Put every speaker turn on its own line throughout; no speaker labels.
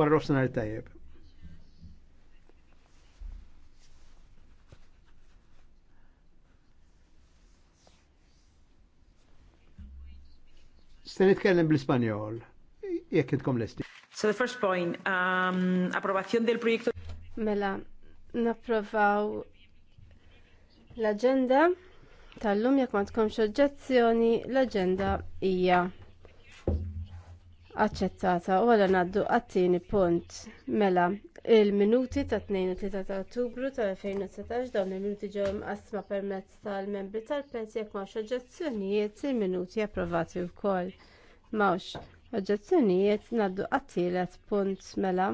wara rofsenar tajjeb. Se nitkellem bl-Ispanjol, jekk intkom lesti. So the first
point, um, approvazzjon del proyecto.
Mela, napprovaw l-agenda tal-lum jekk ma tkomx oġġezzjoni, l-agenda hija aċċettata u ngħaddu naddu għattini punt mela il-minuti ta' u 3 ta' ottubru ta' 2019 dawn il-minuti ġew imqasma permezz tal-membri tal-pezz jekk m'hawnx oġġezzjonijiet il-minuti approvati wkoll. M'hawnx oġġezzjonijiet ngħaddu għat-tielet punt mela.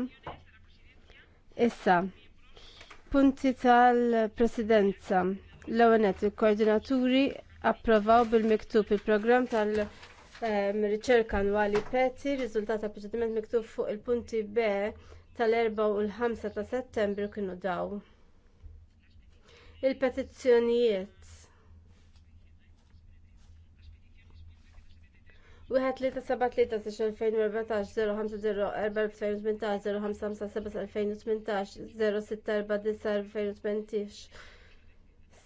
Issa, punti tal-presidenza l-ewwel il-koordinaturi approvaw bil-miktub il-programm tal-presidenza riċerka annwali peti, riżultat ta' proċediment miktub fuq il-punti B tal-4 u l-5 ta' settembru kienu daw. Il-petizzjonijiet. Wieħed li ta' seba' tlieta six 2014-0504-2018-055-7-2018-064-9-2018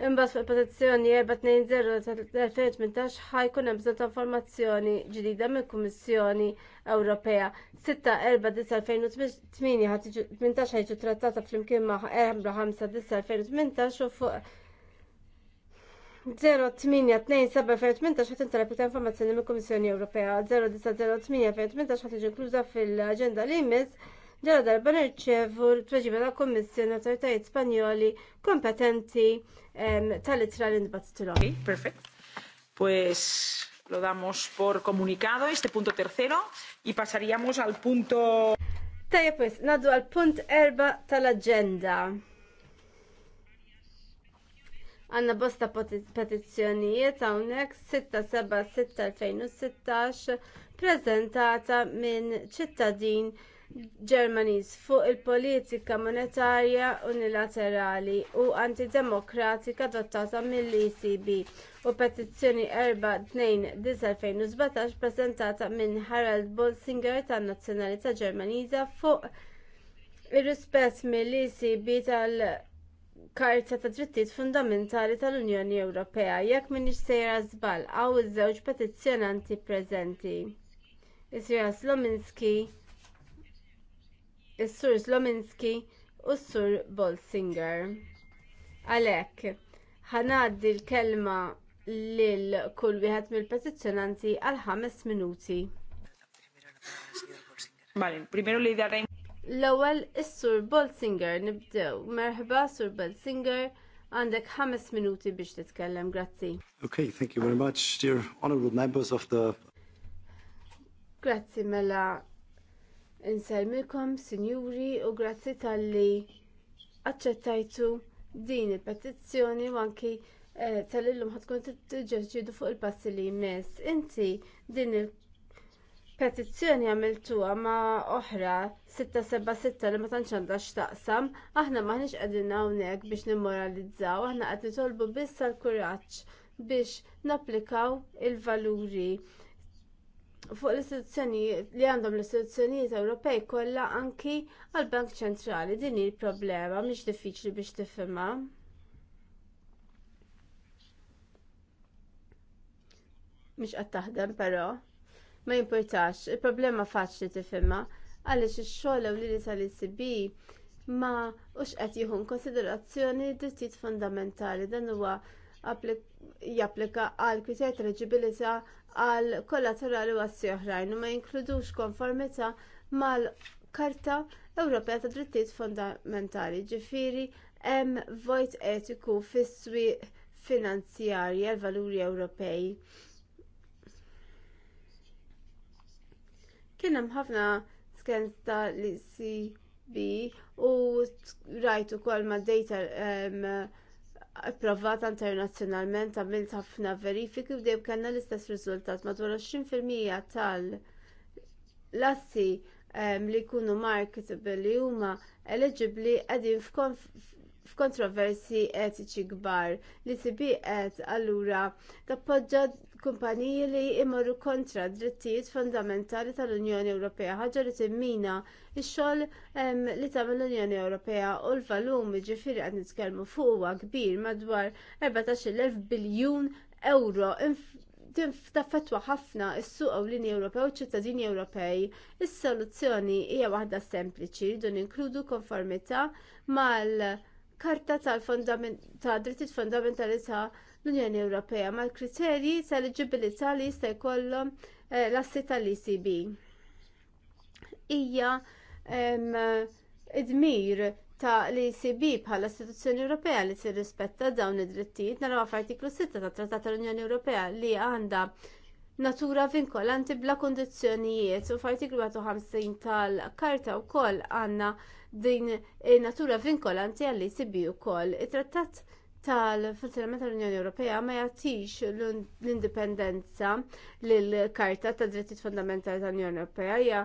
Imbas fuq il petizzjoni 420 2018 ħajkun hemm bżonn ta' informazzjoni ġdida mill-Kummissjoni Ewropea. 6-4-2018 ħajġu trattata fl-imkien ma' 4-5-2018 u fuq 0-8-2-7-2018 ħat intara ta' informazzjoni mill-Kummissjoni Ewropea. 0 9 2018 ħat inkluża fil-aġenda li jmiss ġara darba nirċevu l tweġiba ta' Komissjoni Autoritajiet Spanjoli kompetenti tal-itra l indbattilom. Ok,
perfect. Pues lo damos por comunicado este
punto tercero y pasaríamos al punto... Tajja pues, naddu għal punt erba tal-agenda. Għanna bosta petizzjonijiet għawnek 676-2016 prezentata minn ċittadin Ġermaniż fuq il-politika monetarja unilaterali u antidemokratika adottata mill-ECB u petizzjoni 4-2-2017 prezentata minn Harald Bolsinger tan nazzjonalità Ġermaniża fuq ir-rispett mill-ECB tal- karta ta' drittijiet fundamentali tal-Unjoni Ewropea jekk m'iniex sejra żball għaw iż-żewġ petizzjonanti preżenti. Isra Slominski is-Sur Zlominski u s-Sur Bolsinger. Għalhekk, ħanaddi l-kelma lil kull wieħed mill-petizzjonanti għal ħames minuti. L-ewwel is-Sur Bolsinger nibdew. Merħba Sur Bolsinger għandek ħames minuti biex titkellem, grazzi. Okay, thank you very much, dear honorable members of the... Grazzi mela Inselmikom, sinjuri, u grazzi tal-li aċċettajtu din il-petizzjoni u anki eh, tal-illum ħatkun t-ġeġġidu fuq il-passi li jmiss. Inti din il-petizzjoni għamiltuha ma oħra 676 li ma tantx għandha x'taqsam, aħna maħniex qegħdin hawnhekk biex nimmoralizzaw, aħna qed nitolbu biss għall-kuraġġ biex napplikaw il-valuri fuq l-istituzzjonijiet li għandhom l-istituzzjonijiet Ewropej kollha anki għall bank Ċentrali din hi l-problema mhix diffiċli biex tifhimha. Mhix qed taħdem però ma jimpurtax, il-problema faċli tifhimha għaliex ix-xogħol ewlieni tal-ECB ma ux qed jieħu konsiderazzjoni d-drittijiet fundamentali dan huwa japplika għal kriterji ta' eligibilità għal kollaterali assi oħrajn u ma jinkludux konformità mal-Karta Ewropea ta' Drittijiet Fundamentali, ġifieri hemm vojt etiku fis-swieq finanzjarji għall valuri Ewropej. Kien hemm ħafna skens tal-ECB u rajtu ukoll mad data um, approvata internazzjonalment għamilt ħafna verifiki u dejjem kellna l-istess riżultat madwar 20% tal-lassi ehm, li jkunu marketable li huma eligibbli qegħdin f'kontroversi etiċi kbar li sibi qed allura tappoġġa kumpaniji li jmorru kontra drittijiet fundamentali tal-Unjoni Ewropea, ħaġa li timmina x-xogħol li tagħmel l-Unjoni Ewropea u l-valum ġifieri qed nitkellmu fuq huwa kbir madwar 14,000 biljun euro taffetwa ħafna s-suq ewlieni Ewropew u ċittadini Ewropej. Is-soluzzjoni hija waħda sempliċi dun inkludu konformità mal-Karta tal-Drittijiet Fundamentali ta' l-Unjoni Ewropea mal-kriterji tal-eliġibilità li jista' jkollhom eh, l-assi tal-ECB. Hija idmir ta' l-ECB bħala istituzzjoni Ewropea li tirrispetta dawn id-drittijiet naraw f'artiklu 6 tat-Trattat tal-Unjoni Ewropea li għandha natura vinkolanti bla kundizzjonijiet u f'artiklu 51 tal-karta wkoll għandna din eh, natura vinkolanti għall-ECB wkoll. it-trattat tal-funzjonament tal-Unjoni Ewropea ma jagħtix l-indipendenza lill-Karta tad Drittijiet Fundamentali tal-Unjoni Ewropea hija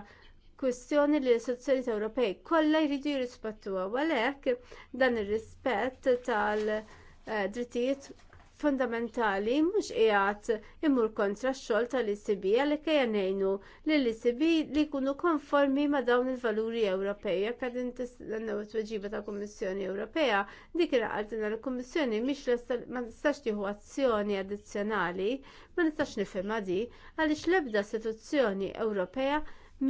kwistjoni li l-istituzzjoni Ewropej kollha jridu jirrispettuha u għalhekk dan ir-rispett tal-drittijiet eh, fundamentali mhux qiegħed imur kontra x-xogħol tal-ECB għalhekk ejja ngħinu li l-ECB li jkunu konformi ma' dawn il-valuri Ewropej. Jekk qegħdin tistennew it-tweġiba ta' Kummissjoni Ewropea, dik iraqaltina l-Kummissjoni mhix ma tistax tieħu azzjoni addizzjonali, ma nistax nifhimha di għaliex l-ebda istituzzjoni Ewropea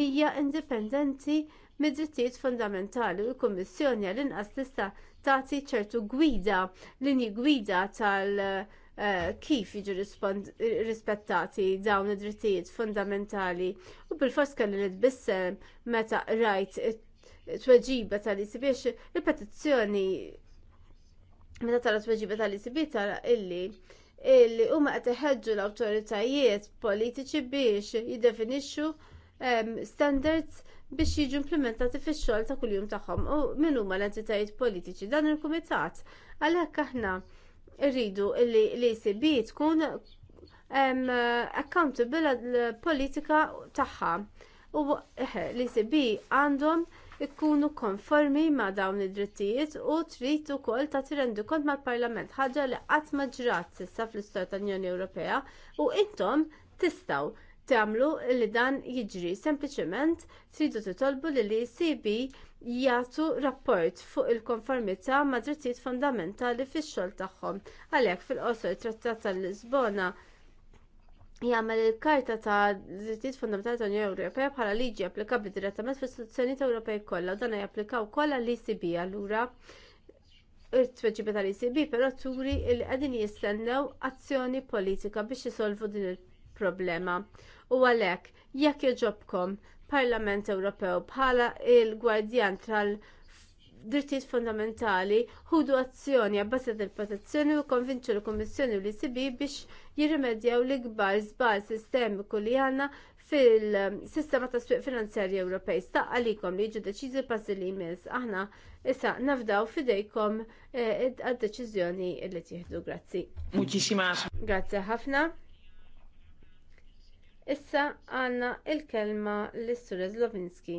hija indipendenti mid-drittijiet fundamentali u l-Kummissjoni għall-inqas tista' tagħti ċertu gwida, linji gwida tal- Uh, kif jiġu rispettati dawn id-drittijiet fundamentali u bil-fors kelli nitbissem meta rajt tweġiba tal-ICB ripetizzjoni meta tara tweġiba tal-ICB tara illi illi huma qed iħeġġu l-awtoritajiet politiċi biex jiddefinixxu um, standards biex jiġu implementati fix-xogħol ta' kuljum tagħhom u min huma l-entitajiet politiċi dan il-kumitat. Għalhekk aħna rridu li l-ECB tkun accountable l-politika tagħha. U l-ECB għandhom ikkunu konformi ma' dawn id-drittijiet u trid ukoll ta' tirrendi kont mal-Parlament ħaġa li qatt ma ġrat s'issa fl-istorja tal-Unjoni Ewropea u intom tistgħu tagħmlu li dan jiġri. Sempliċement tridu titolbu li l-ECB jagħtu rapport fuq il-konformità mad drittijiet Fundamentali fix-xogħol tagħhom. Għalhekk fil-qosor trattat tal-Lisbona jagħmel il-Karta ta' Drittijiet Fundamentali tal-Unjoni Ewropea bħala liġi applikabbli direttament fis-istituzzjonijiet Ewropej kollha u dan japplikaw kollha l-ECB allura t tweġiba tal-ECB però turi li qegħdin jistennew azzjoni politika biex isolvu din il-problema. U għalhekk jekk jogħġobkom Parlament Ewropew bħala il-gwardjan tal drittijiet fundamentali ħudu azzjoni għabbażat il-protezzjoni u konvinċu l-Kommissjoni u l-ICB biex jirrimedjaw l-ikbar żbal sistemiku li għandna fil-sistema ta' swieq finanzjarji Ewropej Staqa għalikom li jiġu deċiżi passi li jmiss aħna issa nafdaw fidejkom għad-deċiżjoni eh, li tieħdu. Grazzi. Grazzi ħafna. Issa għanna l kelma l-Istur Zlovinski.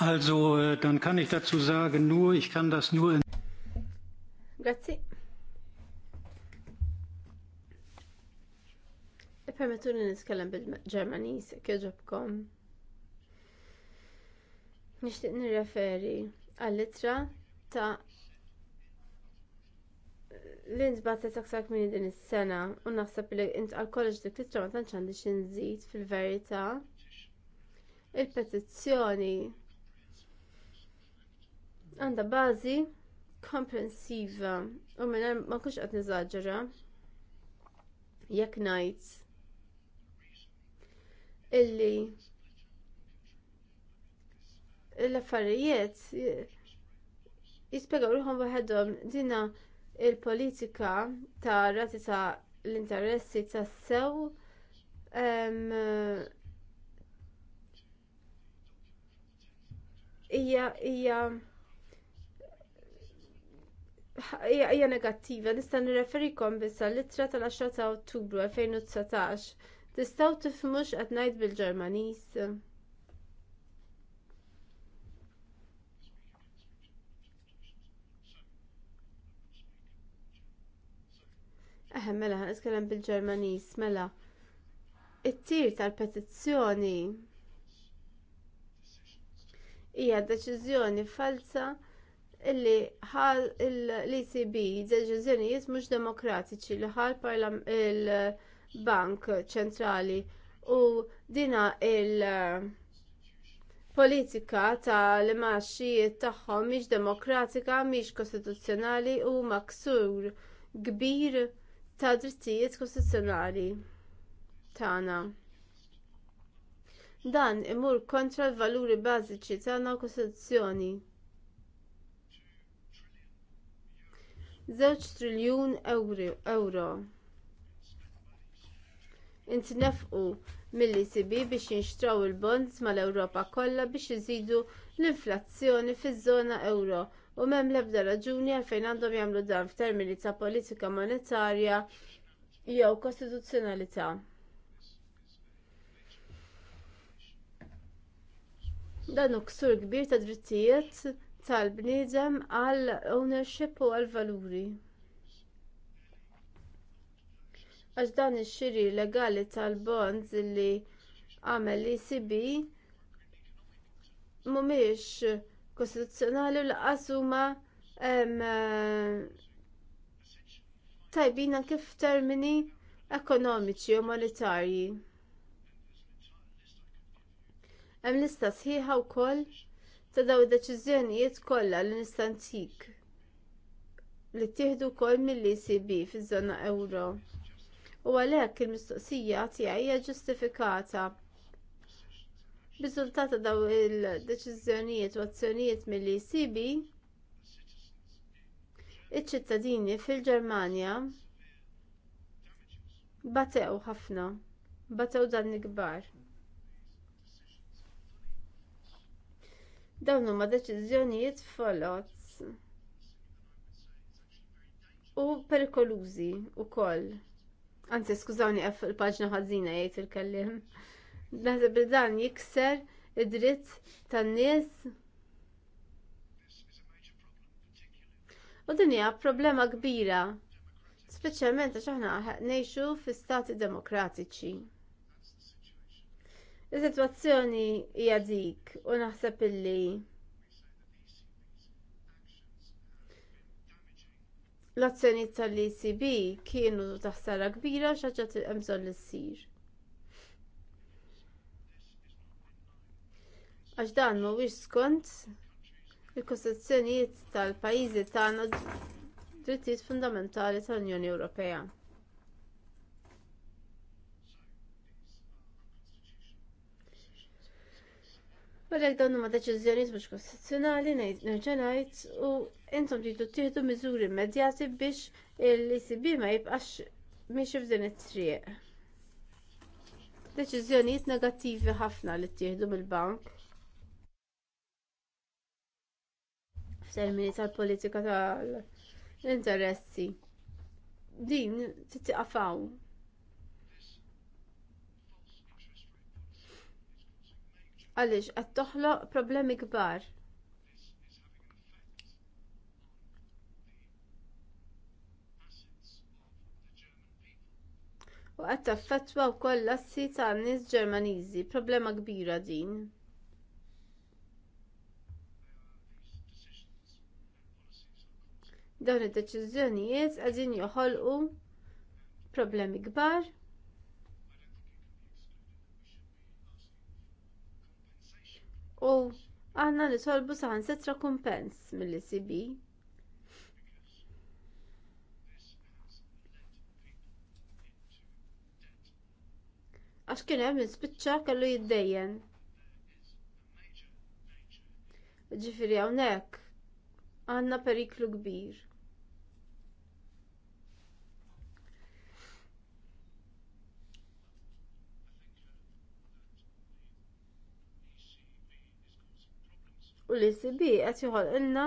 Also, äh, dann kann ich dazu sagen, nur, ich kann das nur in.
Grazie. Permettuni nitkellem bil-Ġermanis, kieġobkom. Nixtieq nirreferi għall-ittra ta' li nżbatet aktar minn din is-sena u naħseb li int għal-kollox dik titra ma tantx għandix inżid fil-verità. Il-petizzjoni għandha bażi komprensiva u minn ma kux qed niżaġġera jekk ngħid illi l-affarijiet jispjegaw ruħom waħedhom dina il-politika ta' rati ta' l-interessi tas sew hija hija negattiva. Nista' nirreferikom biss għall-ittra tal-10 ta' Ottubru 2019. Tistgħu tifhmux qed ngħid bil-Ġermaniż. Eħe, eh, mela, ħan nitkellem bil-Ġermanis, mela. It-tir tal-petizzjoni hija deċiżjoni falsa illi ħal l-ECB deċiżjonijiet mhux demokratiċi li ħal il-Bank Ċentrali u dina il- politika ta' li maċxijiet tagħhom mhix demokratika, mhix kostituzzjonali u maksur kbir ta' drittijiet kostituzzjonali tagħna. Dan imur kontra l-valuri bażiċi tagħna kostituzzjoni. Żewġ triljun euro. nefqu mill-ECB biex jinxtraw il-bonds mal-Ewropa kollha biex iżidu l-inflazzjoni fiż-żona euro u mem l-ebda raġuni għalfejn għandhom jagħmlu dan f'termini ta' politika monetarja jew kostituzzjonalità. Dan hu ksur kbir ta' drittijiet tal-bniedem għal ownership u għal valuri. Għax dan ix-xiri legali tal-bonds li għamel l-ECB mhumiex kostituzzjonali u laqas huma eh, tajbin anke f'termini ekonomiċi u monetarji. Hemm lista sħiħa wkoll ta' daw id-deċiżjonijiet kollha li instantik li ttieħdu wkoll mill-ECB fiż-żona Ewro. U għalhekk il-mistoqsija tiegħi hija ġustifikata Riżultat ta' daw il deċizjonijiet u azzjonijiet mill-ECB iċ-ċittadini fil-Ġermanja batew ħafna, batew dan kbar. Dawn huma deċiżjonijiet folot u perikolużi wkoll. Anzi, skużawni għaff il-paġna ħażina jgħid il-kellim. Naħseb bil dan jikser id-dritt tan-nies. U din hija problema kbira, speċjalment għax aħna ngħixu fi stati demokratiċi. Is-sitwazzjoni hija dik u naħseb illi l-azzjonijiet tal-ECB kienu taħsara kbira xaġa hemm bżonn li ssir. għax dan mhuwiex skont il-kostituzzjonijiet tal-pajjiżi tagħna drittijiet fundamentali tal-Unjoni Ewropea. Għalhekk dawn huma deċiżjonijiet mhux kostituzzjonali nerġa' ngħid u intom tridu tieħdu miżuri immedjati biex l-ECB ma jibqax miexi f'din it-triq. Deċiżjonijiet negattivi ħafna li ttieħdu mill-bank f'termini tal-politika tal-interessi. Din titiqafaw. Għaliex qed toħloq problemi kbar. u qed taffettwa wkoll l-assi tan-nies Ġermaniżi, problema kbira din. Dawn id-deċiżjonijiet qegħdin joħolqu problemi kbar. U aħna nitolbu solbu saħan setra kumpens mill-ECB. Għax kien hemm il-spiċċa kellu jiddejjen. Ġifieri hawnhekk għandna periklu kbir. u l-ECB qed joħolqilna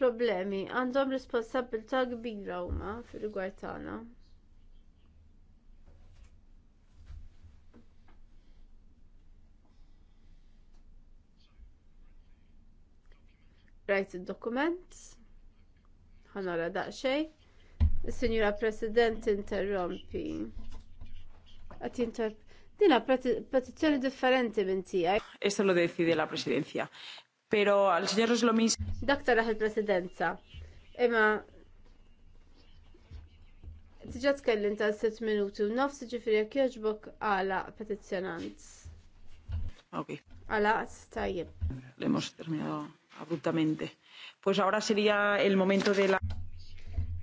problemi għandhom responsabilità kbira huma fir-rigward tagħna. rajt id-dokument, ħanara daqxej, il-Sinjura President interrompi. Għat interp. Dina petizzjoni differenti minn tijaj.
Eso lo decide la Presidencia pero għal xinjer
Slomis. Dak taraħ il-presidenza. Imma Tiġa tkellim ta' 6 minuti u nofs ġifri jekk jogħġbok għala petizzjonant. Ok. Għala tajjeb.
Le mos terminato abruptamente. Pues ahora sería el momento de la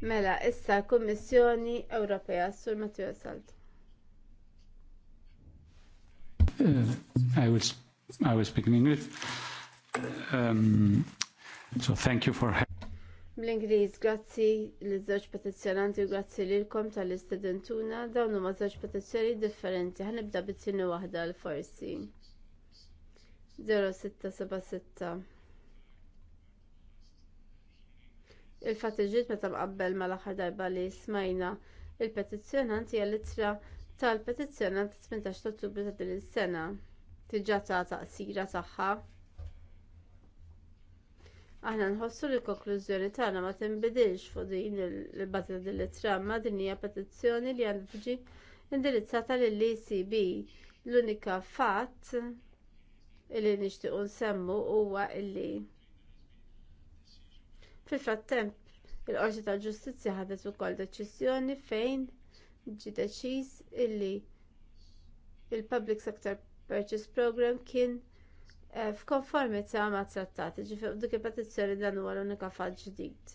Mela, issa l-Kummissjoni Ewropea sur Matteo Salto.
Uh, I, will, I will speak in English. Um,
so thank you for
Bl-Ingliż, grazzi l żewġ petizzjonanti u grazzi lilkom tal-istudentuna dawn huma żewġ petizzjoni differenti. Ħanibda bit-tieni waħda l forsi. 0676. Il-fatt iġġiet meta mqabbel mal-aħħar darba li smajna il-petizzjonanti hija itra tal-petizzjonanti 18 ta' Ottubru ta' din is-sena. Tiġġa ta' taqsira tagħha Aħna nħossu li l-konklużjoni tagħna ma tinbidilx fuq din il-bażla din it-tramma din hija petizzjoni li għandha tiġi indirizzata lill ecb L-unika fatt li nixtiequ nsemmu huwa li fil-frattemp il-Qorti tal-Ġustizzja ħadet ukoll deċiżjoni fejn ġie deċiż illi il-Public Sector Purchase Program kien Eh, f'konformità ma' trattati, ġifiq dik il-petizzjoni dan huwa l-unika fatt ġdid.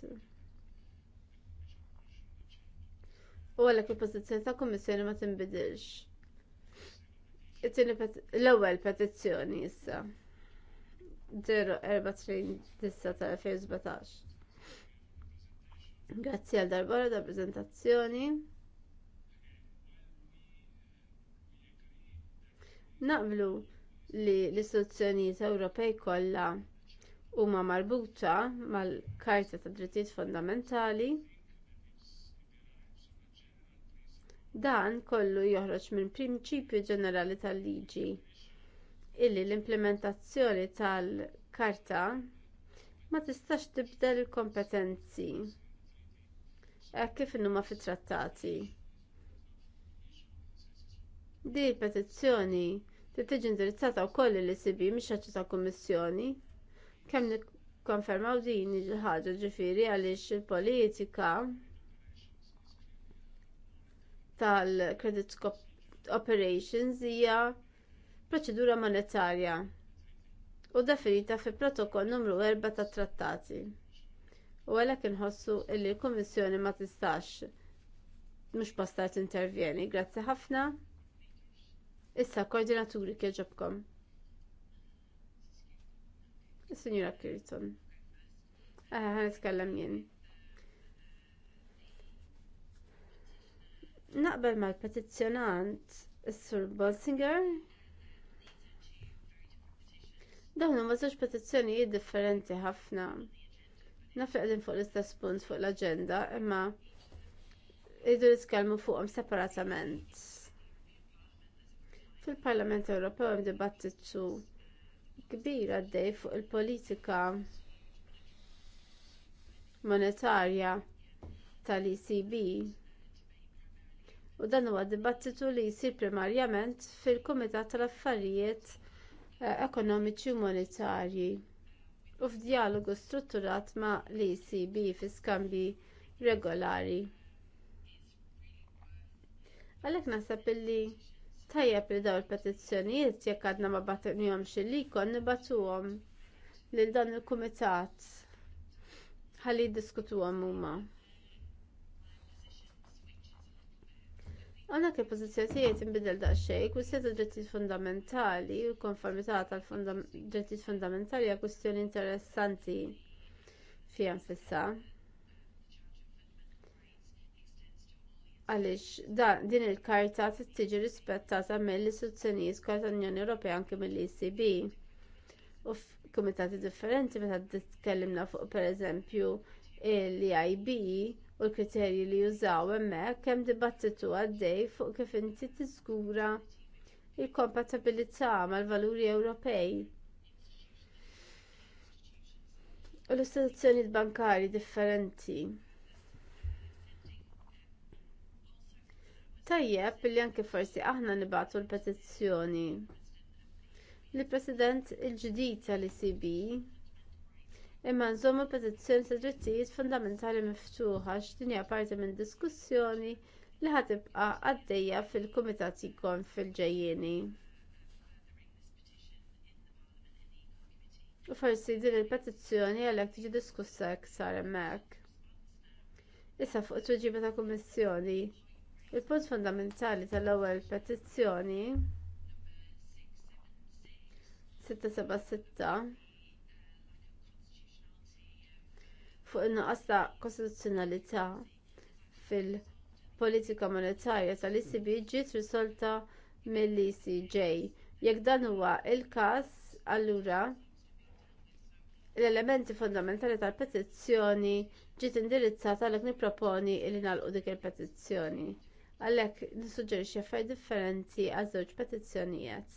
U għalhekk il-pożizzjoni ta' kummissjoni ma tinbidilx. L-ewwel petizzjoni issa. 0 ta' 2017 Grazzi għal darbora da' prezentazzjoni. Naqblu li l-istituzzjonijiet Ewropej kollha huma marbuta mal-Karta tad Drittijiet Fundamentali. Dan kollu joħroġ minn prinċipju ġenerali tal-liġi illi l-implementazzjoni tal-karta ma tistax tibdel il-kompetenzi għal kif huma fit-trattati. Di petizzjoni tiġi indirizzata wkoll li sibi e mhix ta' kummissjoni. Kemm nikkonfermaw din il-ħaġa ġifieri għaliex il-politika tal-credit operations hija proċedura monetarja u definita fi protokoll numru 4 tat trattati. U għalhekk inħossu li l-Kummissjoni ma tistax mhux bastar tintervjeni. Grazzi ħafna. Issa, koordinaturi kieġobkom. Signora Kirton. Aha, nitkellem jien. Naqbel mal-petizzjonant is-Sur Bolsinger. Dawn huma żewġ petizzjonijiet differenti ħafna. Naf qegħdin fuq l-istess punt fuq l agenda imma jridu nitkellmu fuqhom separatament Fil-Parlament Ewropew hemm dibattitu kbir għaddej fuq il-politika monetarja tal-ECB u dan huwa dibattitu li jsir primarjament fil-Kumitat tal-Affarijiet eh, Ekonomiċi u Monetarji u f'dialogu strutturat ma' l-ECB fi skambji regolari. Għalhekk naħseb illi Tajjeb li dawn il-petizzjonijiet jekk għadna ma batnihom xillikon nibatuhom lil dan il-kumitat ħalli jiddiskutuhom huma. Għanna kif pożizzjonijiet inbidel daqsxejn, kwistjoni ġettijiet fundamentali u konformità tal-ġettijiet fundamentali hija kwistjoni interessanti fija nfissa. għaliex din il-karta trid tiġi rispettata mill-istituzzjonijiet kollha tal-Unjoni Ewropea anke mill-ECB. U f'kumitati differenti meta titkellimna fuq pereżempju l-IB u l-kriterji li jużaw hemmhekk hemm dibattitu għaddej fuq kif inti tiżgura l kompatibilità mal-valuri Ewropej. U l-istituzzjonijiet bankarji differenti Tajjeb li anke forsi aħna nibatu l-petizzjoni. li president il-ġdid tal-ICB imma nżommu petizzjoni ta' drittijiet fundamentali miftuħa x'din hija parti minn diskussjoni li tibqa' għaddejja fil-kumitat ikon fil-ġejjieni. U forsi din il-petizzjoni għalhekk tiġi diskussa iktar hemmhekk. Issa fuq it-tweġiba ta' kummissjoni Il-punt fundamentali tal-ewwel petizzjoni 676 fuq in-nuqqas ta' kostituzzjonalità fil-politika monetarja tal-ECB ġiet risolta mill-ECJ. Jekk dan huwa l każ allura l-elementi fondamentali tal-petizzjoni ġiet indirizzata għalhekk nipproponi li nagħlqu dik il-petizzjoni. Għalhekk nissuġġerixxi affarijiet differenti għaż żewġ petizzjonijiet.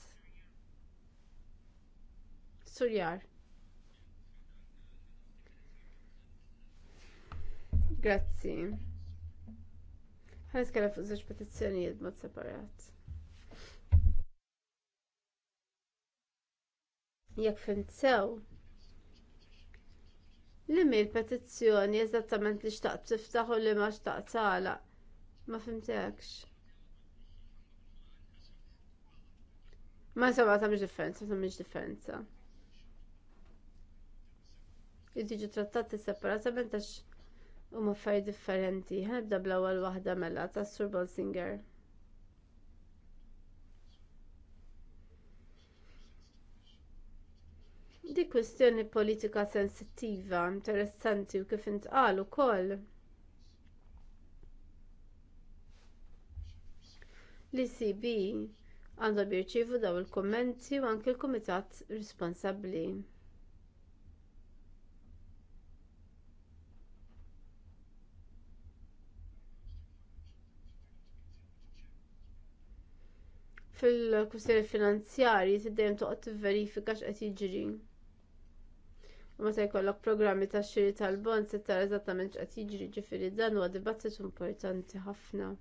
Surjar. Grazzi. Ħares kellha fuq żewġ petizzjonijiet mod separat. Jekk fimt sew, li mi petizzjoni eżattament li xtaqt tiftaħ u li ma xtaqt tagħlaq Ma fimtekx. Ma sabba ta' mħiġ differenza, ta' mħiġ differenza. Jtiġu trattati separatament għax huma faj differenti. Ħanibda bl għal waħda mela ta' Sur Singer. Di kwestjoni politika sensittiva, interessanti u kif intqal ukoll. L-ICB għandha jirċievu dawn il kummenti u anke l-kumitat responsabbli. fil-kustjoni finanzjarji dejjem toqgħod tivverifika x'qed jiġri. U meta jkollok programmi tax xiri tal-bond se tara eżattament x'qed jiġri ġifieri dan huwa dibattit importanti ħafna.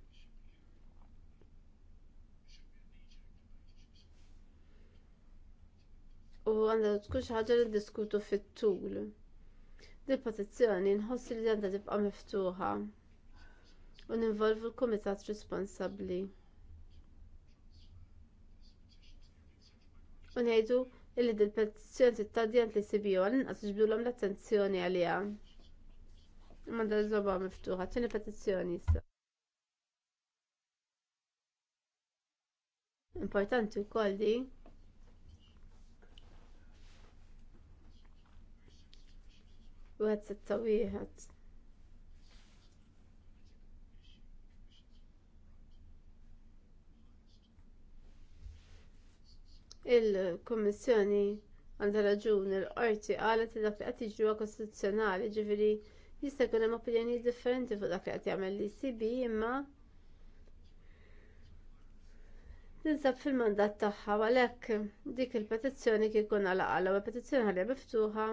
u għandha tkun xi ħaġa li fit-tul. Din petizzjoni nħossi li għandha tibqa' miftuħa u ninvolvu l-kumitat responsabbli. U ngħidu illi din petizzjoni tittadjan li sibiju għal inqas ġbdulhom l-attenzjoni għaliha. Manda żoba miftuħa, ċini petizzjoni issa. Importanti wkoll di wieħed sitta wieħed. il kummissjoni għandha raġun il-qorti qalet li dak li qed jiġri kostituzzjonali ġifieri jista' jkun hemm opinjoni differenti fuq dak li qed jagħmel l-ICB imma tinsab fil-mandat tagħha għalhekk dik il-petizzjoni kif kien għalaqala u petizzjoni ħalli miftuħa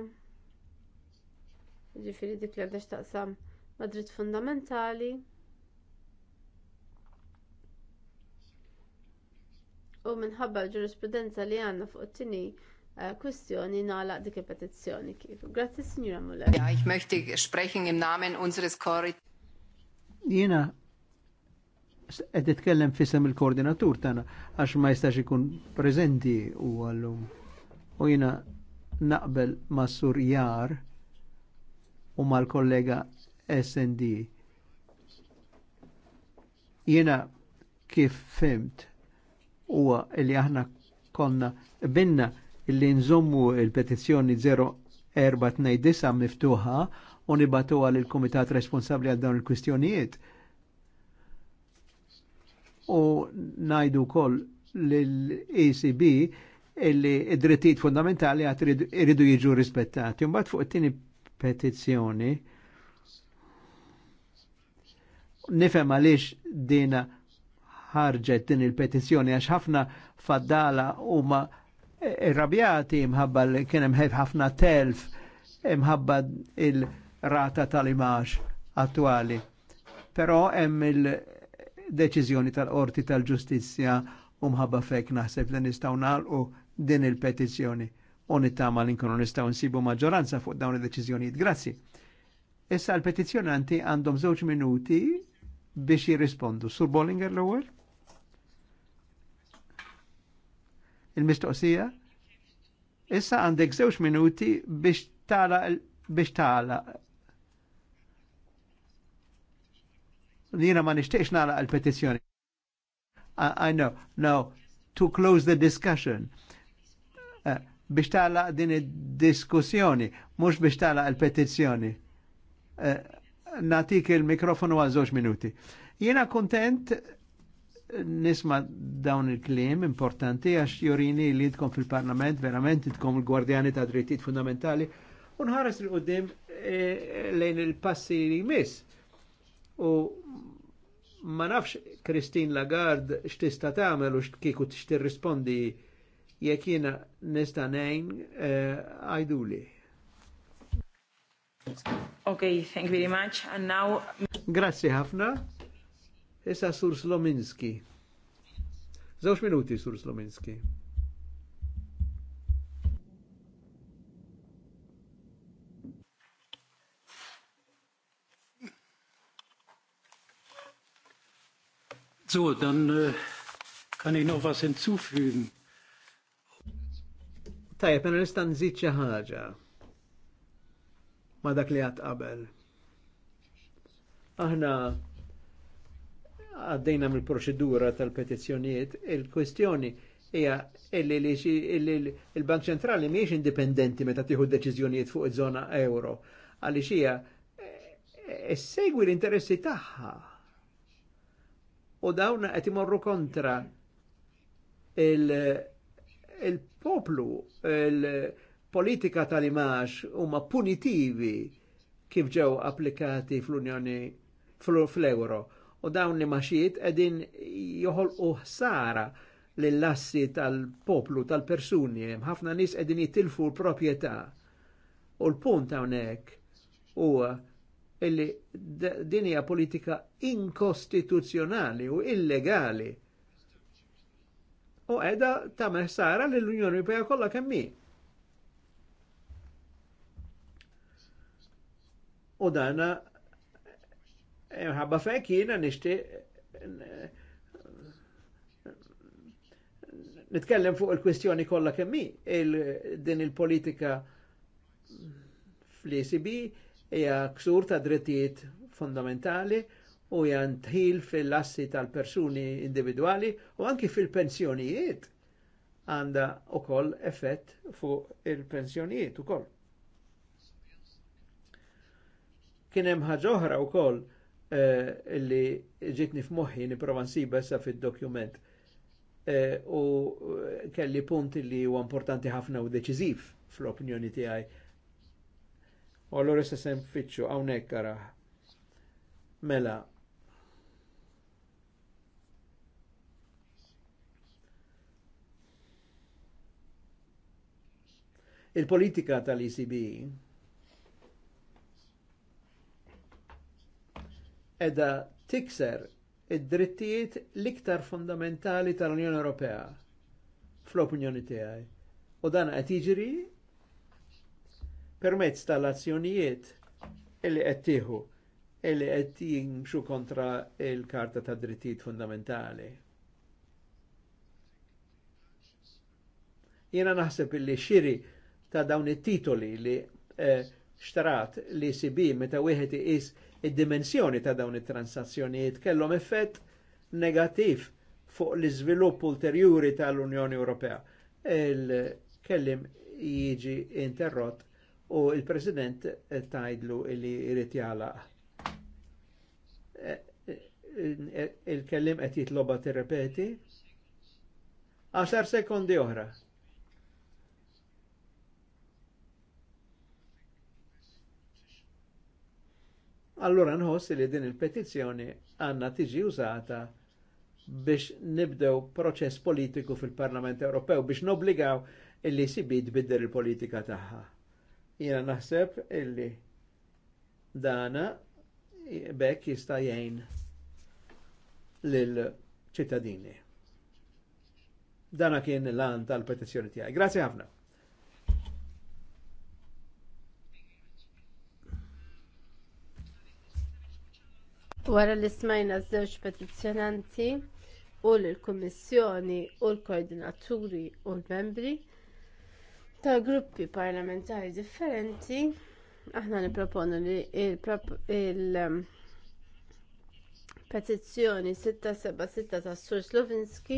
Ġifiri dik li għandax taqsam ma' dritt fundamentali. U minħabba l-ġurisprudenza li għandna fuq it-tini eh, kwestjoni nagħlaq dik il-petizzjoni kif. Grazzi Signora Muller. Ja, ich möchte sprechen im Namen unseres Korit.
Jiena qed titkellem fisem il-koordinatur tagħna għax ma jistax ikun prezenti u għallum. U jiena naqbel ma' Sur Jar u mal-kollega SND. Jena kif fimt huwa li aħna konna binna illi nżommu il-petizzjoni 0429 miftuħa u għal il kumitat responsabbli għal dawn il-kwistjonijiet. U najdu kol lill-ECB illi id-drittijiet fundamentali għat iridu jiġu rispettati. bat fuq it tini petizzjoni. Nifhem għaliex dina ħarġet din il-petizzjoni għax ħafna faddala huma irrabjati imħabba li kien hemm ħafna telf imħabba il-rata tal-imax attuali. Però hemm il-deċiżjoni tal-qorti tal-ġustizzja umħabba fek naħseb li nistgħu nagħlqu din il-petizzjoni u nittama l nkunu nistaw nsibu maġġoranza fuq dawn id-deċiżjonijiet. Grazzi. Issa l petizjonanti għandhom żewġ minuti biex jirrispondu. Sur Bollinger l-ewwel? Il-mistoqsija? Issa għandek żewġ minuti biex tala biex tala. Nina ma nixtieqx nagħlaq il petizjoni I know, no, to close the discussion biex tala din id-diskussjoni, mux biex tala il-petizjoni. Uh, eh, natik il-mikrofonu għal żewġ minuti. Jena kontent nisma dawn il-klim importanti għax jorini li jidkom fil-parlament, verament jidkom il-gwardjani ta' drittijiet fundamentali, unħares nħares qoddim eh, lejn il-passi li jmiss. U ma nafx Christine Lagarde x'tista tagħmel u x'kieku tixtirrispondi rispondi jekk jiena nista' ngħin eh, għajduli.
Ok, thank you very much. And now...
Grazie ħafna. Issa Sur Slominski. Zewx minuti Sur Slominski. So, dann äh, kann ich noch was hinzufügen. Tajjeb, jena nista' nżid xi ħaġa ma dak li għat qabel. Aħna għaddejna mill-proċedura tal-petizzjonijiet, il-kwestjoni hija il-Bank Ċentrali mhijiex indipendenti meta tieħu deċiżjonijiet fuq iż-żona euro, għaliex hija eh, segwi l-interessi tagħha. U dawn qed imorru kontra il- il-poplu, il-politika tal-imax huma punitivi kif ġew applikati fl-Unjoni fl-Euro. U dawn li maxiet edin joħol uħsara l-lassi tal-poplu, tal-persuni, ħafna nis edin jitilfu l-propieta. U l-punt hawnhekk u illi dinja politika inkostituzzjonali u illegali u għeda ta' tagħmel li l unjoni Europea kolla kemmi. U dana jemħabba fejn kiena nishti nitkellem fuq il-kwistjoni kolla kemmi, il din il-politika fl-ECB hija ksur ta' drittijiet fundamentali u jantħil fil-assi tal-persuni individuali u anki fil-pensjonijiet għanda u koll effett fuq il-pensjonijiet u koll. Kienem ħagħoħra u koll eh, illi ġitni f'moħħi niprofa nsiba bessa fil-dokument eh, u kelli punt li huwa importanti ħafna u deċiżiv fl-opinjoni tiegħi. U allura se sem fitxu hawnhekk karaħ. Mela, il-politika tal-ECB edha tikser id-drittijiet l-iktar fundamentali tal-Unjoni Ewropea fl-opinjoni tiegħi. U dan qed jiġri permezz tal-azzjonijiet illi qed tieħu illi qed jimxu kontra l karta tad Drittijiet Fundamentali. Jiena naħseb illi xiri ta' dawn it-titoli li eh, xtarat li sibi meta wieħed iqis id-dimensjoni ta' dawn it-transazzjonijiet kellhom effett negattiv fuq l-iżvilupp ulterjuri tal-Unjoni Ewropea. Il-kellim jiġi interrott u il-President tajdlu li jrid jalaq. Eh, eh, il-kellim qed jitloba tirrepeti? 10 sekondi oħra. allura nħoss li din il-petizzjoni għanna tiġi użata biex nibdew proċess politiku fil-Parlament Ewropew biex nobligaw illi sibi tbiddel il-politika tagħha. Jiena naħseb illi dana bekk jista' jgħin lill-ċittadini. Dana kien l-għan tal-petizzjoni tiegħi. Grazie ħafna.
Wara li smajna żewġ petizzjonanti u l-Kummissjoni u l-Koordinaturi u l-Membri ta' gruppi parlamentari differenti, aħna niproponu li il-petizzjoni um, 676 ta' Sur Slovinski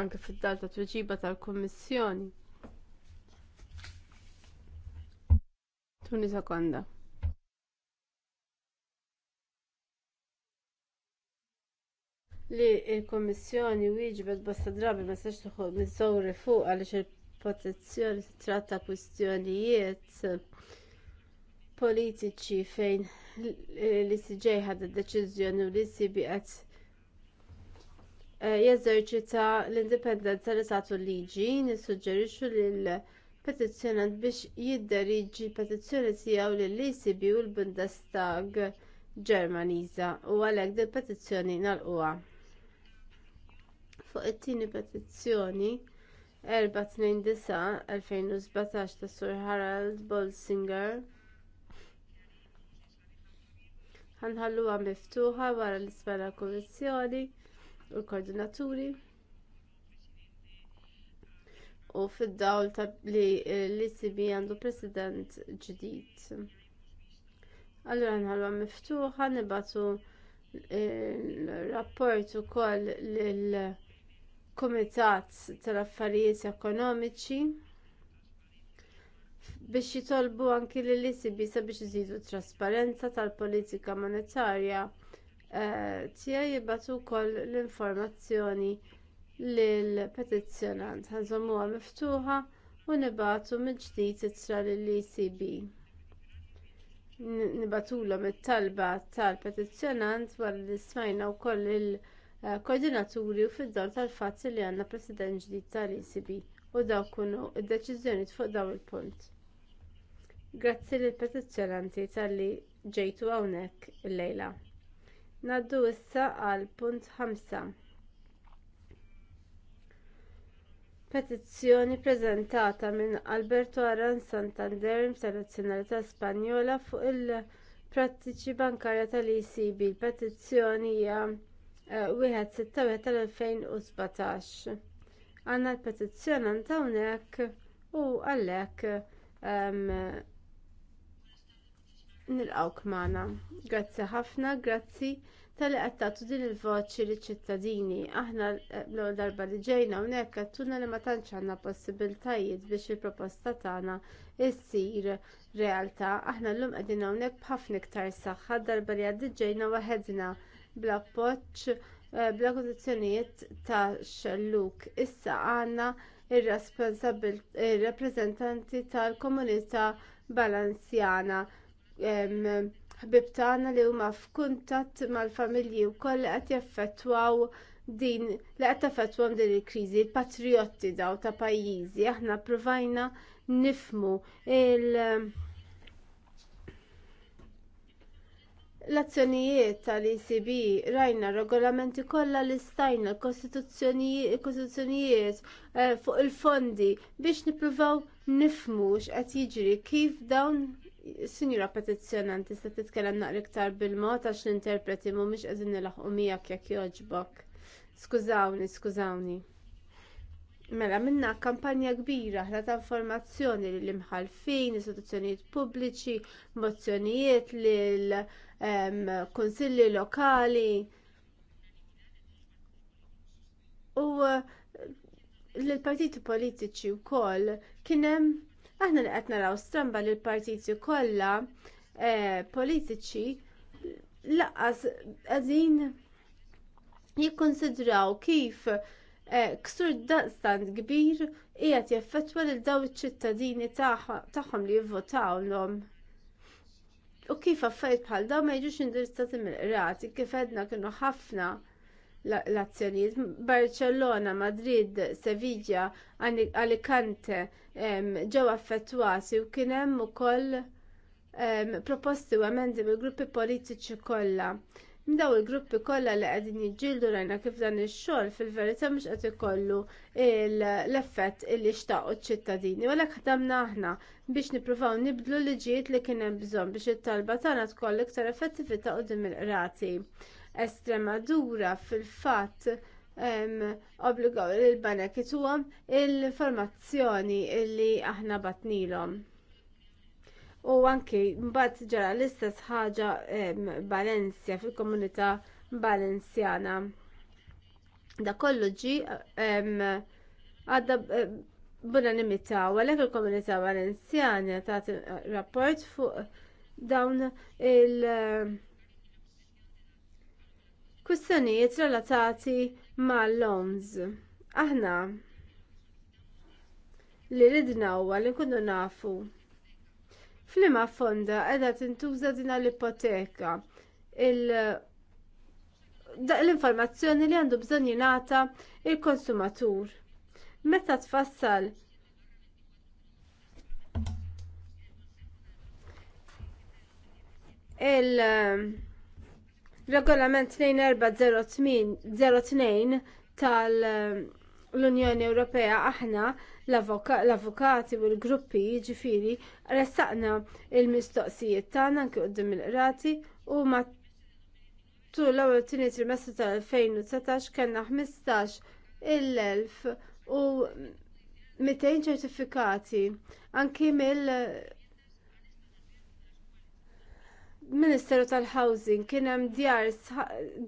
anke fid data tweġiba tal-Kummissjoni. Tuni sekonda. li l-Kummissjoni wieġbet bosta drabi ma sax toħod miżżuri fuq għaliex il-protezzjoni tratta kwistjonijiet politiċi fejn li siġej ħadda deċiżjoni u li sibi qed eh, jeżerċita l-indipendenza li tagħtu liġi nissuġġerixxu l petizzjonant biex jidderiġi petizzjoni tiegħu li l ecb u l-Bundestag Ġermaniża u għalhekk din petizzjoni ngħalquha fuq it-tieni petizzjoni 429-2017 ta' Sur Harald Bolsinger ħanħalluha miftuħa wara l-ispera kummissjoni u l-koordinaturi u fid-dawl ta' li l-ICB għandu president ġdid. Allura nħalwa miftuħa nibatu il-rapport eh, ukoll lil kumitat tal-affarijiet ekonomiċi biex jitolbu anki li l-ECB sabiex iżidu t trasparenza tal-politika monetarja eh, tiegħi jibatu wkoll l-informazzjoni lill-petizzjonant ħanżommuha miftuħa u nibatu mill-ġdid ittra lill-ECB. Nibatulhom it-talba tal-petizzjonant wara li smajna wkoll il- koordinaturi u fid-dawl tal-fatt li għandna president ġdid tal-ECB u dawk kunu d deċiżjonijiet fuq dawn il-punt. Grazzi lill petizzjonanti talli ġejtu hawnhekk illejla. Ngħaddu issa għal punt 5. Petizzjoni ppreżentata minn Alberto Aran Santander internazzjonalità Spanjola fuq il-prattiċi bankarja tal-ECB. Il-petizzjoni hija wieħed sitta wieħed tal-2017. Għandna l petizzjoni hawnhekk u għalhekk nilqawk magħna. Grazzi ħafna, grazzi tal-li għattatu din il-voċi li ċittadini. Aħna l-ewwel darba li ġejna hawnhekk għattuna li ma tantx għandna possibiltajiet biex il-proposta tagħna issir realtà. Aħna llum qegħdin hawnhekk b'ħafna iktar saħħa darba li għaddi ġejna waħedna bla poċ, eh, bla kondizjonijiet ta' xelluk. Issa għandna ir-rappreżentanti tal-komunità balanzjana ħbib tagħna li huma f'kuntatt mal-familji wkoll li qed jaffettwaw din li qed taffettwahom din il-kriżi, il-patriotti daw ta' pajjiżi aħna pprovajna nifmu il- L-azzjonijiet tal-ECB rajna regolamenti kollha li stajna l-kostituzzjonijiet eh, fuq il-fondi biex nippruvaw nifhmu x'qed jiġri kif dawn Sinjura petizzjonanti se titkellem naqra iktar bil-mod għax l-interpreti mhumiex qegħdin nilaħqu miegħek jekk jogħġbok. Skużawni, skużawni. Mela minna kampanja kbira ħna ta' informazzjoni li l istituzzjonijiet pubbliċi, mozzjonijiet lil konsilli lokali. U l-partiti politiċi wkoll kien hemm aħna li qed naraw stramba li l-partiti kollha eh, politiċi laqas għazin jikkonsidraw kif Eh, ksur daqstan kbir qiegħed jaffettwa lil daw iċ-ċittadini tagħhom li jivvotawlhom. U kif affarijiet bħal dawn ma jiġux indirizzati mill-qrati, kif għedna kienu ħafna l-azzjonijiet. Barcellona, Madrid, Sevilla, Alicante ġew affettwati u kien hemm ukoll proposti u emendi mill gruppi politiċi kollha. Daw il-gruppi kollha li qegħdin jiġġieldu rajna kif dan ix-xogħol fil-verità mhux qed ikollu l-effett illi xtaqgħu ċ-ċittadini. Walek ħdamna aħna biex nippruvaw nibdlu liġijiet li kien hemm bżonn biex it-talba tagħna tkoll iktar effettività quddiem il-qrati. Estremadura fil-fatt obbligaw il banek jituhom l-informazzjoni li aħna batnilhom u anki mbagħad ġara l-istess ħaġa Valencia fil-komunità Balenzjana. Da kollu ġi għadda b'unanimità u għalhekk il-komunità Balenzjana tagħti rapport fuq dawn il- kwistjonijiet relatati mal loans. Aħna li ridna huwa li nkunu nafu Flima fonda qiegħda tintuża din l-ipoteka. L-informazzjoni li għandu bżonn jingħata l konsumatur Meta tfassal il- Regolament 2408 tal- l-Unjoni Ewropea aħna l-avukati u l-gruppi ġifiri ressaqna il-mistoqsijiet tagħna anke qudiem il-qrati u ma tul l-ewwel tieni trimestru tal-2019 kellna 15 elf u 200 ċertifikati anki mill Ministeru tal-Housing kien hemm djar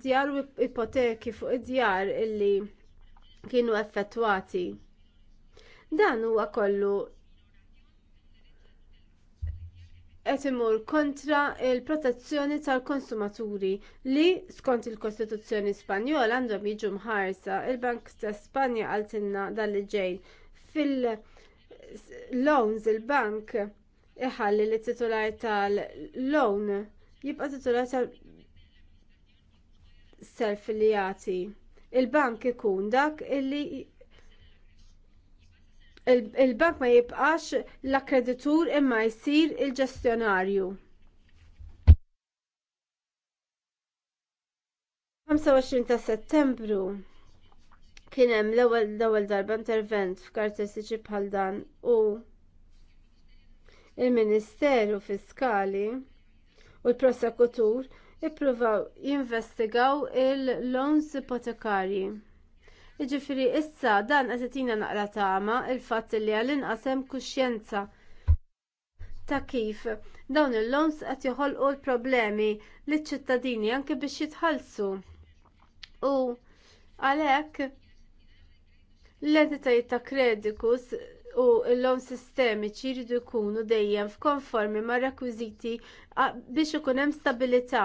djar u ipoteki fuq id-djar illi kienu effettwati. Dan huwa kollu qed imur kontra l protezzjoni tal-konsumaturi li skont il-Kostituzzjoni Spanjola għandhom jiġu mħarsa. Il-Bank ta' Spanja għaltinna dan li ġej fil-loans il-bank iħalli li titular tal-loan jibqa titular tal-self li il-bank ikun dak illi il-bank ma jibqax l-akkreditur imma jsir il-ġestjonarju. 25 ta' settembru kien hemm l-ewwel l-ewwel darba intervent f'kartistiċi bħal dan u il-Ministeru Fiskali u l-Prosekutur ippruvaw jinvestigaw il-loans ipotekarji. Jiġifieri issa dan qed għazetina naqra tama il-fatt li għal-inqas hemm kuxjenza ta' kif dawn il-loans qed joħolqu l-problemi liċ ċittadini anke biex jitħallsu. U għalhekk l-entitajiet ta' kredikus u l-lom sistemiċi jridu jkunu dejjem f'konformi mar rekwiżiti biex ikun hemm stabilità.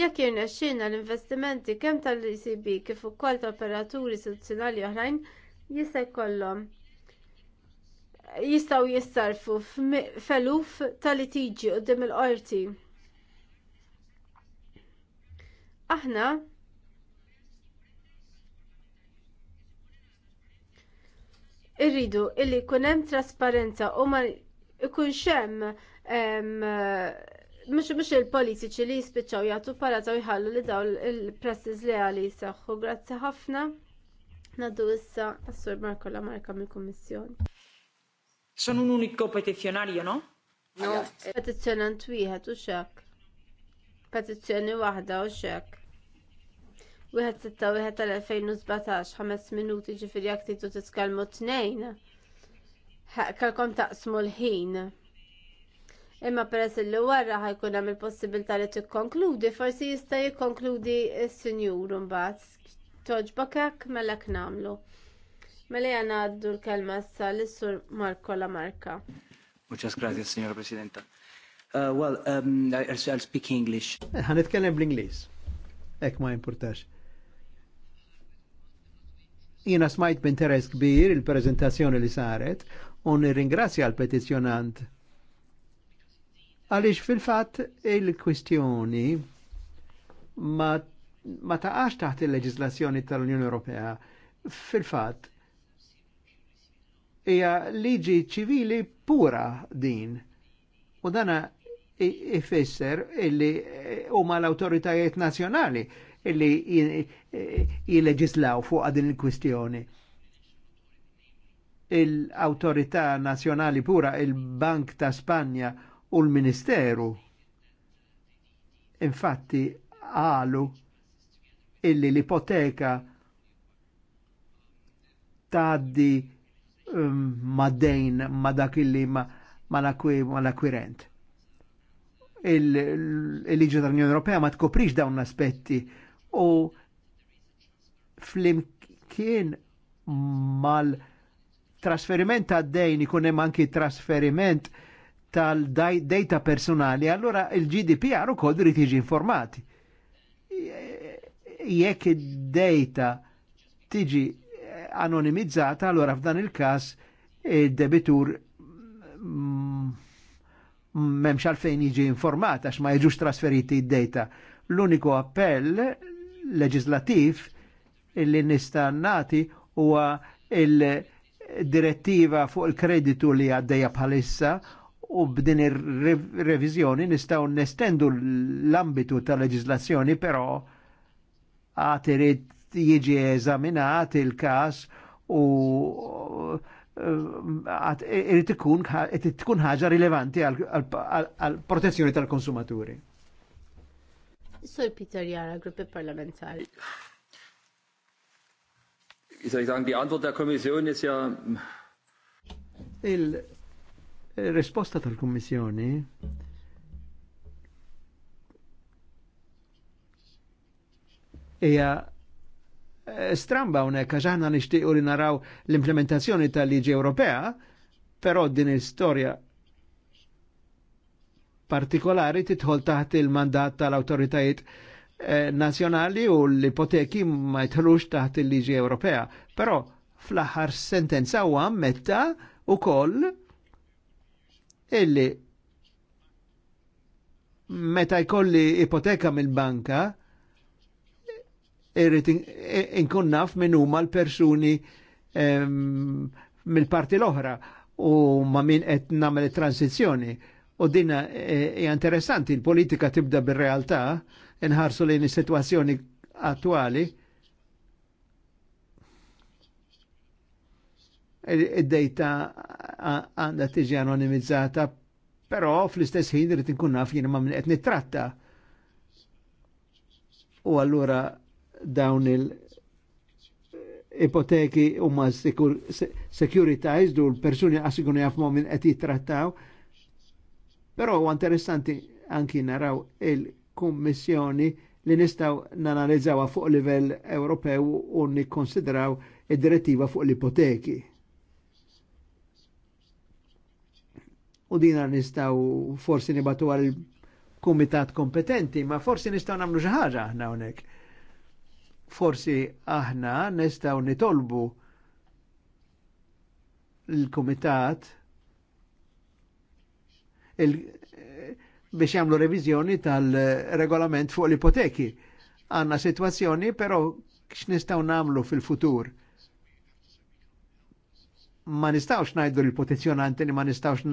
Jekk irnexxina l-investimenti kemm tal-ECB kif ukoll ta' operaturi istituzzjonali oħrajn jista' jkollhom jistgħu jissarfu f'eluf ta' litiġi quddiem il-qorti. Aħna irridu illi jkun hemm trasparenza u ma jkunx xem mux mux il-politiċi li jispiċċaw jagħtu parata u jħallu li dawn il li leali jisaxħu. Grazzi ħafna. Naddu issa assur Marko la Marka mill-Kummissjoni.
Son un unico petizjonario, no?
No. Petizjonant wieħed u xek. Petizzjoni waħda u xek wieħed sitta wieħed tal-2017 ħames minuti ġifieri jekk tidu titkellmu tnejn. Kalkom taqsmu l-ħin. Imma peress li warra ħajkun hemm il-possibilità li tikkonkludi, forsi jista' jikkonkludi s-sinjur mbagħad. Toġbok hekk mela nagħmlu. Mela jana għaddu l-kelma sa l-sur Marco Lamarca.
Muchas gracias, signora Presidenta. Uh, well, um, I'll speak
English. Għan itkellem bl-Inglis. Ek ma importax. Jina smajt b'interess kbir il-prezentazzjoni li saret u nirringrazzja l-petizjonant. Għaliex fil-fatt il-kwistjoni ma, ma taqax taħt il-leġislazzjoni tal-Unjoni Ewropea. Fil-fatt, hija liġi ċivili pura din. U dana ifisser illi huma l-autoritajiet nazzjonali illi jileġislaw fuq din il-kwistjoni. Il-autorità nazjonali pura, il-Bank ta' Spanja u l-Ministeru, infatti, għalu illi l-ipoteka taddi um, ma' dakilli ma' dak illi ma' l-akwirent. Il-liġi tal-Unjoni Ewropea ma tkoprix dawn l-aspetti u flimkien mal-trasferiment ta' dejn ikun hemm anki trasferiment tal-data personali, allora il-GDPR ukoll irid jiġi informati. Jekk id-data tiġi anonimizzata, allora f'dan il-każ id-debitur memx għalfejn jiġi informat għax ma jiġux trasferiti id-data. L-uniku appell leġislativ illi nista' nati huwa il-direttiva fuq il-kreditu li għaddejja bħalissa u b'din ir-reviżjoni nistgħu nestendu l-ambitu ta' leġislazzjoni però għad irid jiġi eżaminat il-każ u eh, irid tkun ħaġa rilevanti għal protezzjoni tal-konsumaturi.
Sir Peter Jara, gruppi parlamentari. Ich soll sagen, die Antwort der Kommission ist ja...
Il-risposta il eh, tal-Kommissjoni hija eh, stramba unek għax aħna nixtiequ li naraw l-implementazzjoni tal-liġi Ewropea, però din istoria partikolari titħol taħt il-mandat tal-autoritajiet eh, nazjonali u l-ipoteki ma jitħlux taħt il-liġi Ewropea. Però fl-aħħar sentenza u metta u koll illi meta jkolli ipoteka mill-banka irrit inkun naf minn huma l-persuni mill-parti l-oħra u ma min qed nagħmel transizjoni U dinna e, e, interessanti, il-politika tibda bir-realtà, inħarsu lejn is-sitwazzjoni attwali. E, Id-dejta għandha tiġi anonimizzata, però fl-istess ħin irid inkun naf jiena ma' minn qed nittratta. U allura dawn il- e, ipoteki huma securitized u l-persuni għasigunu jafmu minn qed jittrattaw Però huwa interessanti anki naraw il-Kummissjoni li nistaw nanalizzawa fuq livell Ewropew u nikkonsidraw id-direttiva fuq l-ipoteki. U dina nistaw forsi nibatu għal komitat kompetenti, ma forsi nistaw namlu ħaġa aħna hawnhekk. Forsi aħna nistaw nitolbu l-kumitat biex jagħmlu reviżjoni tal-regolament fuq l-ipoteki. Għanna situazzjoni però x'nistgħu nagħmlu fil-futur. Ma nistawx ngħidu l-petizjonanti li ma nistgħux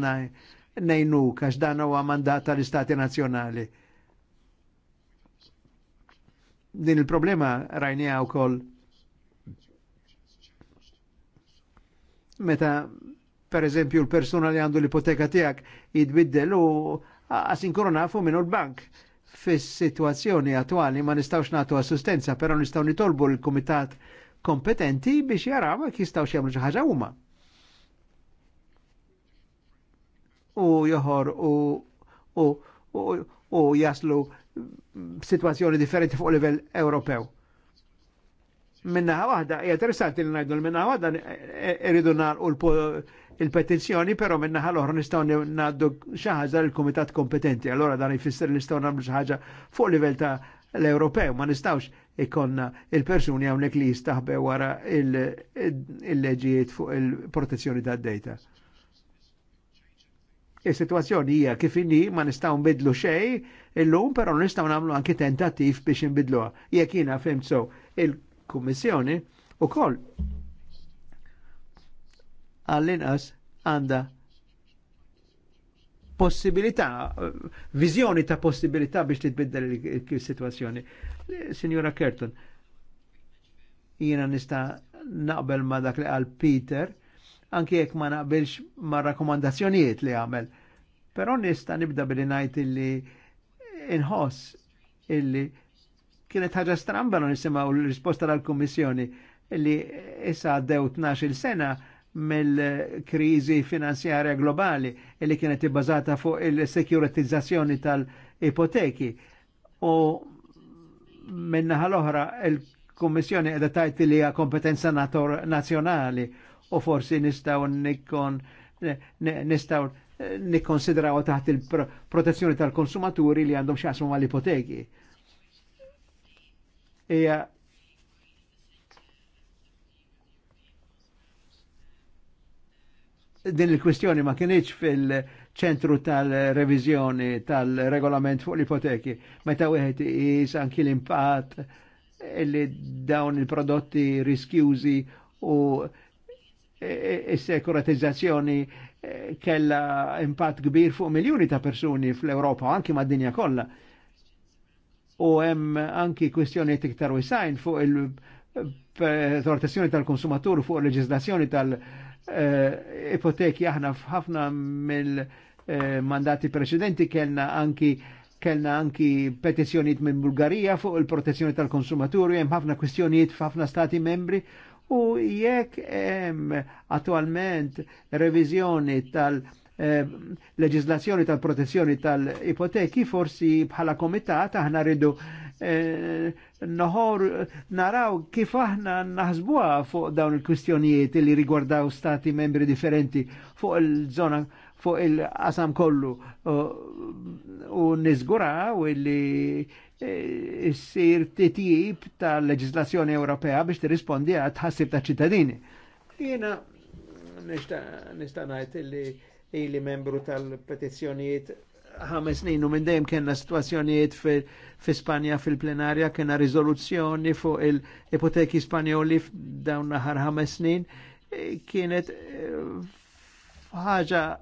nejnu għax dan huwa mandat tal-Istati Nazzjonali. Din il-problema rajnija wkoll meta per eżempju l-persuna li għandu l-ipoteka tijak jitbiddel u għasinkunu nafu minnu l-bank. Fis-situazzjoni attuali ma nistawx natu assistenza, pero nistaw nitolbu l-komitat kompetenti biex jaraw ma jistawx xi ħaġa huma. U joħor u u, u, u jaslu situazzjoni differenti fuq livell Ewropew minnaħa wahda, interessanti li najdu minnaħa wahda, eh, eh, irridu narqu il-petizjoni, pero minnaħa l-oħra nistaw naddu xaħġa l-komitat kompetenti, allora dan jfisser li nistaw namlu xaħġa fuq livell ta' l-Ewropew, ma nistawx ikonna il-persuni għawnek li jistaħbe wara il-leġijiet fuq il-protezzjoni ta' data. Il-situazzjoni hija kif inni ma nistgħu nbidlu xejn illum, però nistgħu nagħmlu anke tentattiv biex inbidluha. Jekk jiena fimt so, kummissjoni u għall-inqas għandha possibilità, viżjoni ta' possibilità biex titbiddel il-situazzjoni. Signora Kerton, jiena nista' naqbel ma' dak li għal Peter, anki jekk ma naqbilx ma' rakkomandazzjonijiet li għamel. Però nista' nibda billi ngħid illi inħoss illi kienet ħaġa stramba non nisimaw l-risposta tal-Kummissjoni li issa għaddew 12 sena mill-krizi finanzjarja globali li kienet ibbażata fuq il-sekuritizzazzjoni tal-ipoteki. U minnaħa l-oħra il-Kummissjoni qiegħda tajti li hija kompetenza nazzjonali u forsi nistgħu nikkon nistgħu nikkonsidraw taħt il-protezzjoni tal-konsumaturi li għandhom x'jaqsmu mal-ipoteki hija din il-kwistjoni ma kienieċ fil-ċentru tal-revizjoni tal-regolament fuq l-ipoteki. Meta wieħed is anki l-impatt li dawn il-prodotti riskjużi u is-sekuratizzazzjoni e, e, e, kella impatt kbir fuq miljuni ta' persuni fl-Europa, anki mad-dinja kollha u hemm anki kwistjoni iktar wisajn fuq il-protezzjoni tal-konsumatur fuq il-leġislazzjoni tal-ipoteki eh, aħna f'ħafna mill-mandati preċedenti kellna anki kellna anki petizzjonijiet minn Bulgarija fuq il-protezzjoni tal-konsumaturi, hemm ħafna kwistjonijiet f'ħafna stati membri u jekk hemm attualment reviżjoni tal- Ehm, leġizlazzjoni tal-protezzjoni tal-ipoteki, forsi bħala komitat aħna rridu eh, noħor naraw kif aħna naħsbuha fuq dawn il-kwistjonijiet li rigwardaw stati membri differenti fuq il-żona fuq il-qasam kollu u nizguraw illi eh, issir titjib tal leġizlazzjoni Ewropea biex tirrispondi għat ħassib ta' ċittadini. Jiena nista' ngħid illi ili membru tal-petizzjonijiet ħames snin u minn dejjem kena situazzjonijiet fi Spanja fil-plenarja kena rizoluzzjoni fuq il-ipoteki spanjoli f'dawn naħar ħames snin e, kienet e, ħaġa e,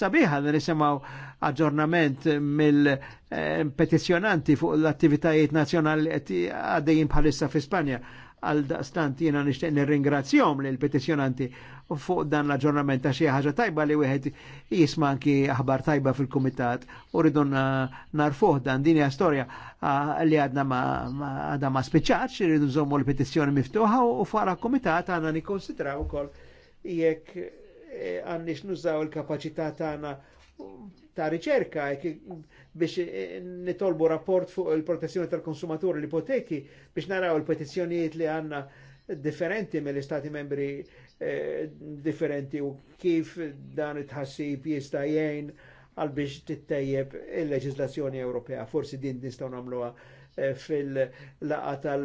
sabiħa li nisimaw aġġornament mill-petizjonanti fuq l-attivitajiet nazjonali għaddejjin bħalissa fi Spanja għal daqstant jena nishtiq nirringrazzjom l petizjonanti fuq dan l-aġġornament ta' xi ħaġa tajba li wieħed jisma' anki aħbar tajba fil-kumitat u rridu narfuh dan din hija storja li għadna ma għadha ma spiċċaċ, irridu nżommu l-petizzjoni miftuħa u fara kumitat għandna nikkonsidraw ukoll jekk eh, għandix nużaw il-kapaċità tagħna ta' riċerka biex eh, nitolbu rapport fuq il-protezzjoni tal-konsumatur l-ipoteki biex naraw il-petizzjonijiet li għanna differenti mill-istati membri eh, differenti u kif dan it-ħassib jista' jgħin għal biex tittajjeb il-leġislazzjoni Ewropea. Forsi din nistgħu nagħmluha eh, fil-laqa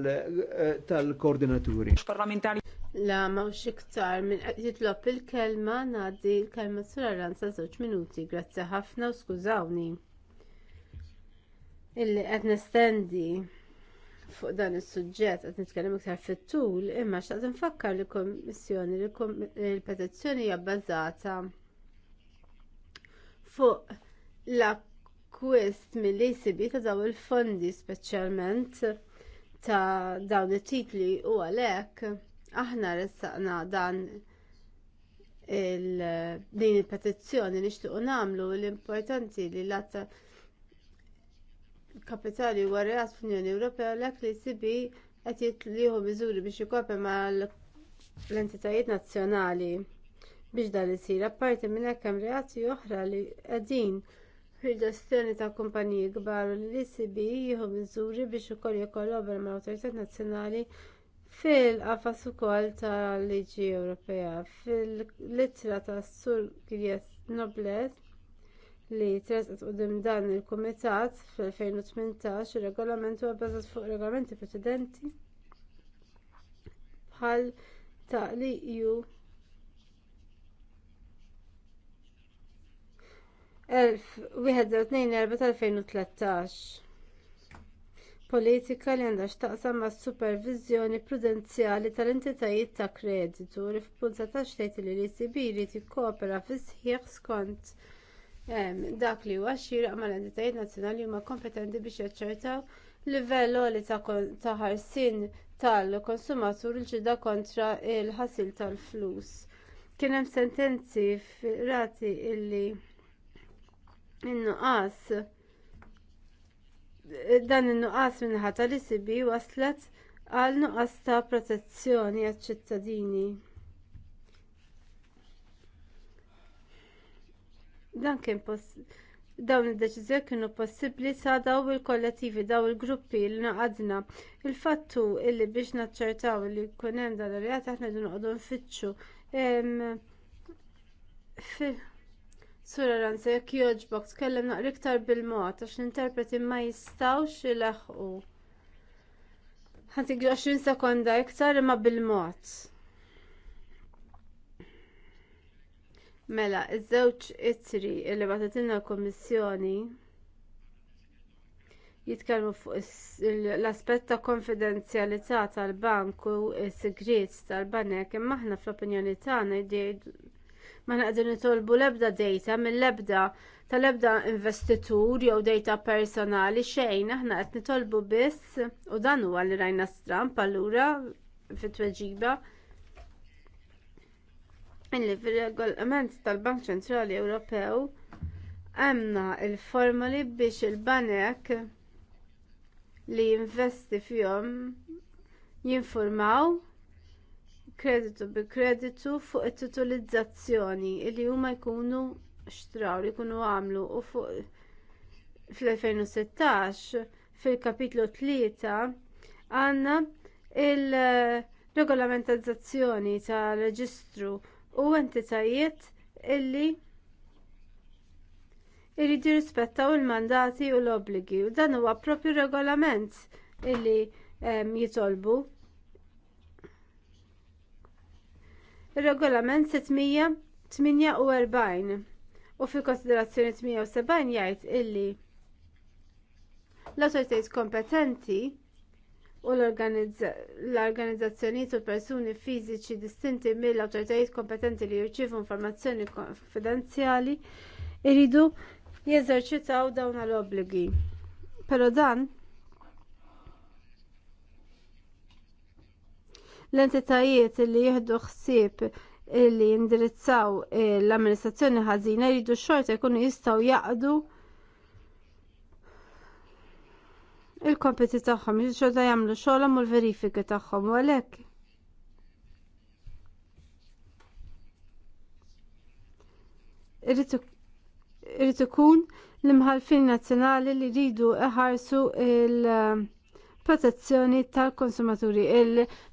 tal-koordinaturi.
Parlamentari. La mawx iktar minn qed jitlob il-kelma ngħaddi l-kelma sur żewġ minuti. Grazzi ħafna u skużawni illi qed nestendi fuq dan is-suġġett qed nitkellem iktar fit-tul, imma xtaqt nfakkar li kommissjoni li l-petizzjoni hija bbażata fuq l-akkwist mill-ECB ta' dawn il-fondi speċjalment ta' dawn it-titli u għalhekk aħna ressaqna dan il din il-petizzjoni nixtiequ nagħmlu l-importanti li l att kapitali huwa reat fl-Unjoni Ewropea l li sibi qed jitlieħu miżuri biex jikopja mal l-entitajiet nazzjonali biex dan isir apparti minn hekk hemm reati oħra li qegħdin fil-ġestjoni ta' kumpaniji kbar u l sibi jieħu miżuri biex ukoll jikkollabora mal-awtoritajiet nazzjonali fil-qafas ukoll tal liġi Ewropea fil-littra tas Sur Kirjes Nobles li tresqet quddiem dan il-Kumitat fil-2018 ir-regolament huwa bbażat fuq regolamenti preċedenti bħal ta' li ju 2013 politika li għandha x'taqsam mas-superviżjoni prudenzjali tal-entitajiet ta' kreditu li f'punta ta' xtejt li l-ECB jrid jikkoopera fis-sħiħ skont dak li huwa xieraq mal-entitajiet nazzjonali huma kompetenti biex jaċċertaw livell li ta' ħarsien tal-konsumatur il-ġida kontra l ħasil tal-flus. Kien hemm sentenzi fil-rati illi in-nuqqas dan in-nuqqas minħata li sibi waslet għal nuqqas ta' protezzjoni għaċ-ċittadini. dan kien dawn id-deċiżjoni kienu possibbli sa il-kollettivi daw il-gruppi li naqadna. Il-fattu illi biex naċċertaw li jkun hemm dan ir-reat aħna qed noqogħdu nfittxu. Sura Ranza, jekk jogħġbok tkellem naqra iktar bil-mod għax l-interpreti ma jistgħux ilaħqu. Ħantik 20 sekonda iktar imma bil-mod. Mela, iż-żewġ ittri li batatilna l-Kommissjoni jitkellmu fuq l-aspett ta' konfidenzjalità tal-bank u s-sigriet tal-banek imma aħna fl-opinjoni tagħna ma naqdu nitolbu l-ebda dejta mill-ebda tal-ebda investitur jew dejta personali xejn aħna qed nitolbu biss u dan huwa li rajna stramp allura fit-tweġiba illi fir-regolament tal-Bank Ċentrali Ewropew għandna l formuli biex il-banek li jinvesti fihom jinformaw kreditu bi kreditu fuq it-titolizzazzjoni li huma jkunu xtraw li jkunu għamlu u fuq fl-2016 fil-kapitlu 3 għandna il-regolamentazzazzjoni tar reġistru u entitajiet illi irridu jirrispettaw il-mandati u l-obbligi u dan huwa propju regolament illi jitolbu. Il-regolament 648 u fil konsiderazzjoni 870 jgħid illi l-autoritajiet kompetenti u l-organizzazzjonijiet u persuni fiżiċi distinti mill-awtoritajiet kompetenti li jirċievu informazzjoni konfidenzjali jridu jeżerċitaw dawn l-obbligi. Però dan l-entitajiet li jieħdu ħsieb li jindirizzaw eh, l-amministrazzjoni ħażina jridu xorta jkunu jistgħu jaqdu il-kompeti tagħhom jiġġoda jagħmlu xogħolhom u l-verifiki tagħhom u għalhekk. Irid ikun l-imħalfin nazzjonali li jridu iħarsu il- protezzjoni tal-konsumaturi.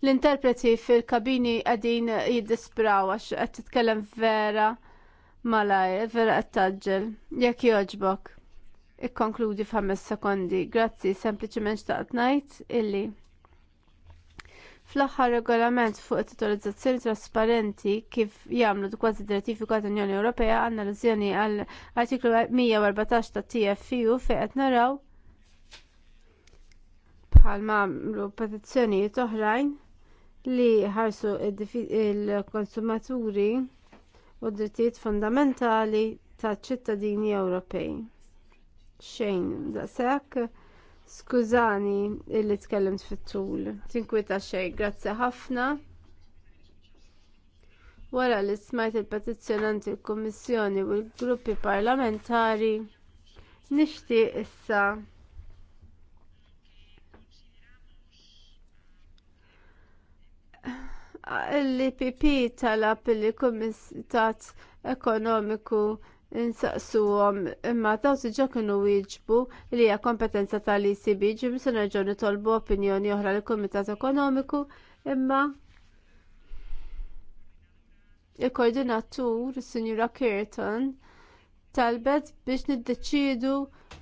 L-interpreti fil-kabini għadin jiddispraw għax għed titkellem vera malaj, vera għed taġġel. Jekk joġbok ikkonkludi f'ħames sekondi. Grazzi, sempliċiment xtaqt ngħid illi fl-aħħar regolament fuq it-titolizzazzjoni trasparenti kif jagħmlu kważi direttifikat l-Unjoni Ewropea għandna l għall artiklu 114 tat TFU fejn qed naraw bħalma għamlu petizzjonijiet oħrajn li ħarsu l konsumaturi u d-drittijiet fundamentali taċ ċittadini Ewropej xejn daqshekk. Skużani illi tkellimt fit-tul. Tinkwita xejn, grazzi ħafna. Wara li smajt il-petizzjonanti l kummissjoni u l-gruppi parlamentari, nixtieq issa l-IPP talab il-Kumitat Ekonomiku insaqsuhom imma dawn siġa kienu wieġbu li hija kompetenza tal-ECB ġim se nitolbu opinjoni oħra lill kumitat Ekonomiku imma il-koordinatur Sinjura Kirton talbet biex niddeċiedu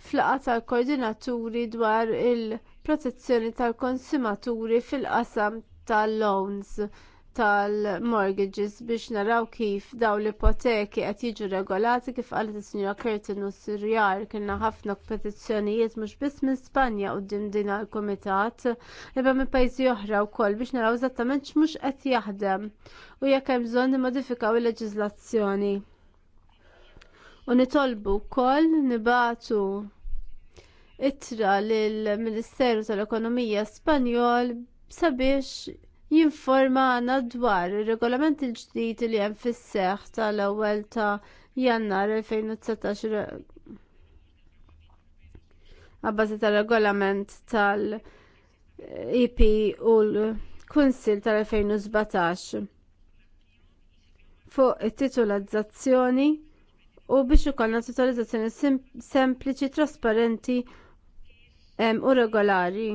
fl-laqgħa tal-koordinaturi dwar il-protezzjoni tal-konsumaturi fil-qasam tal-loans. tal konsumaturi fil qasam tal lowns tal-mortgages biex naraw kif dawn l-ipoteki qed jiġu regolati kif qalet is-Sinjora Curtin u Sirjar kienna ħafna petizzjonijiet mhux biss minn Spanja quddiem din l kumitat imma minn pajjiżi oħra wkoll biex naraw eżattament x'mhux qed jaħdem u jekk hemm bżonn nimmodifikaw il-leġiżlazzjoni. U nitolbu wkoll nibatu itra lill-Ministeru tal-Ekonomija Spanjol sabiex jinformana dwar ir regolament il-ġdid li hemm fis-seħħ tal-ewwel ta' Jannar 2019 għabbażi tal-regolament tal-EP u l-Kunsil tal-2017 fuq it-titolizzazzjoni u biex ikollna titolizzazzjoni sempliċi, trasparenti u regolari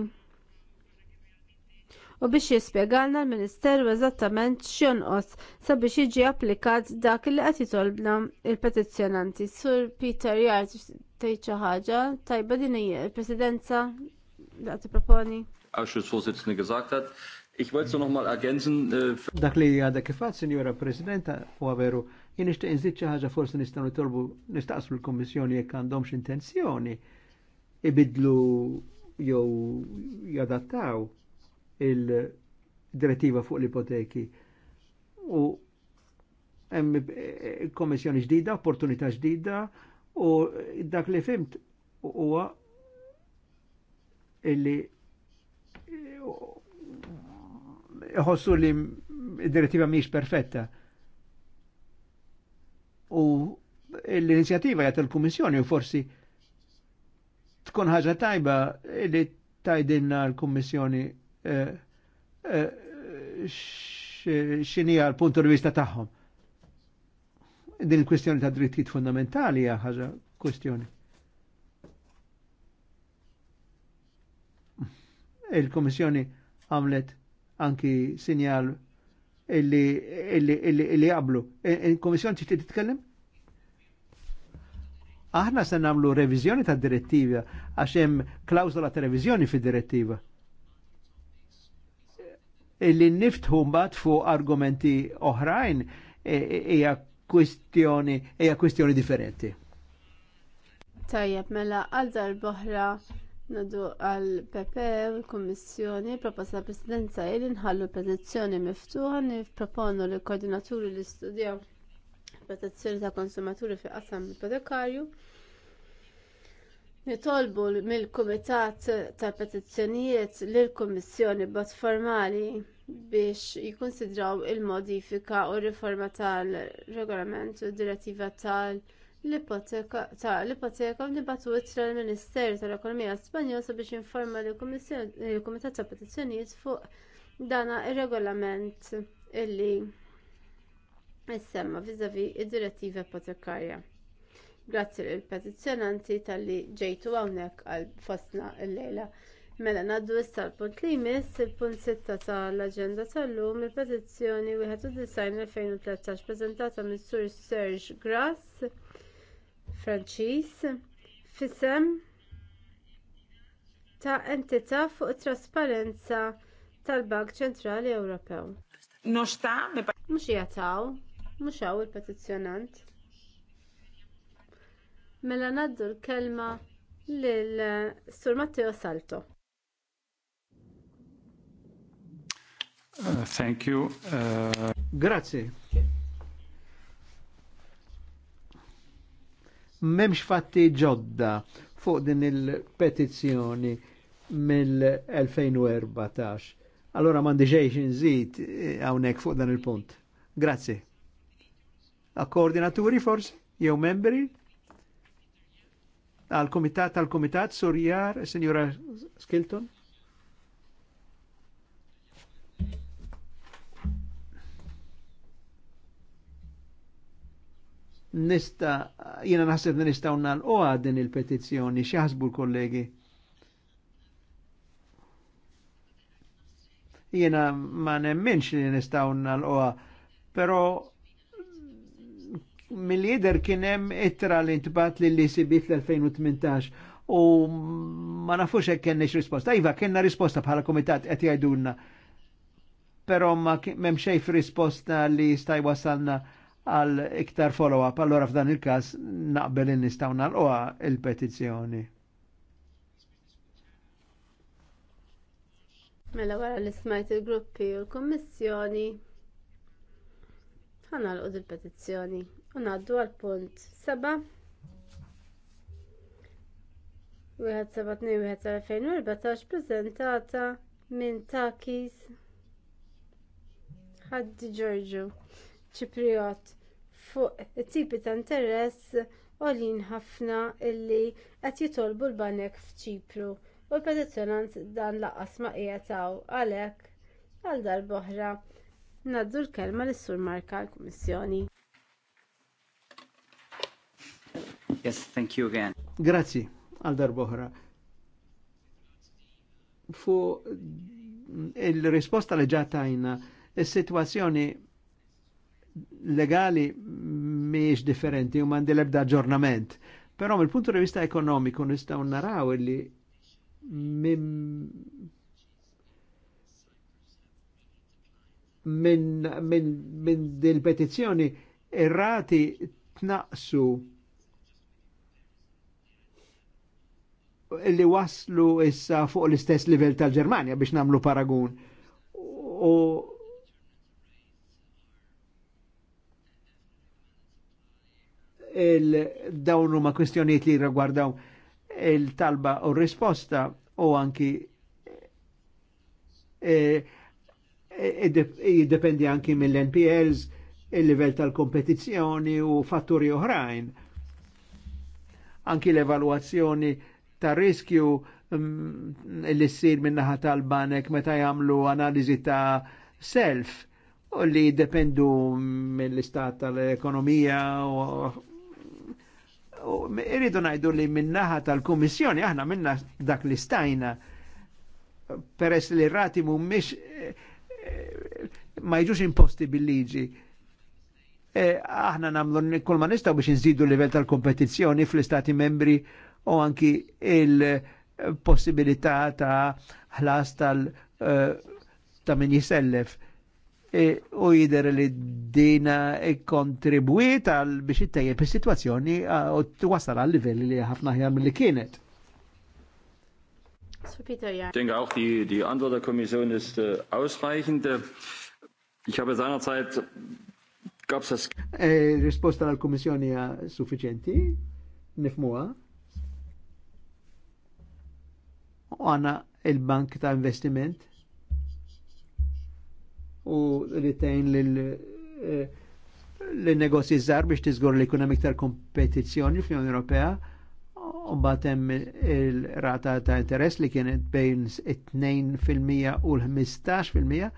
u biex jispjegalna l-Ministeru eżattament x'jonqos sabiex jiġi applikat dak li qed jitolbna il-petizzjonanti. Sur Peter Yard tgħid xi ħaġa tajba din hija l-Presidenza
daqt tipproponi.
Ausschussvorsitzende gesagt hat. Ich wollte noch mal ergänzen. Äh,
dak li għadha kifat, Signora Presidenta, u għaveru, jien ixtieq inżid xi ħaġa forsi nistgħu nitolbu nistaqsu l-Kommissjoni jekk għandhomx intenzjoni ibidlu jew jadattaw il-direttiva fuq l-ipoteki. U hemm eh, kommissjoni ġdida, opportunità ġdida u dak li fimt huwa illi eh, ħossu li direttiva miex perfetta. U l-inizjativa jgħat l kummissjoni u forsi tkun ħaġa tajba li tajdinna l-Kummissjoni Eh, eh, għal l di vista tagħhom. Din il kwestjoni ta' drittijiet fundamentali hija ħaġa kwestjoni. Il-Komissjoni għamlet anki sinjal illi jablu. Il-Komissjoni e, e, ċi titkellem? Aħna se nagħmlu reviżjoni tad direttiva għax hemm klawsola ta' reviżjoni fid-direttiva li niftħu mbagħad fuq argumenti oħrajn hija e, e, kwistjoni hija kwistjoni differenti.
Tajjeb, mela għal darboħra nadu għal pepe u l-Kommissjoni proposta presidenza il nħallu petizzjoni miftuħa nipproponu li koordinaturi li studjaw protezzjoni ta' konsumaturi fi qasam ipotekarju Nitolbu mill-Kumitat tal-Petizzjonijiet lill-Kummissjoni b'mod formali biex jikkunsidraw il-modifika u r riforma tal-regolament u direttiva tal-ipoteka u nibatu itra l-Ministeru tal-Ekonomija Spanjol sabiex informa l-Kumitat tal-Petizzjonijiet fuq dana ir regolament illi issemma vizavi id-direttiva ipotekarja. Grazzi lill petizzjonanti talli ġejtu hawnhekk għal fostna llejla. Mela ngħaddu issa l-punt li jmiss il-punt 6 tal-aġenda tal-lum il-petizzjoni 91-2013 preżentata minn Sur Serge Grass Franċiż f'isem ta' entita' fuq it trasparenza tal-Bank Ċentrali Ewropew. Mhux jataw, mhux hawn il-petizzjonant. Mela naddu l-kelma lil eh, Sur Matteo Salto.
Uh, thank you. Uh... Grazie. Memx fatti ġodda fuq din il-petizzjoni mill-2014. Allora mandi ġejx nżid eh, hawnhekk fuq dan il-punt. Grazie. A koordinaturi forse Jew membri? għal-Komitat tal-Komitat Surjar, Signora Skilton. Nista, jina naħseb nista unnal u din il-petizjoni, xaħsbu l-kollegi. Jena ma nemminx li nista' nal però. pero mill-jider kienem ittra li intbat li l-ICB fl-2018 u ma nafux hekk kennex risposta. Iva, kienna risposta bħala komitat qed jgħidulna. Però ma m'hemm fi risposta li jista' wasalna għal iktar follow-up, allora f'dan il-każ naqbel li nistgħu nagħlqoha il-petizzjoni.
Mela wara li smajt il-gruppi u l-kommissjoni ħanalqu il-petizzjoni. U ngħaddu għal punt 7. Wieħed seba' tnejn wieħed tal-2014 preżentata minn Takis Ħaddi Ġorġu Ċipriot fuq it-tipi ta' interess għolin ħafna illi qed jitolbu l-banek f'Ċipru u l-petizzjonant dan lanqas ma qiegħtaw għalhekk għal darb'oħra naddu l-kelma lis sur Marka l-Kummissjoni. Yes, thank you again.
Grazzi għal darboħra. Fu il-risposta li in il-situazzjoni legali miex differenti u mandi lebda aġġornament. Però mill punto di vista ekonomiku nistaw naraw li minn min, min dil-petizjoni irrati tnaqsu li waslu issa fuq l-istess livell tal-Ġermanja biex namlu paragun. U il-dawnu ma' kwestjoniet li ragwardaw il-talba u risposta u anki e, e, jiddependi anki mill-NPLs, il-livell tal-kompetizjoni u fatturi oħrajn. Anki l-evaluazzjoni ta' riskju mm, li s-sir minnaħa tal-banek meta jamlu analizi ta' self u li dependu mill-istat tal-ekonomija u irridu najdu li minnaħa tal-komissjoni aħna minna dak li stajna peress li rati mumiex eh, ma jġux imposti bil-liġi. Eh, aħna namlu kull ma nistaw biex nżidu l-level tal-kompetizzjoni fl-istati membri u anki il-possibilità ta' ħlas tal eh, ta' min jisellef. E, u jider li dina kontribuit għal biex it tejje is-sitwazzjoni eh, u t-wasal għal livelli li ħafna ħjar mill-li kienet.
Ich
denke auch, die, die Antwort der Kommission ist äh, ausreichend. Ich habe seinerzeit, gab es das...
E, risposta għal Kommission hija suffiċenti, nifmuha. għana il-bank ta' investiment u li eh, l-negozji zar biex tiżgur li kuna miktar kompetizjoni fl-Unjoni Ewropea u batem il-rata ta' interess li kienet bejn 2% u l-15%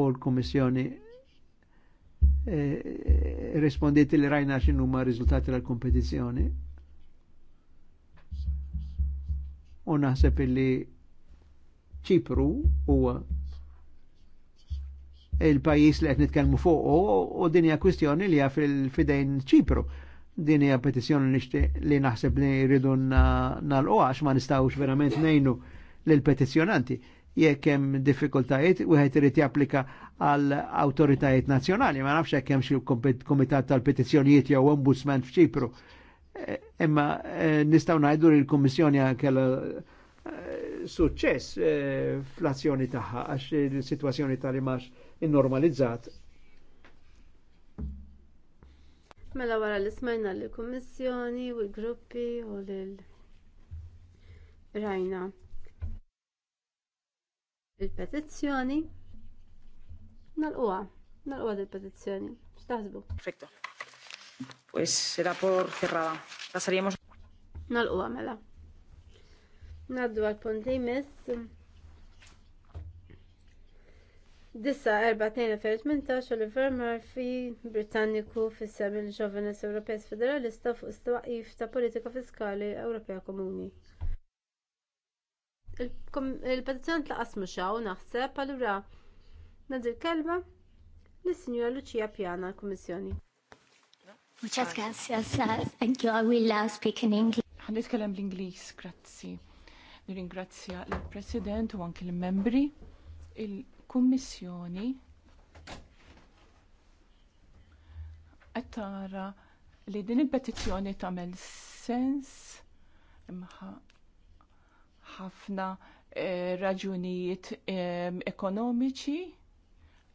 u l komissjoni eh, rispondiet li rajna xinu ma' rizultati tal kompetizjoni u naħseb illi ċipru huwa il-pajis li qed nitkellmu fuq u din hija kwistjoni li hija fil-fidejn ċipru. Din hija petizzjoni li naħseb li rridu nagħlqu għax ma nistgħux verament ngħinu lill petizzjonanti jekk hemm diffikultajiet wieħed irid japplika għal awtoritajiet nazzjonali, ma nafx hekk hemm xi kumitat tal-petizzjonijiet jew ombudsman f'Ċipru. Emma eh, nistaw najdu li l-Kommissjoni kella eh, suċċess eh, fl-azzjoni tagħha għax il-sitwazzjoni tal-imax innormalizzat.
Mela wara li smajna l-Kommissjoni u l-gruppi u l-rajna il-petizzjoni nal-qua, nal-qua il-petizzjoni, xtaħsbu. Perfetto
pues será por cerrada. Pasaríamos.
Nalqu għamela. Naddu għal-punt li jmiss. Dissa 4-2018 Oliver Murphy, Britanniku fissem il-ġovenes Ewropees Federalista fuq istwaqif ta' politika fiskali Ewropea Komuni. Il-petizjoni tlaqas mhux hawn naħseb allura kelba l-kelma lis-Sinjura Luċija Pjana l-Kummissjoni. Muchas gracias. Uh,
thank you. I will uh, speak in English. Għan nitkellem bl-Inglis, grazzi. Nirringrazzja l-President u anki l-membri, il-Kummissjoni qed tara li din il-petizzjoni tagħmel sens imħa ħafna eh, raġunijiet eh, ekonomiċi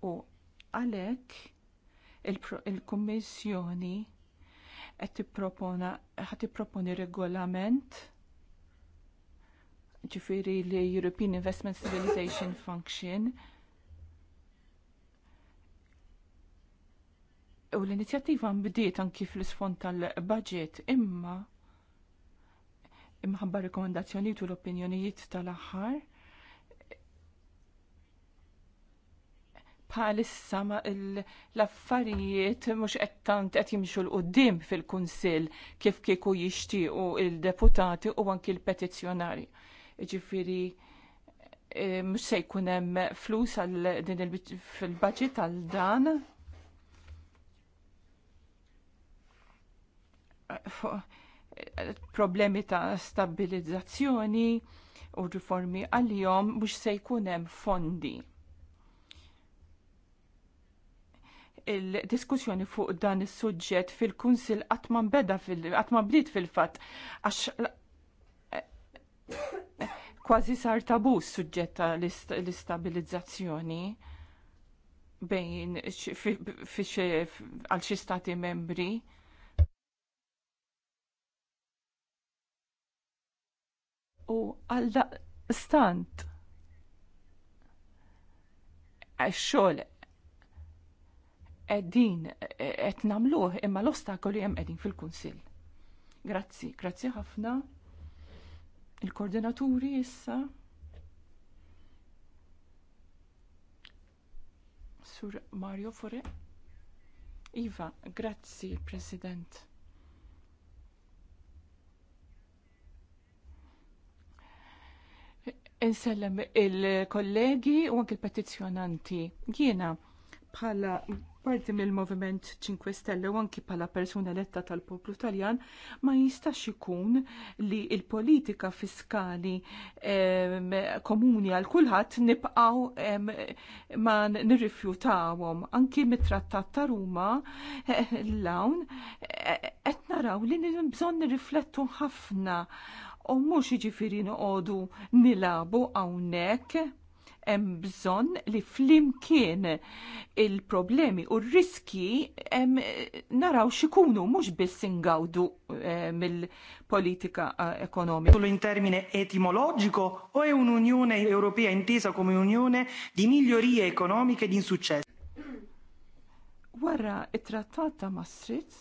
u għalhekk il-Kummissjoni il kummissjoni qed tippropona ħad tipproponi regolament ġifiri li European Investment Stabilization Function u l-inizjattiva mbdiet anki fl-isfond tal-budget imma imħabba rekomendazzjonijiet u l-opinjonijiet tal-aħħar palissa ma l-affarijiet mhux qed tant qed jimxu l qudiem fil-Kunsill kif kieku jixtiequ il-deputati u anki l petizzjonarji Ġifiri, e, mhux se jkun hemm flus għal din il-budget għal dan. E, problemi ta' stabilizzazzjoni u riformi għal-jom mux se jkun hemm fondi il-diskussjoni fuq dan is-suġġett fil-Kunsil qatt beda fil ma bdiet fil-fatt għax kważi sar tabu s l-istabilizzazzjoni bejn għal xi stati membri. U għal stant għax xogħol qegħdin e, qed nagħmluh imma l-ostakoli hemm qegħdin fil-Kunsill. Grazzi, grazzi ħafna. Il-koordinaturi issa. Sur Mario Fore. Iva, grazzi, President. Insellem il-kollegi u anke il-petizjonanti. Jiena bħala parti mill-Moviment 5 Stelle u anki pala persuna eletta tal-poplu Taljan ma jistax ikun li il-politika fiskali komuni għal kulħadd nibqgħu ma nirrifjutawhom. Anki mit-Trattat ta' Ruma eh, l-lawn eh, qed naraw li bżonn nirriflettu ħafna u mhux jiġifieri noqogħdu nilabu hawnhekk hemm bżonn li flimkien il-problemi u r-riski hemm naraw xikunu mhux biss ingawdu eh, mill-politika eh, ekonomika. Solo in termine etimologico o è un'Unione Europea intesa come unione di migliorie economiche
e di insuccesso?
Wara it-trattat ta' Maastricht,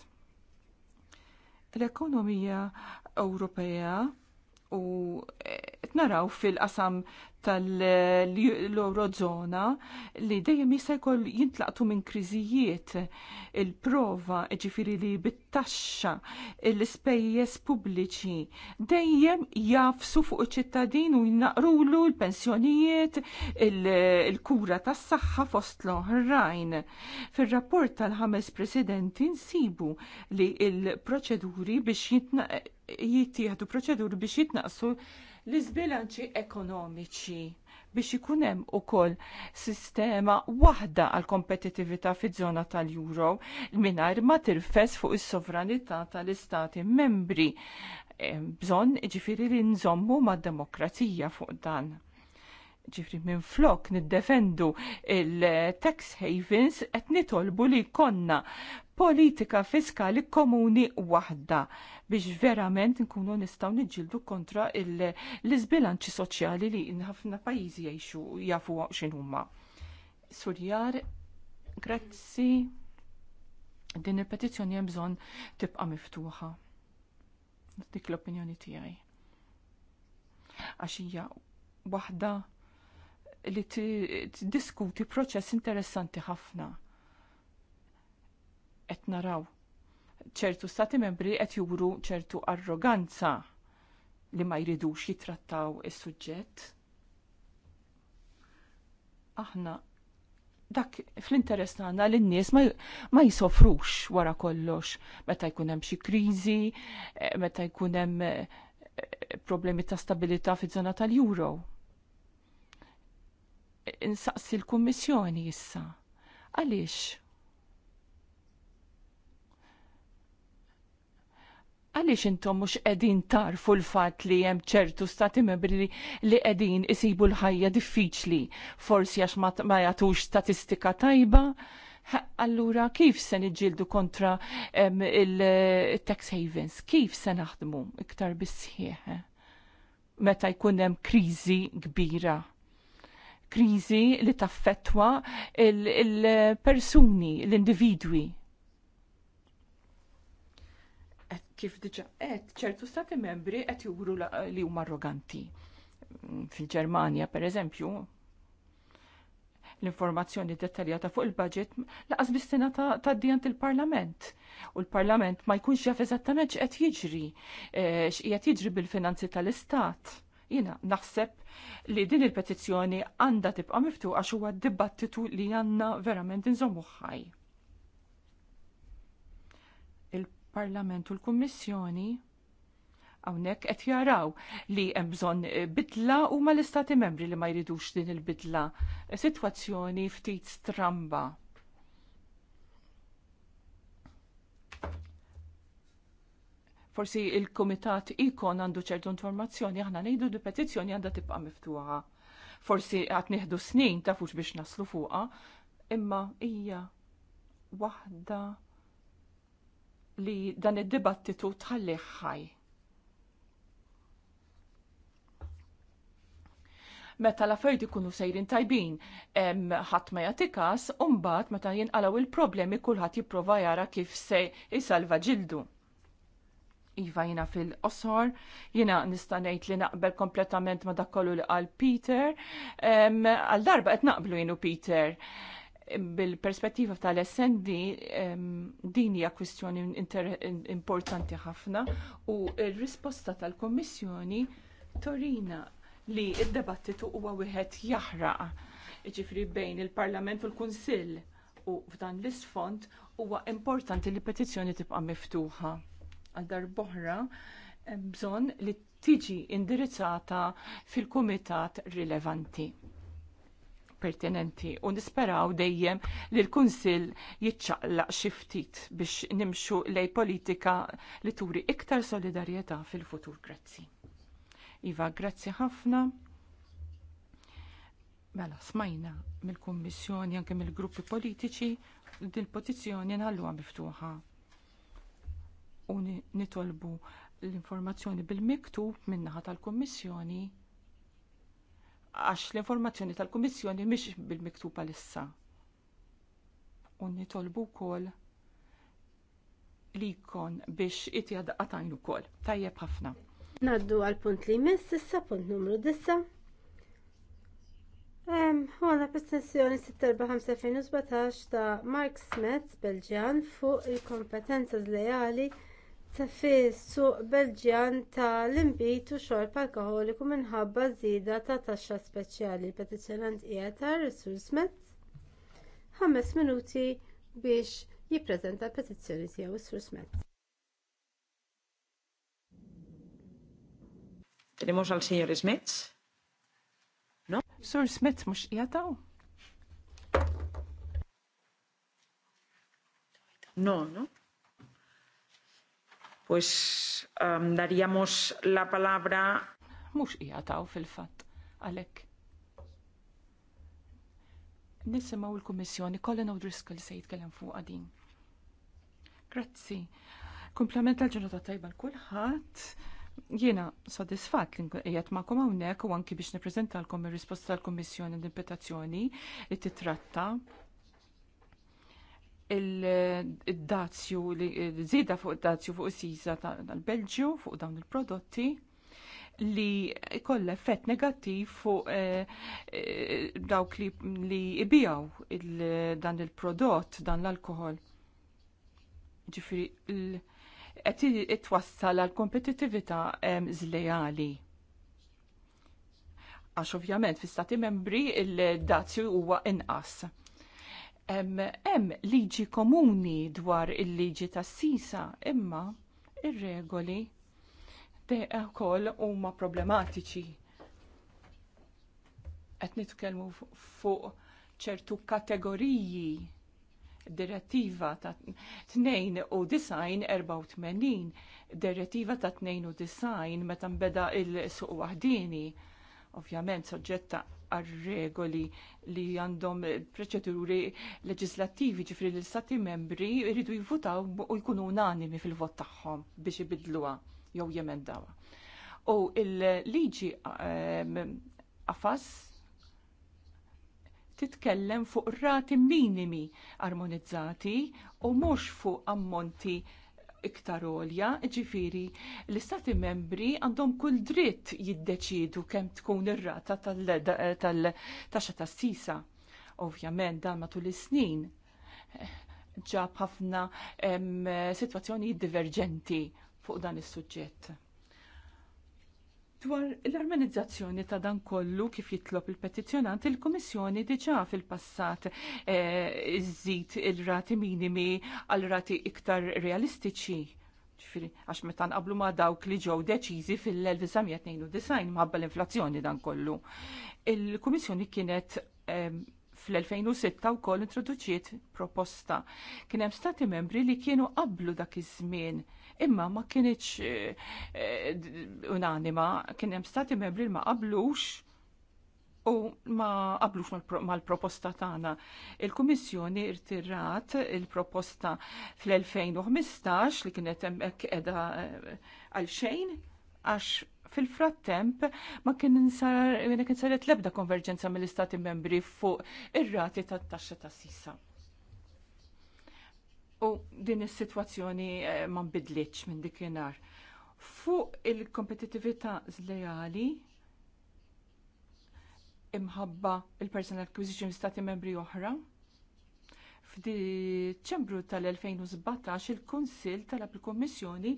l-ekonomija Ewropea u naraw fil-qasam tal-Eurozona li dejjem jista' jkoll jintlaqtu minn kriżijiet il-prova ġifiri li bit-taxxa l-ispejjeż pubbliċi dejjem jafsu fuq iċ-ċittadin u jnaqrulu l-pensjonijiet, il-kura tas-saħħa fost l-oħrajn. Fir-rapport tal-ħames presidenti nsibu li l proċeduri biex jittieħdu proċeduri biex jitnaqsu l-izbilanċi ekonomiċi biex ikun hemm ukoll sistema waħda għal kompetitivita fiż-żona tal-Euro mingħajr ma tirfes fuq is-sovranità tal-istati membri. Bżonn ġifieri li nżommu mad-demokrazija fuq dan ġifri minn flok niddefendu il-tax havens qed nitolbu li konna politika fiskali komuni waħda biex verament nkunu nistgħu nġildu kontra l-iżbilanċi soċjali li ħafna pajjiżi jgħixu jafu x'inhuma. Surjar, grazzi. Din il-petizzjoni hemm bżonn tibqa' miftuħa. Dik l-opinjoni tiegħi. Għax hija waħda li t-diskuti proċess interessanti ħafna. Et naraw ċertu stati membri qed juru ċertu arroganza li ma jridux jitrattaw is-suġġett. Aħna dak fl-interess tagħna l nies ma jisofrux wara kollox meta jkun hemm xi kriżi, eh, meta jkun hemm eh, problemi ta' stabilità fiż-żona tal-Euro insaqsi l-Kummissjoni issa. Għaliex? Għaliex intom mhux qegħdin tarfu l-fatt li hemm ċertu stati membri li qegħdin isibu l-ħajja diffiċli, forsi għax ma jagħtux statistika tajba, Allura, kif se niġġieldu kontra il-tax havens? Kif se naħdmu iktar bisħieħ? Eh? Meta jkun hemm kriżi kbira kriżi li taffettwa il-persuni, il l-individwi. Eh, kif diġa, et ċertu stati membri qed juru li huma arroganti. Mm, Fil-Ġermanja, per eżempju, l-informazzjoni dettaljata fuq il-budget laqas bistina ta', d dijant il-parlament. U l-parlament ma jkunx jaf eżattament x'qed jiġri, eh, x'qed jiġri bil-finanzi tal-istat Jina naħseb li din il-petizzjoni għandha tibqa' miftuqa huwa dibattitu li għandna verament inżommu ħaj. Il-Parlament u l-Kummissjoni hawnhekk qed jaraw li hemm bżonn bidla u ma l-istati membri li ma jridux din il-bidla. Sitwazzjoni ftit stramba forsi il-komitat ikon għandu ċertu informazzjoni, aħna nejdu di petizzjoni għanda tibqa miftuħa. Forsi għat nieħdu snin tafux biex naslu fuqa, imma hija waħda li dan id-dibattitu tħalli ħaj. Meta l-affarijiet ikunu sejrin tajbin, ħadd ma jagħtikas, u mbagħad meta jinqalgħu il-problemi kulħadd jipprova jara kif se jsalva ġildu Iva jina fil-qosor, jina nistanejt li naqbel kompletament ma dakollu li għal Peter, għal darba qed naqblu jinu Peter. Bil-perspettiva tal-SND, din hija kwistjoni importanti ħafna u il-risposta tal-Kommissjoni torina li id-debattitu huwa wieħed jaħraq, ġifri bejn il-Parlament u l-Kunsill u f'dan l-isfond huwa importanti li petizzjoni tibqa' miftuħa għal darboħra bżonn li tiġi indirizzata fil-kumitat rilevanti pertinenti u nisperaw dejjem li l-Kunsill jiċċaqlaq xi ftit biex nimxu lejn politika li turi iktar solidarjetà fil-futur. Grazzi. Iva, grazzi ħafna. Mela, smajna mill-Kummissjoni anke mill-gruppi politiċi din il-petizzjoni nħalluha miftuħa u nitolbu l-informazzjoni bil-miktub min-naħa tal kummissjoni għax l-informazzjoni tal kummissjoni mhix bil-miktub issa. U nitolbu wkoll li jkun biex itja daqqatajn ukoll. Tajjeb ħafna.
Naddu għal punt li jmiss issa punt numru 9. Għana prestazzjoni 6.45.17 ta' Mark Smith Belġan fuq il-kompetenza zlejali ta' fis-suq Belġjan l inbit u xorb alkoħoliku minħabba żieda ta' taxxa speċjali. Petizzjonant qiegħed Rasul Smet ħames minuti biex jippreżenta l-petizzjoni tiegħu Sur Smet.
No? Sur
Smets mhux jataw?
No, no? pues um, daríamos la palabra. Mux jgħataw
fil-fat, għalek. Nisimaw il-Kommissjoni, Colin O'Driscoll se jitkellem fuq għadin. Grazzi. Komplement tal-ġurnata tajba l-kulħat. Jiena sodisfat li qiegħed magħkom hawnhekk u anki biex nippreżentalkom ir-risposta tal-Kummissjoni l-impetazzjoni li titratta il-dazju, zida fuq id-dazju fuq is sisa tal-Belġju fuq dawn il-prodotti li kollha effett negattiv fuq eh, eh, dawk li ibijaw dan il-prodott, dan l-alkohol. Ġifri, qed twassal għal kompetittività żlejali. Ehm, Għax ovvjament fi stati membri il-dazju huwa inqas hemm liġi komuni dwar il-liġi tas-sisa imma ir-regoli eh, wkoll huma problematiċi. Qed nitkellmu fuq ċertu kategoriji direttiva ta' 2 u 84 direttiva ta' 2 u disajn meta nbeda il-suq waħdini ovvjament soġġetta għal regoli li għandhom proċeduri leġislattivi ġifri li l-stati membri jridu jivvutaw u jkunu unanimi fil-vot tagħhom biex ibidluha jew jemendawha. U il-liġi għafas ehm, titkellem fuq rati minimi armonizzati u mhux fuq ammonti iktar olja, ġifiri l-istati membri għandhom kull dritt jiddeċidu kemm tkun ir-rata tal-taxxa tas-sisa. Ovvjament dan matul is-snin eh, ġab ħafna situazzjoni diverġenti fuq dan is-suġġett Dwar l-armonizzazzjoni ta' dan kollu kif jitlob il-petizjonant, il-Komissjoni diġa fil-passat iżid eh, il-rati minimi għal rati iktar realistiċi. Ġifiri, għax meta nqablu ma' dawk li ġew deċiżi fil-1992 mħabba l-inflazzjoni dan kollu. Il-Komissjoni kienet eh, fl-2006 u koll introduċiet proposta. Kien hemm stati membri li kienu qablu dak iż-żmien imma ma kienieċ eh, unanima, kien hemm stati membri ma qablux u ma qablux mal-proposta tagħna. Il-Kummissjoni irtirat il-proposta fl-2015 li kienet hemmhekk qiegħda eh, għal xejn għax fil-frattemp ma kien insar saret l-ebda konverġenza mill-istati membri fuq ir-rati tat-taxxa tas-sisa. U din is-sitwazzjoni eh, ma nbidlitx minn dikinhar. Fuq il-kompetitività żlejali imħabba il-personal acquisition stati membri oħra. ċembru tal-2017 il kunsill talab il-Kommissjoni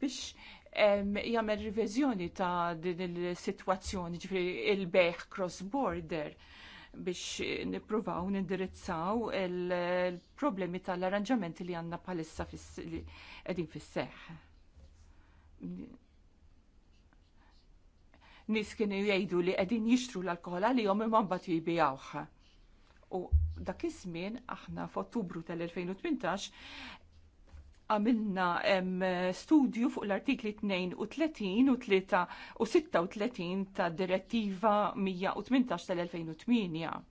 biex jagħmel riviżjoni ta' din il-sitwazzjoni ġifri il-beħ cross border biex nippruvaw nindirizzaw il-problemi tal-arranġamenti li għandna bħalissa qegħdin fis-seħħ. Nis kienu jgħidu li qegħdin jixtru l-alkohol għalihom imma mbagħad jibijawh. U dak iż-żmien aħna f'Ottubru tal-2018 għamilna studju fuq l-artikli 32 u 3 u 36 ta' direttiva 118 tal-2008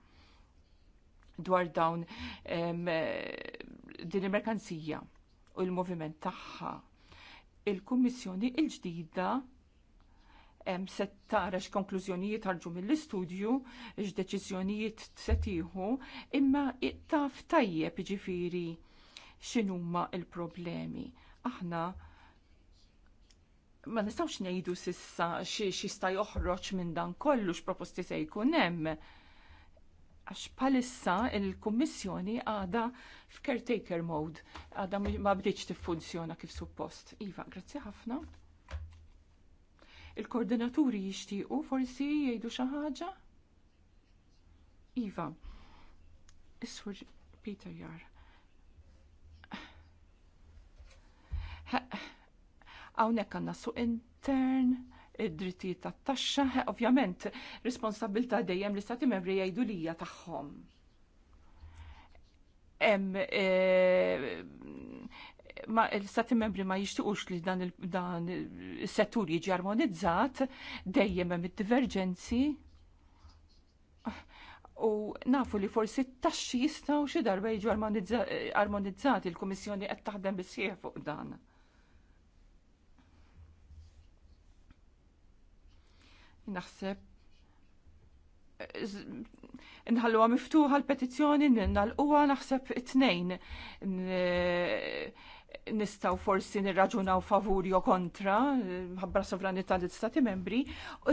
dwar dawn din il-merkanzija u l-moviment tagħha. Il-Kummissjoni il-ġdida hemm se tara x'konklużjonijiet ħarġu mill-istudju, x'deċiżjonijiet se tieħu, imma taf tajjeb jiġifieri x'inhuma il-problemi. Aħna ma nistgħux ngħidu sissa xi jista' joħroġ minn dan kollu x'proposti se jkun hemm. Għax bħalissa il-Kummissjoni għadha f'caretaker mode, għadha ma bdiċ tiffunzjona kif suppost. Iva, grazzi ħafna. Il-koordinaturi jixtiequ forsi jgħidu xi ħaġa? Iva, Is-Sur Peter Jar. Hawnhekk għandna suq intern, id-drittijiet tat-taxxa, ovvjament responsabilta dejjem l-istati membri jgħidu li hija tagħhom. Stati e, ma l membri ma jixtiqux li dan il-settur jiġi armonizzat, dejjem hemm id-diverġenzi u nafu li forsi t-taxxi jistaw xi darba jiġu armonizzati il-Kummissjoni qed taħdem bisieħ fuq dan. Naħseb nħalluha miftuħa l-petizzjoni, nalquha naħseb it-tnejn nistaw forsi nirraġunaw favuri o kontra, ħabbar sovranità l istati membri,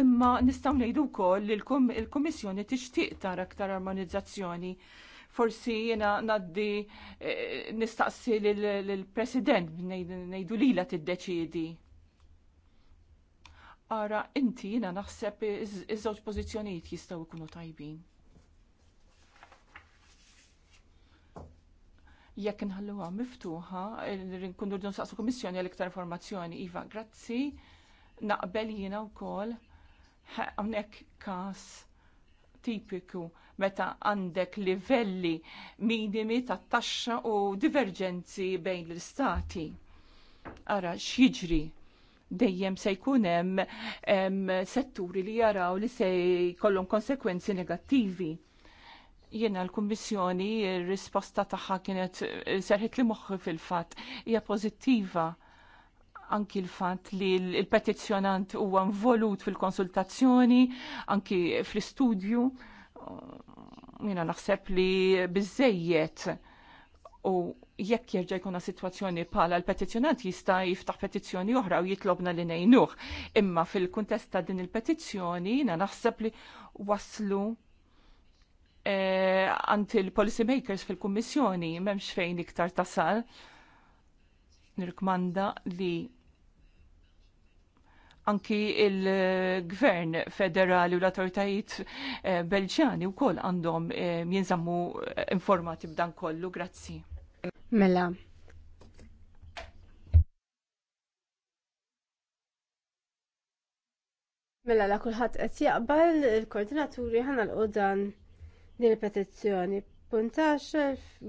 imma nistaw ngħidu wkoll li l-Kummissjoni tixtieq tara aktar armonizzazzjoni. Forsi jena naddi eh, nistaqsi lill-President ngħidu lila tiddeċiedi Ara, inti jina naħseb iż-żewġ pożizzjonijiet jistgħu jkunu tajbin. Jekk inħalluha miftuħa, nkun nurdu nsaqsu kummissjoni għal iktar informazzjoni, Iva, grazzi, naqbel jiena wkoll hawnhekk każ tipiku meta għandek livelli minimi ta' taxxa u diverġenzi bejn l-istati. Ara, x'jiġri dejjem se jkun hemm setturi li jaraw li se jkollhom konsekwenzi negattivi. Jiena l-Kummissjoni r-risposta tagħha kienet serħet li moħħi fil-fatt hija pożittiva anki l-fatt li l-petizzjonant huwa involut fil-konsultazzjoni, anki fl-istudju, jiena naħseb li biżejjed U jekk jerġa' jkun sitwazzjoni bħala l-petizzjonant jista' jiftaħ petizzjoni oħra u jitlobna li ngħinuh. Imma fil-kuntest ta' din il-petizzjoni jiena naħseb li waslu e, għand il-policy makers fil-kummissjoni m'hemmx fejn iktar tasal. Nirkmanda li anki il-gvern federali u l-autoritajiet e, belġjani u koll għandhom e, jinżammu informati b'dan kollu. Grazzi.
Mela. Mela la kulħadd qed jaqbal il-koordinaturi ħana l dan din il-petizzjoni puntax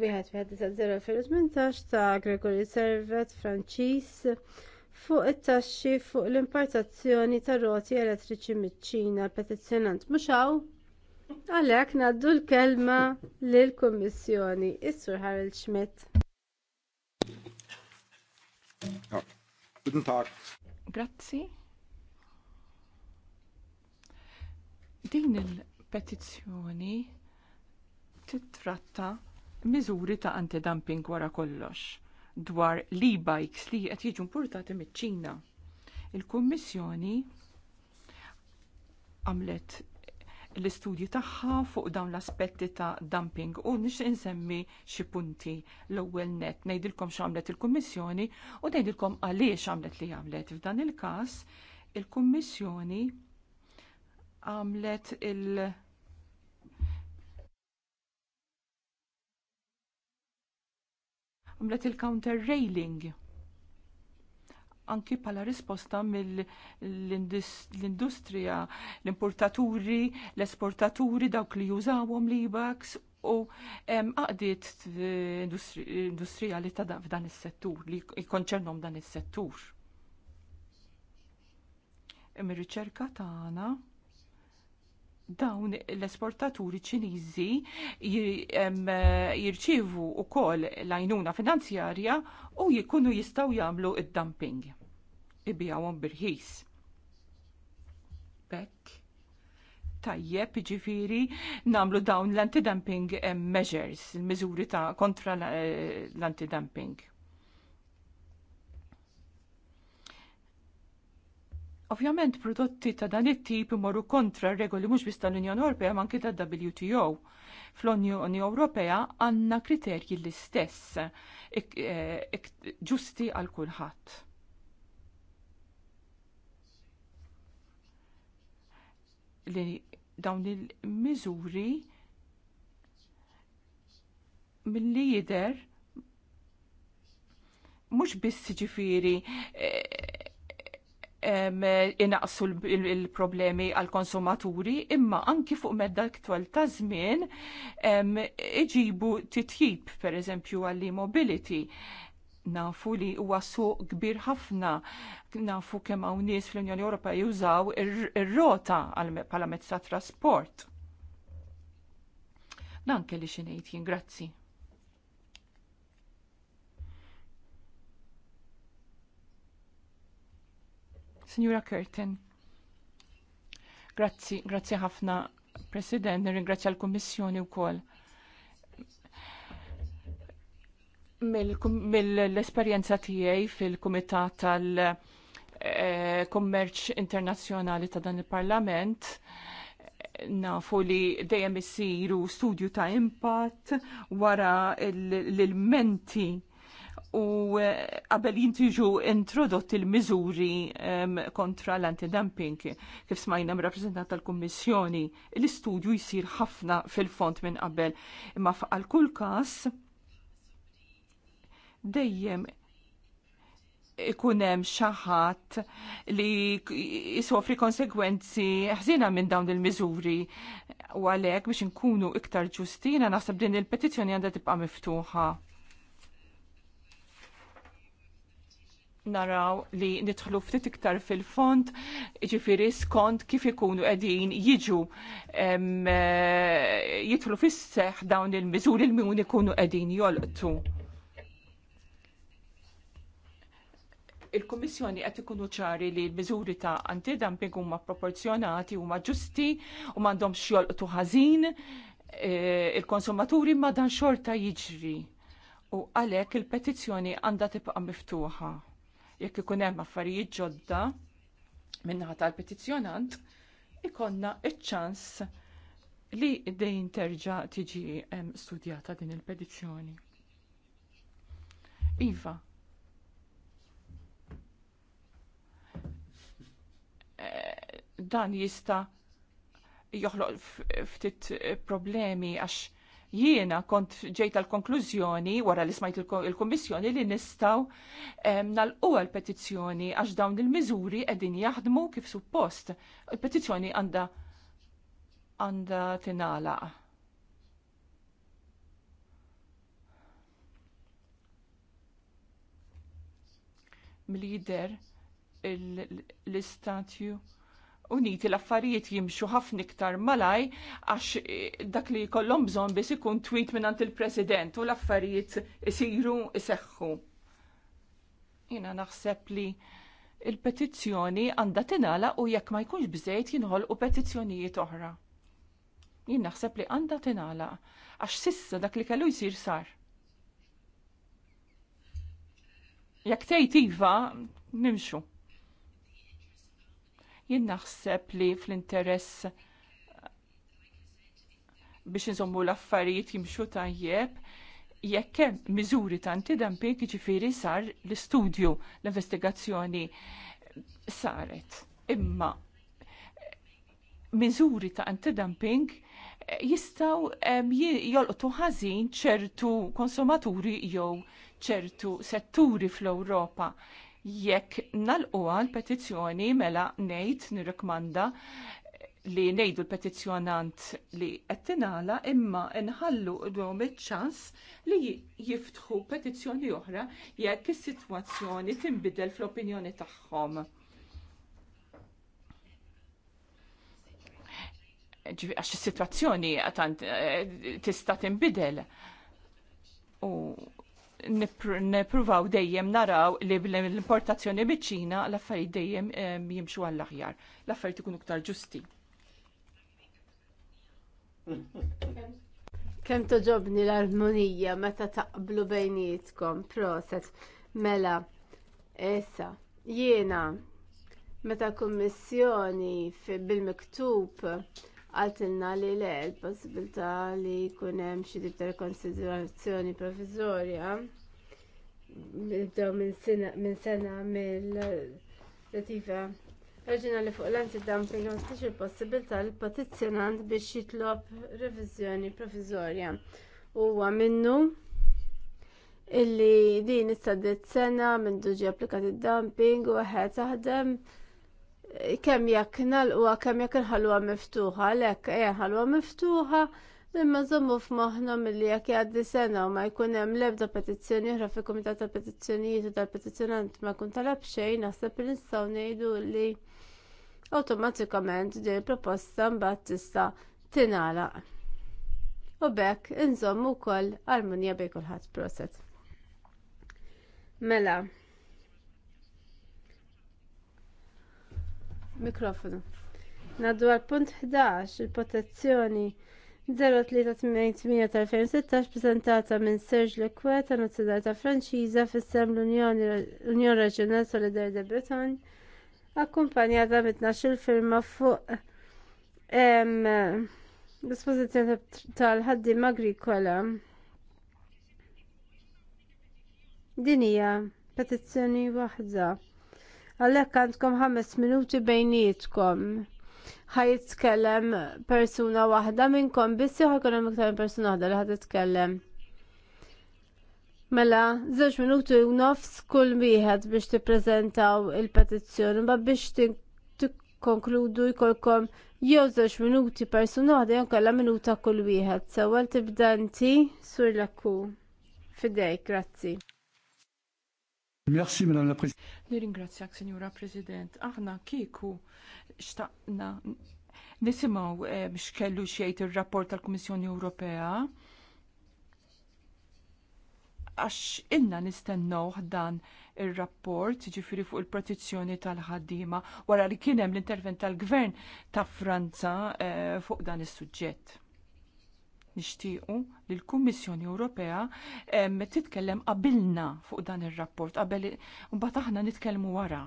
wieħed ta' Gregory Servet Franċis fuq it-taxxi fuq l-importazzjoni ta' roti elettriċi miċ-Ċina. Petizzjonant mhux hawn Għalek naddu l-kelma l komissjoni Is-Sur Harald Schmidt. Guten Tag. Grazzi.
Din il-petizzjoni titratta miżuri ta' antidumping wara kollox dwar l-e-bikes li qed jiġu importati miċ-Ċina. Il-Kummissjoni għamlet l-istudji tagħha fuq dawn l-aspetti ta' dumping u nix insemmi xi punti l-ewwel net ngħidilkom x'għamlet il-Kummissjoni u ngħidilkom għaliex għamlet li għamlet. F'dan il-każ il-Kummissjoni għamlet il- għamlet il-counter railing anki pala risposta mill-industrija, l-importaturi, l-esportaturi, dawk li jużawhom li baks u industrija industrijali tada f'dan il settur li jikonċernom dan is-settur. mir riċerka tagħna dawn l-esportaturi ċiniżi jirċivu wkoll l-għajnuna finanzjarja u jikunu jistgħu jagħmlu d dumping Ibijawhom birħis. Bekk. Tajjeb, ġifiri, namlu dawn l-antidumping measures, il-miżuri ta' kontra eh, l-antidumping. Ovvjament prodotti ta' dan it-tip imorru kontra regoli mhux biss tal-Unjoni Ewropea ma anke tad-WTO. Fl-Unjoni Ewropea għandna kriterji l-istess e, ġusti għal kulħadd. Li dawn il-miżuri mill jidher mhux biss ġifieri e, inaqsu il-problemi għal konsumaturi imma anki fuq medda ktwal ta' żmien iġibu titjib per eżempju għall mobility nafu li huwa suq kbir ħafna nafu kemm hawn nies fl-Unjoni Ewropea jużaw ir-rota bħala mezz ta' trasport. Dan kelli xi ngħid Signora Curtin. Grazzi, grazzi ħafna, President, nirringrazzja l-Kommissjoni u Mill-esperienza mil tiegħi fil-Kumitat tal-Kommerċ eh, Internazzjonali ta' dan il-Parlament, nafu li dejjem isiru studju ta' impatt wara l-menti il u eh, qabel jintiġu introdott il-miżuri ehm, kontra l-antidumping kif smajna rappresentant tal-Kummissjoni l-istudju jisir ħafna fil-font minn qabel imma għal kull każ dejjem ikun hemm xi ħadd li jisofri konsegwenzi ħzina minn dawn il-miżuri u għalhekk biex inkunu iktar ġustina naħseb din il-petizzjoni għandha tibqa' miftuħa naraw li nidħlu ftit iktar fil-fond, ġifiri skont kif ikunu qegħdin jiġu eh, jitħlu fis-seħ dawn il-miżuri il min ikunu qegħdin jolqtu. Il-Kummissjoni qed ikunu ċari li l-miżuri ta' antidumping huma proporzjonati huma ġusti u m'għandhomx jolqtu ħażin eh, il-konsumaturi ma dan xorta jiġri u għalhekk il-petizzjoni għandha tibqa' miftuħa jekk ikun hemm affarijiet ġodda minnaħa tal-petizzjonant, ikonna iċ-ċans li dejn terġa tiġi studjata din il-petizzjoni. Iva, eh, dan jista joħloq ftit problemi għax Jiena kont ġejt tal-konklużjoni wara li smajt il-Kommissjoni li nistaw nal-qu l-petizzjoni għax dawn il-miżuri qegħdin jaħdmu kif suppost. Il-petizzjoni għandha għanda tingħalaq. Mill-lider l-istatju Uniti l-affarijiet jimxu ħafna iktar malaj għax eh, dak li kollom bżonn biss ikun tweet minn il-President u l-affarijiet isiru iseħħu. Jina naħseb li il-petizzjoni għandha tinala u jekk ma jkunx jinħol jinħolqu petizzjonijiet oħra. Jien naħseb li għandha tinala għax sissa dak li kellu jsir sar. Jekk tgħid iva, nimxu. Jien naħseb li fl-interess eh, biex nżommu l-affarijiet jimxu tajjeb, jekk hemm miżuri ta' antidumping jiġifieri sar l-istudju, l-investigazzjoni saret. Imma miżuri ta' antidumping eh, jistaw jolqtu ħażin ċertu konsumaturi jew ċertu setturi fl-Ewropa. Jekk nalquha l-petizzjoni mela ngħid nirrikmanda li ngħidu l-petizzjonant li qed tingħala imma nħallu dom iċ-ċans li jiftħu petizzjoni oħra jekk is-sitwazzjoni tinbidel fl-opinjoni tagħhom. għax is-sitwazzjoni eh, tista' tinbidel. U nippruvaw dejjem naraw li l-importazzjoni biċ-Ċina l-affarijiet dejjem jimxu għall-aħjar. L-affarijiet ikunu iktar ġusti.
Kem toġobni l-armonija meta taqblu bejnietkom, proset, mela, issa, jiena, meta kummissjoni bil-miktub għaltilna li l-possibilità li jkun hemm xi konsiderazzjoni provizorja nibdew minn sena mill-lativa reġinali fuq l-antidumping ma tix il-possibilità l petizzjonant biex jitlob reviżjoni provizorja. Huwa minnu illi din istaddet sena minn duġi applikat id-dumping u għed taħdem kemm jekk nalqwa kemm jekk inħalluha miftuħa, lek ejja eh, nħalluha miftuħa Imma żommu f'moħħna milli jekk jgħaddi sena u ma jkun hemm l-ebda petizzjoni oħra fi kumitat tal petizzjonijiet u tal-petizzjonant ma jkun talab xejn naħseb li nistgħu ngħidu li awtomatikament din il-proposta mbagħad tista' tingħalaq. U bekk inżommu wkoll armonija bejn kulħadd proset. Mela. Mikrofonu. Naddu għal punt 11 il-protezzjoni 0388 tal-2016 prezentata minn Serge Lequeta, nazzjonalità Franċiża fis-sem l-Unjoni Reġjonal Solidar de Breton, akkumpanjata mit il firma fuq dispożizzjoni tal-ħaddim agrikola. Din hija petizzjoni waħda. Għalhekk għandkom ħames minuti bejnietkom ħajitkellem persuna waħda minnkom biss jew ħajkun hemm iktar persuna waħda li ħad titkellem. Mela, żewġ minuti u nofs kull wieħed biex tippreżentaw il-petizzjoni ma biex tikkonkludu jkollkom jew żewġ minuti persuna waħda jew kellha minuta kull wieħed. Sewwel tibda inti sur l-akku. Fidejk, grazzi.
Merci, Madame la Presidente. Nirringrazzjak, Signora President. Aħna kiku xtaqna nisimaw eh, biex kellu xiejt il-rapport tal-Kummissjoni Ewropea għax inna nistennow dan il-rapport ġifiri fuq il-protezzjoni tal-ħaddima wara li kienem l-intervent tal-gvern ta' Franza eh, fuq dan is-suġġett nixtiequ li l-Kummissjoni Ewropea titkellem qabilna fuq dan ir-rapport qabel imbagħad aħna nitkellmu
wara.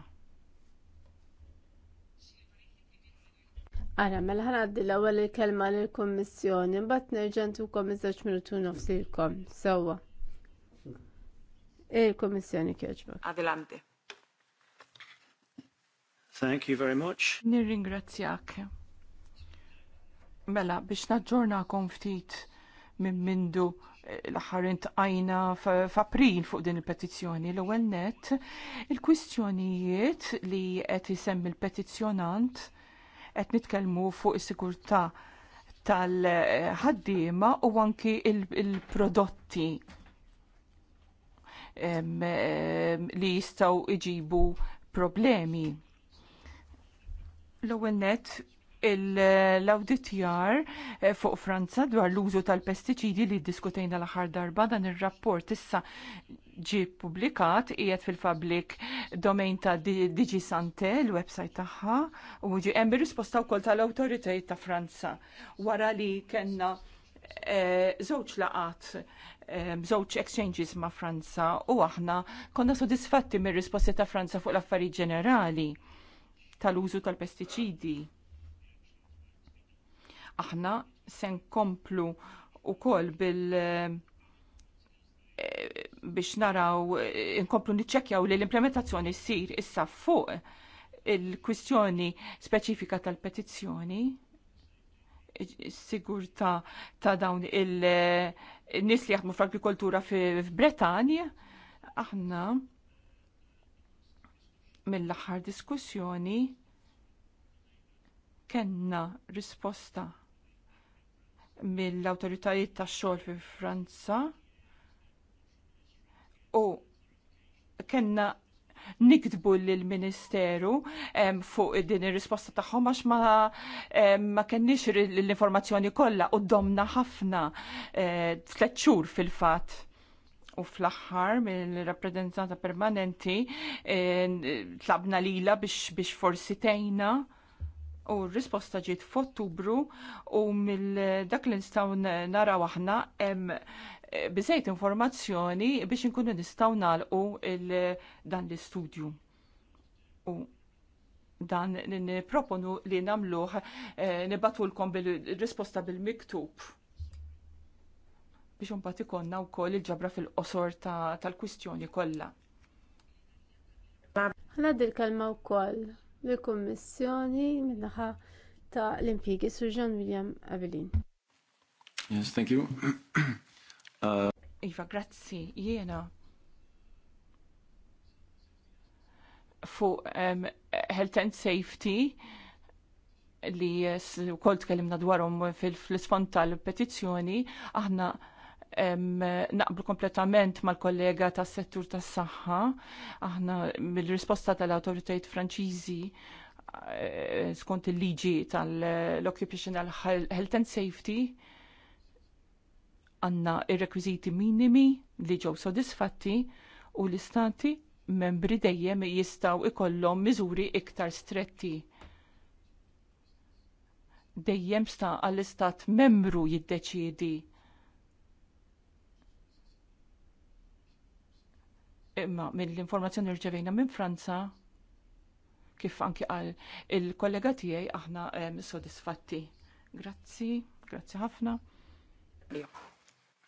Ara, mela għaddi l-ewwel il-kelma lill-Kummissjoni, mbagħad nerġa' ntukom iż-żewġ minutu nofsilkom sewwa. Il-Kummissjoni kieġbok.
Adelante.
Thank you very much.
Nirringrazzjak
Mela, biex naġġornakom ftit minn mindu eh, l-aħħar intqajna f'April fuq din il-petizzjoni l-ewwel net, il-kwistjonijiet li qed isemmi l-petizzjonant qed nitkellmu fuq is-sigurtà tal-ħaddiema u anki il-prodotti li jistgħu iġibu problemi. L-ewwel net l-auditjar eh, fuq Franza dwar l-użu tal-pestiċidi li diskutejna l-aħħar darba dan ir-rapport issa ġi publikat qiegħed fil public domain ta' Digi Sante, l-website tagħha, u ġi hemm risposta wkoll tal-awtoritajiet ta' Franza wara li kellna eh, żewġ laqat eh, żewġ exchanges ma' Franza u aħna konna sodisfatti mir-risposti ta' Franza fuq l-affarijiet ġenerali tal-użu tal-pestiċidi aħna se nkomplu wkoll bil eh, biex naraw inkomplu eh, niċċekkjaw li l-implementazzjoni ssir issa fuq il-kwistjoni speċifika tal-petizzjoni sigur ta' dawn il-nis eh, li jaħdmu fl-agrikoltura f'Bretanja, aħna mill-aħħar diskussjoni kenna risposta mill-autoritajiet tax-xogħol fi Franza u kena niktbu lill-Ministeru fuq din ir-risposta tagħhom għax ma, ma kenniex l-informazzjoni kollha u domna ħafna eh, tliet xhur fil-fatt u fl-axħar mill-rappreżentanta permanenti eh, tlabna lila biex, biex forsi tejna u r-risposta ġiet f'Ottubru u mill dak li nistgħu naraw aħna hemm eh, biżejt informazzjoni biex inkunu nistgħu nagħlqu dan l-istudju. U dan niproponu li namluħ eh, nibatulkom bil-risposta bil-miktub biex mbagħad u wkoll il-ġabra fil-qosor tal-kwistjoni kollha.
Ħana kalma u wkoll l-Kommissjoni minnaħa ta' l-impjegi Sir John William Avelin.
Yes, thank you. uh...
Iva, grazzi, jiena.
Fu um, health and safety li wkoll kellimna dwarhom fil-isfond tal-petizzjoni, aħna naqblu kompletament mal-kollega tas settur tas saħħa aħna mill-risposta tal-autoritajt franċiżi eh, skont il-liġi tal-Occupational Health and Safety għanna ir-rekwiziti minimi li ġew sodisfatti u l-istati membri dejjem jistaw ikollhom miżuri iktar stretti. Dejjem sta għall-istat membru jiddeċiedi Imma mill-informazzjoni rġevejna minn Franza, kif anki għal il-kollega tiegħi aħna um, sodisfatti. Grazzi, grazzi ħafna.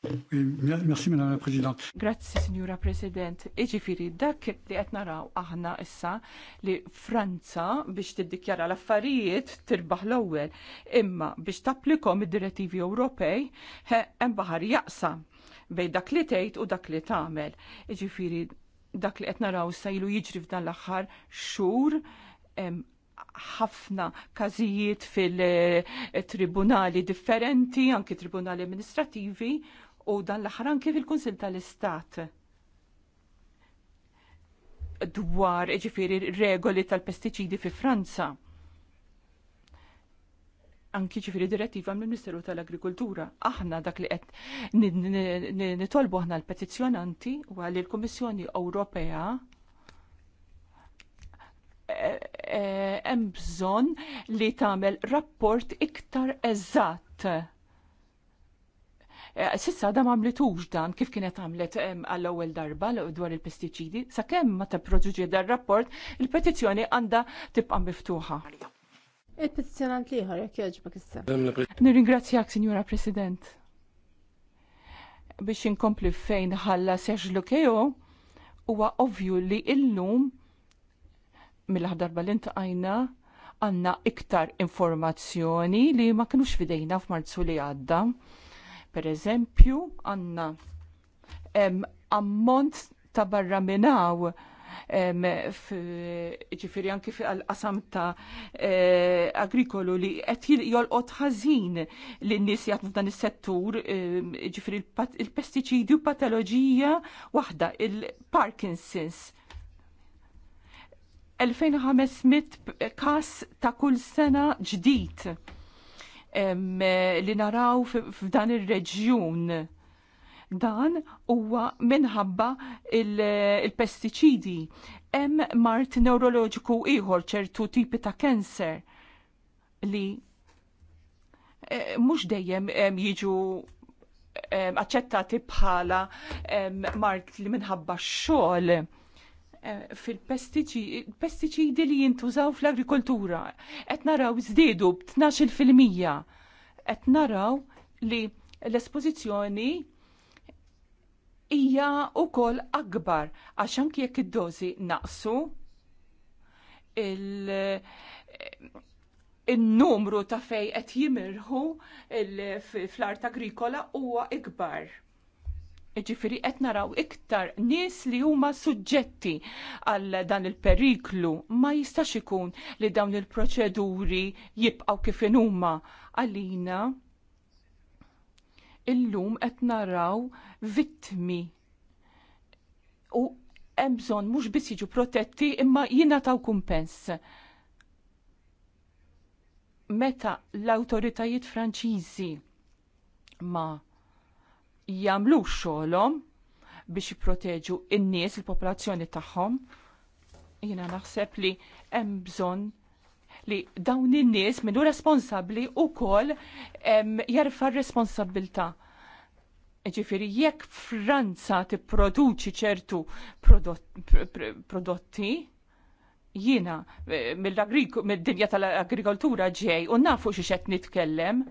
Merci,
Madame la Presidente.
Grazzi, Signora President. Iġifiri, dak li qed naraw aħna issa li Franza biex tiddikjara l-affarijiet tirbaħ l-ewwel, imma biex tapplikom id-direttivi Ewropej hemm baħar jaqsam bej dak li tgħid u dak li tagħmel. Iġifieri dak li qed naraw sajlu jiġri f'dan l-aħħar xhur ħafna każijiet fil-tribunali differenti, anki tribunali amministrativi, u dan l-aħħar anki fil-Kunsil tal-Istat dwar ġifiri regoli tal-pestiċidi fi Franza anki ċifiri direttiva mill ministeru tal-Agrikultura. Aħna dak li qed nitolbu aħna l-petizzjonanti u għalli l-Kummissjoni Ewropea e- e- hemm bżonn li tagħmel rapport iktar eżatt. E, sissa da mamlitux dan kif kienet għamlet għall-ewwel darba dwar il-pestiċidi, sakemm ma tipproduġi dar rapport, il-petizzjoni għandha tibqa' miftuħa.
Il-petizjonant liħor, jek joġbok
issa. Nirringrazzjak, Signora President. Biex inkompli fejn ħalla Serge Lukeo huwa ovvju li illum mill-ħadarba l-intqajna għanna iktar informazzjoni li ma kienux fidejna f'Marzu li għadda. Per eżempju, għanna ammont ta' barra minnaw ġifiri anki għal-qasam ta' eh, agrikolu li qed jolqot ħażin li n-nies jaħdmu f'dan is-settur ġifiri il pesticidi u patoloġija waħda il-Parkinson's. 2500 kas ta' kull sena ġdid li naraw f'dan ir-reġjun Dan huwa minħabba il-pestiċidi. Il Hemm mart neuroloġiku ieħor ċertu tipi ta' kanser li eh, mhux dejjem eh, jiġu eh, aċċettati bħala mart li minħabba x-xogħol fil-pestiċidi li jintużaw fl-agrikoltura. Et naraw zdidu il filmija et naraw li l-espozizjoni hija wkoll akbar għax anki jekk id-dożi naqsu il-numru ta' fej qed jimirħu fl-art agrikola huwa ikbar. Ġifiri qed naraw iktar nies li huma suġġetti għal dan il-periklu ma jistax ikun li dawn il-proċeduri jibqgħu kif huma għalina illum qed naraw vittmi u hemm bżonn mhux biss jiġu protetti imma jingħataw kumpens. Meta l-awtoritajiet Franċiżi ma jagħmlux xogħolhom biex jipproteġu in-nies il-popolazzjoni tagħhom, jiena naħseb li hemm bżonn li dawn in-nies minnu responsabbli wkoll jerfa' r-responsabbilta. Ġifiri, jekk Franza tipproduċi ċertu prodotti, jina eh, mill-dinja tal-agrikoltura ġej u nafu xiexet qed nitkellem.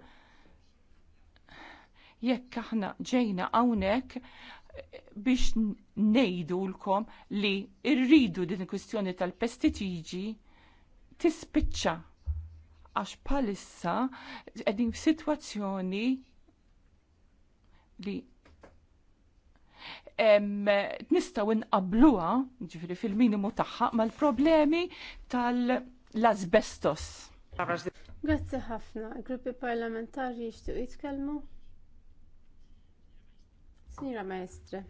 Jekk aħna ġejna hawnhekk eh, biex nejdu l-kom li irridu din kwistjoni tal-pestiċiġi tispiċċa għax palissa qegħdin f'sitwazzjoni li nistaw inqabluha jiġifieri fil-minimu tagħha mal-problemi tal-asbestos. Grazzi
ħafna, gruppi parlamentari jixtiequ jitkellmu señora maestra.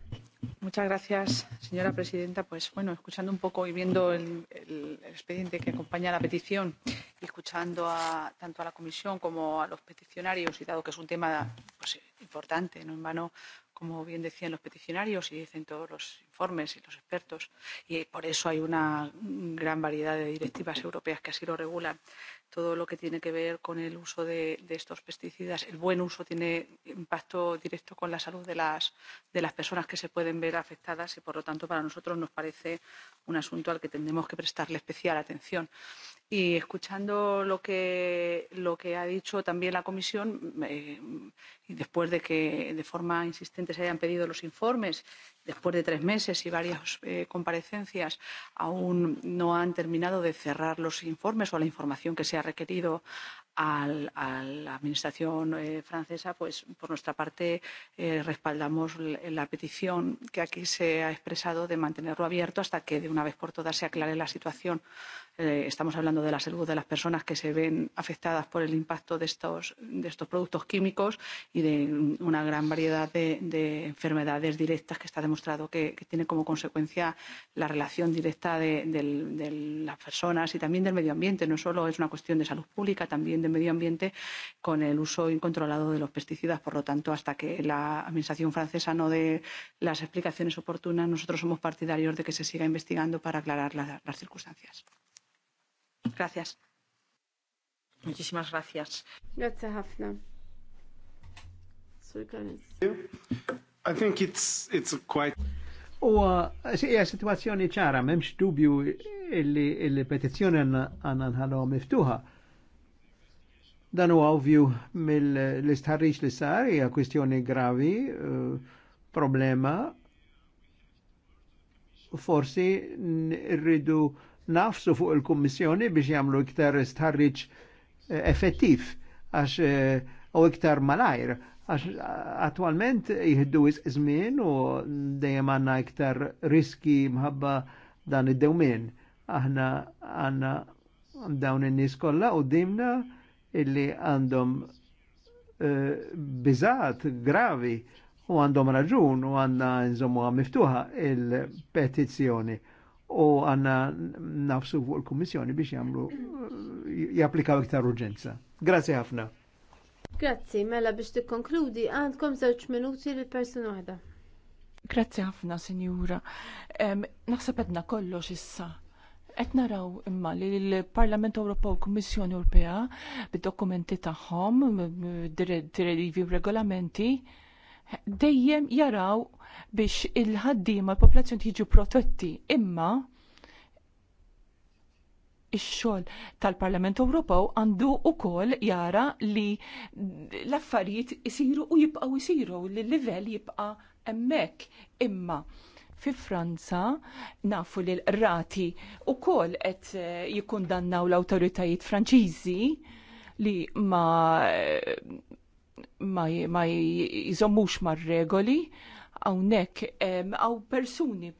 Muchas gracias, señora presidenta. Pues bueno, escuchando un poco y viendo el, el expediente que acompaña la petición y escuchando a, tanto a la comisión como a los peticionarios, y dado que es un tema pues, importante, no en vano, como bien decían los peticionarios y dicen todos los informes y los expertos, y por eso hay una gran variedad de directivas europeas que así lo regulan todo lo que tiene que ver con el uso de, de estos pesticidas, el buen uso tiene impacto directo con la salud de las, de las personas que se pueden ver afectadas y, por lo tanto, para nosotros nos parece un asunto al que tendremos que prestarle especial atención. Y escuchando lo que, lo que ha dicho también la Comisión, mm, eh, y después de que de forma insistente se hayan pedido los informes, después de tres meses y varias eh, comparecencias, aún no han terminado de cerrar los informes o la información que se ha requerido al, a la Administración eh, francesa, pues por nuestra parte eh, respaldamos la petición que aquí se ha expresado de mantenerlo abierto hasta que de una vez por todas se aclare la situación Eh, estamos hablando de la salud de las personas que se ven afectadas por el impacto de estos, de estos productos químicos y de una gran variedad de, de enfermedades directas que está demostrado que, que tiene como consecuencia la relación directa de, de, de las personas y también del medio ambiente. No solo es una cuestión de salud pública, también del medio ambiente con el uso incontrolado de los pesticidas. Por lo tanto, hasta que la Administración francesa no dé las explicaciones oportunas, nosotros somos partidarios de que se siga investigando para aclarar la, las circunstancias. Gracias. Muchísimas gracias.
Grazie ħafna. I think
it's it's quite U hija situazzjoni ċara, m'hemmx dubju illi il-petizzjoni għandna nħallhom miftuħa. Dan huwa ovvju mill-istħarriġ li sar hija kwistjoni gravi, eh, problema. Forsi rridu nafsu fuq il-Kummissjoni biex jagħmlu iktar stħarriġ eh, effettiv għax eh, u iktar malajr għax eh, attualment jihdu żmien u dejjem għandna iktar riski mħabba dan id-dewmien. Aħna għandna dawn in-nies kollha u dimna illi għandhom bizat gravi u għandhom raġun u għandna nżommu miftuħa il-petizzjoni u għanna nafsu fuq il-Kummissjoni biex jamlu eh, japplikaw iktar urġenza. Grazie ħafna.
Grazzi, mela biex tikkonkludi għandkom żewġ minuti li persuna waħda.
Grazzi ħafna, Sinjura. Naħseb edna kollox issa. Qed naraw imma li l-Parlament Ewropew u Kummissjoni Ewropea bid-dokumenti tagħhom, direttivi u regolamenti, dejjem jaraw biex il-ħaddiema l-popolazzjoni tiġu protetti imma ix-xogħol tal-Parlament Ewropew għandu wkoll jara li l-affarijiet isiru u jibqgħu isiru li l-livell jibqa' hemmhekk. Imma fi Franza nafu li l-rati wkoll qed eh, jikkundannaw l-awtoritajiet Franċiżi li ma eh, ma, ma jizomux ma regoli għawnek għaw persuni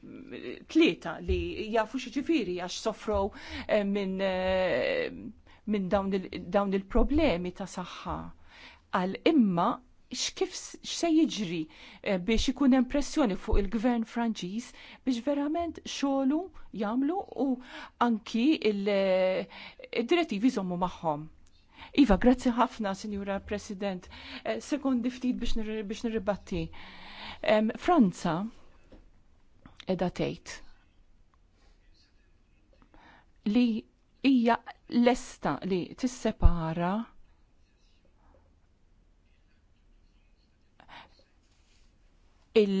tlieta li jafu xieġifiri għax sofrow minn min dawn il-problemi ta' saħħa. Għal imma x'kif xse jiġri eh, biex ikun impressjoni fuq il-gvern Franċiż biex verament xogħlu jagħmlu u anki il-direttivi eh, żommu magħhom. Iva, grazzi ħafna, Signora President. Eh, Sekundi ftit biex nirribatti. Franza edha tgħid li hija lesta li tissepara il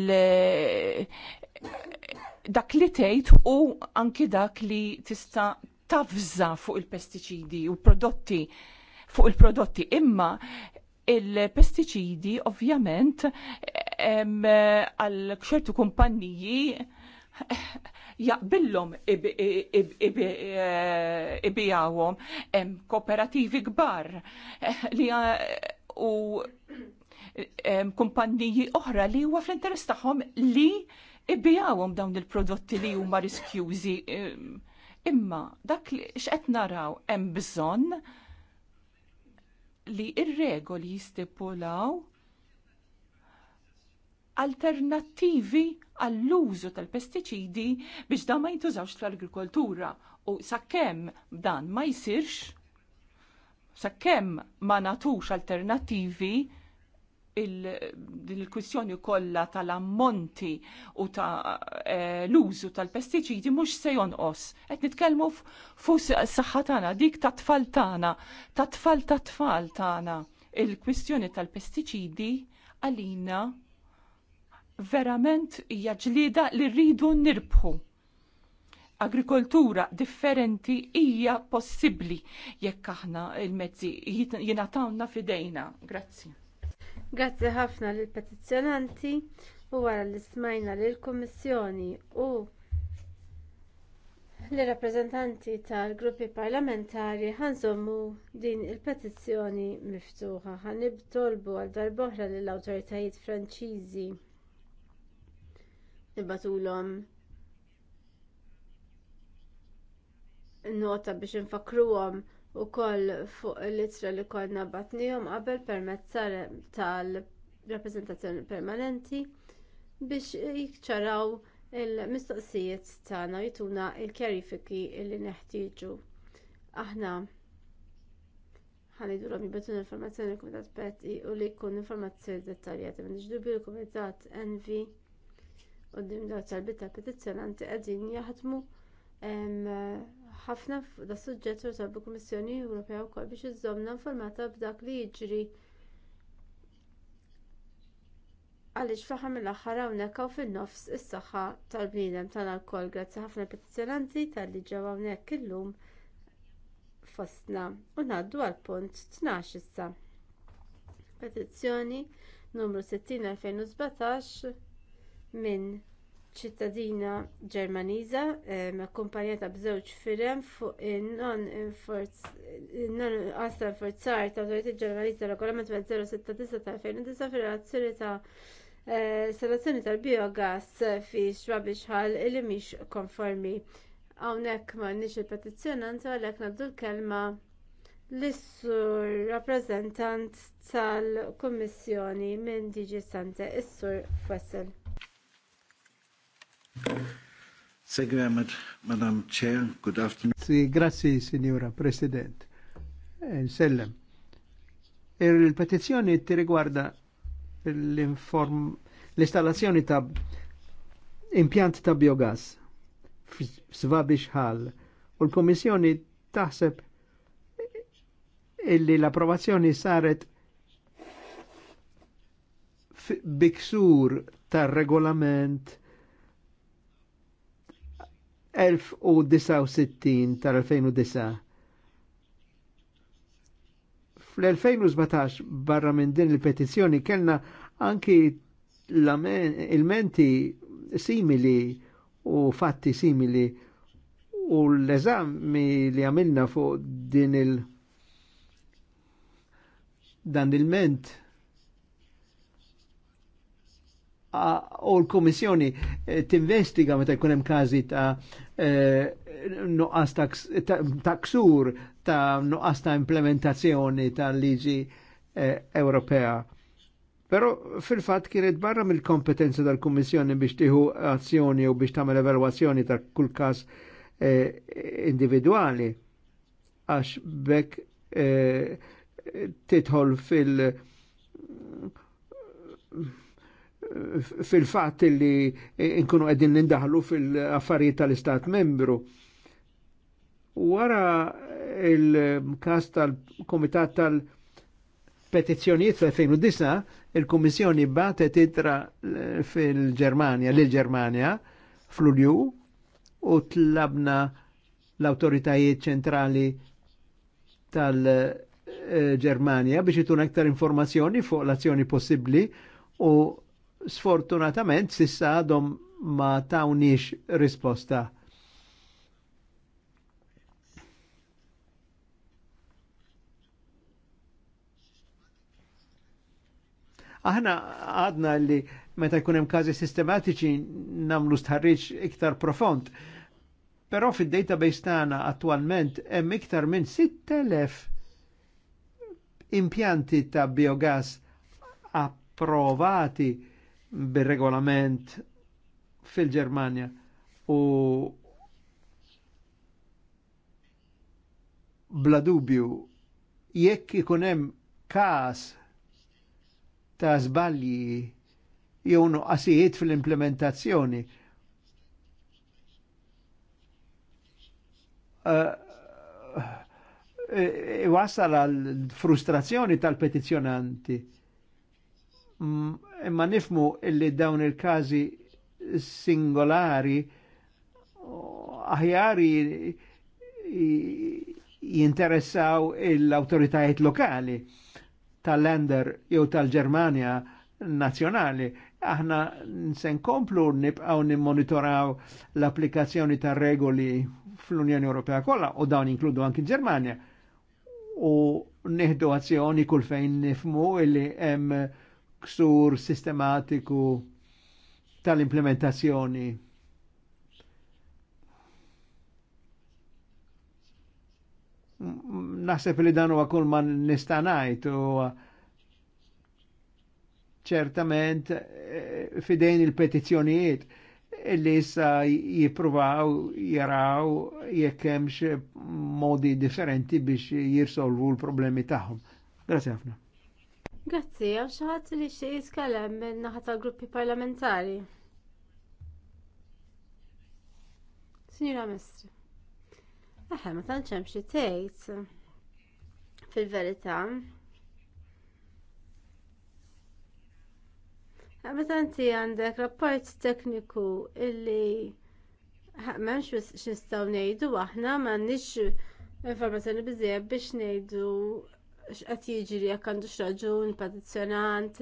dak li tgħid u anki dak li tista' tafża fuq il-pestiċidi u prodotti fuq il-prodotti imma il-pestiċidi ovvjament għal ċertu kumpanniji jaqbillhom eh, ibijawhom kooperativi kbar eh, li eh, u kumpanniji oħra li huwa fl-interess tagħhom li ibijawhom dawn il-prodotti li huma riskjużi. Imma dak li x'qed naraw hemm bżonn li ir-regoli jistipulaw alternattivi għall-użu tal-pestiċidi biex dan ma jintużawx fl-agrikoltura u sakemm dan ma jsirx sakemm ma natux alternattivi il-kwistjoni kollha tal-ammonti u ta' eh, l-użu tal-pestiċidi mhux se jonqos. Qed nitkellmu fuq saħħa tagħna, dik ta' tfal tagħna, ta' tfal ta' tfal tagħna. Il-kwistjoni tal-pestiċidi għalina verament hija ġlieda li rridu nirbħu agrikoltura differenti hija possibbli jekk aħna il-mezzi jingħatawna fidejna.
Grazzi. Grazzi ħafna lill petizzjonanti u wara li smajna lill kummissjoni u li rappreżentanti tal-gruppi parlamentari ħanżommu din il-petizzjoni miftuħa. Ħanibtolbu għal darboħra lill awtoritajiet Franċiżi nibatulhom nota biex infakruhom ukoll fuq l-ittra li konna batnijom qabel permezz tal-rappresentazzjoni permanenti biex jikċaraw il-mistoqsijiet tagħna jituna l kjarifiki li neħtieġu. Aħna ħanidu l-om jibbetun informazzjoni l-Komitat Peti u li jkun informazzjoni dettaljati Minn ġdubi il komitat Envi u d-dimdaw tal-bita petizjonanti għedin jaħdmu ħafna da suġġett u talbu Kummissjoni Ewropea wkoll biex iżżommna informata b'dak li jiġri għaliex fl mill-aħħar hawnhekk hawn fin-nofs is-saħħa tal-bniedem tal-alkoll grazzi ħafna petizzjonanti tal-li ġew hawnhekk illum fostna u ngħaddu għal punt 12 issa. Petizzjoni numru 60 2017 minn ċittadina Ġermaniża eh, akkumpanjata b'żewġ firem fuq in-non għasta forzar ta' Autorità Ġermaniża regolament 1069 tal-2009 fir-relazzjoni ta' installazzjoni eh, tal-biogas fi xrabi xħal li mhix konformi. Hawnhekk m'għandniex il petizzjonanza għalhekk ngħaddu l-kelma l-issur rappreżentant tal-Kummissjoni minn DG Sante, is-sur Fassel.
Thank you very much, Madam Chair. Good afternoon. Si, grazie, Signora President. Eh, Nsellem. Er, Il-petizzjoni ti riguarda l-installazzjoni ta' impjant ta' biogas f'Svabish Hall u l-Komissjoni taħseb illi l-approvazzjoni saret biksur tar regolament 1969 tal-2009. Fl-2017 barra minn din il-petizzjoni kellna anki il-menti simili u fatti simili u l-eżami li għamilna fuq din il- dan il-ment u l-Komissjoni eh, t-investiga meta jkun hemm kazi ta' eh, nuqqas ta' ksur ta' nuqqas ta' implementazzjoni ta' liġi eh, Ewropea. Pero fil-fat kienet barra mill-kompetenza tal-Kummissjoni biex tiħu azzjoni u biex tagħmel evalwazzjoni ta' kull każ individuali għax bekk titħol fil- fil-fat li nkunu għedin nindaħlu fil-affarijiet tal-Istat membru. Wara il-kas tal-Komitat tal-Petizzjonijiet fil 2009 il komissjoni batet itra fil-Germania, l-Germania, fl-Ulju, u tlabna l-autoritajiet ċentrali tal-Germania biex jitun aktar informazzjoni fuq l-azzjoni possibli u sfortunatament sissa għadhom ma tawnix risposta. Aħna għadna li meta jkun hemm każi sistematiċi namlu stħarriċ iktar profond. Però fid-database tagħna attualment hemm iktar minn 6000 impjanti ta' biogas approvati bil-regolament fil-Germania u bla dubju jekk ikunem kas każ ta' żbalji jew nuqqasijiet fil-implementazzjoni eh, eh, wasal għal frustrazzjoni tal-petizjonanti mm, imma nifmu illi dawn il kazi singolari aħjari jinteressaw l-autoritajiet lokali tal-lender jew tal-Germania nazjonali, aħna nsen komplu nibqaw nimmonitoraw l-applikazzjoni tar regoli fl-Unjoni Ewropea kollha u dawn inkludu anki ġermania U neħdu azzjoni kull fejn nifmu illi hemm ksur sistematiku tal-implementazzjoni. Naħseb li dan huwa kull ma nistanajt u ċertament eh, fidejn il-petizzjonijiet illi issa jippruvaw jaraw jekk hemmx modi differenti biex jirsolvu l-problemi tagħhom. Grazie ħafna.
Grazzi, għaw xaħat li xie jiskallem minn naħat gruppi parlamentari. Signora Mestri, eħe, ma tanċem xie tejt fil-verita. Meta inti għandek rapport tekniku illi xie staw nejdu, għahna ma nix informazzjoni biżejjed biex nejdu x'qed jiġri jekk għandux raġun petizzjonant.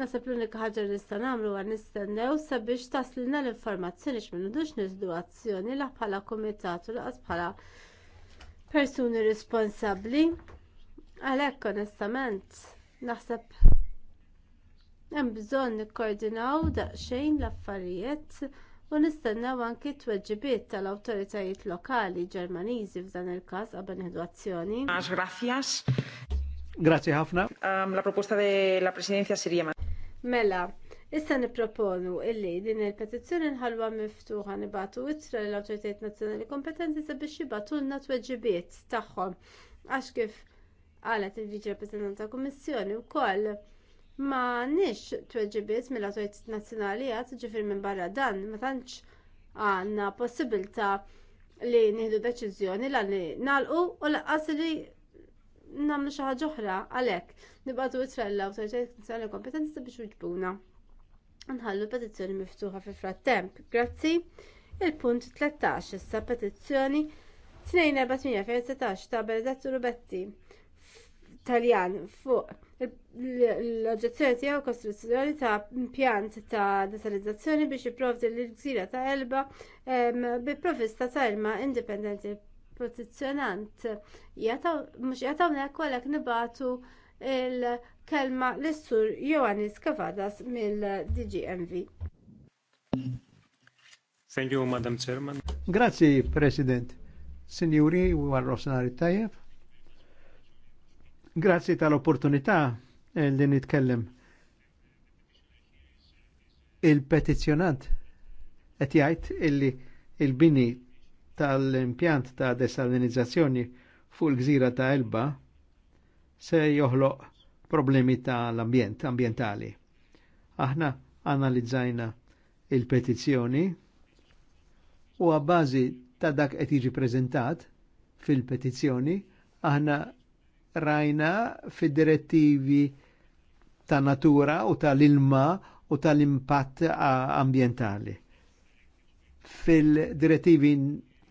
Nasab l-unika ħaġa li nista' nagħmlu huwa nistennew sabiex taslilna l-informazzjoni x'minudux niżdu azzjoni la bħala kumitat u laqas bħala persuni responsabbli. Għalhekk onestament naħseb hemm bżonn nikkoordinaw daqsxejn l-affarijiet u nistennew anki t-tweġibiet tal-awtoritajiet lokali Ġermaniżi f'dan il-każ qabel nieħdu azzjoni. Grazzi
Grazie ħafna. la
proposta de la presidenza ma.
Mela, issa nipproponu illi din il-petizzjoni nħalwa miftuħa nibatu wittra l autoritajiet nazzjonali kompetenti sabiex jibatulna tweġibiet tagħhom għax kif qalet il-Viċi Rappresentant ta' Kummissjoni wkoll ma nix tweġibiet mill-autoritet nazzjonali għad ġifir minn barra dan, ma tantx għanna possibilta li nieħdu deċiżjoni la li nalqu u laqqas li namlu xi ħaġa oħra għalhekk nibgħatu it-trella awtoritajiet nazzjonali kompetenti biex jiġbuna. Nħallu petizzjoni miftuħa fi frattemp. Grazzi. Il-punt 13 issa petizzjoni 2416 ta' Berdattu Rubetti Taljan fuq L-oġġezzjoni tiegħu kostruzzjoni ta' impjant ta' detalizzazzjoni biex jipprovdi l-gżira ta' elba bi provvista ta' ilma indipendenti Mux jataw nek għalhekk nibatu il-kelma l-sur Joannis Kavadas mill-DGMV.
Thank you, Madam Chairman. Grazie, President. Signori, għal-Rosnari Tajjeb. Grazzi tal-opportunità eh, li nitkellem. Il-petizjonant qed jgħid illi il-bini tal-impjant ta' desalinizzazzjoni fuq il-gżira ta' Elba se joħloq problemi tal-ambjent, ambientali. Aħna analizzajna il-petizzjoni u għabbażi ta' dak qed jiġi preżentat fil-petizzjoni aħna rajna fid-direttivi ta' natura u tal-ilma u tal-impatt ambientali. Fil-direttivi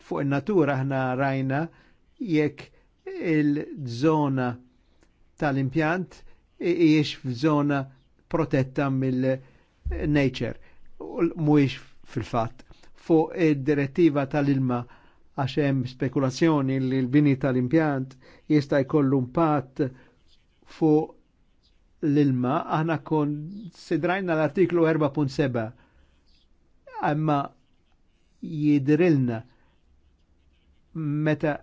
fuq in-natura ħna rajna jekk il-żona tal-impjant jiex f'żona protetta mill-nature, mhuwiex fil-fatt fuq id-direttiva tal-ilma għax hemm spekulazzjoni li l-bini tal-impjant jista' jkollu mpat fuq l-ilma, aħna sidrajna l-artiklu 4.7. Imma jidrilna meta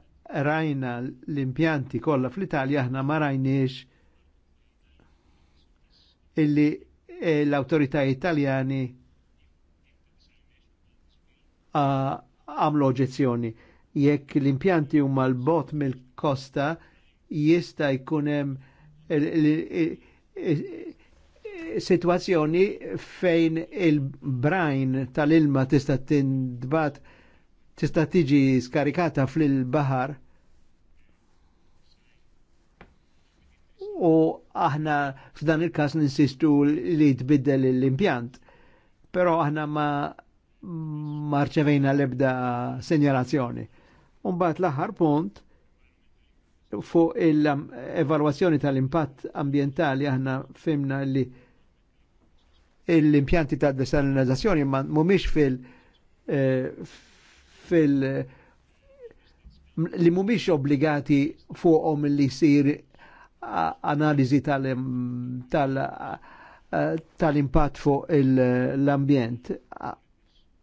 rajna l-impjanti kollha fl-Italja aħna ma rajniex illi eh, l-autorità italjani ah, għamlu oġezzjoni jekk l-impjanti huma l-bot mill-kosta jista' jkun hemm situazzjoni fejn il-brajn tal-ilma tista' tindbat tista' tiġi skarikata fl-baħar u aħna f'dan il-każ ninsistu li tbiddel l-impjant. Però aħna ma marċevejna l-ebda segnalazzjoni. Umbat l-aħħar punt fuq l-evalwazzjoni tal-impatt ambientali aħna fimna li l-impjanti ta' desalinizzazzjoni ma mumiex fil- eh, fil li mumiex obbligati fuqhom li jsir analiżi eh, tal-impatt fuq l-ambjent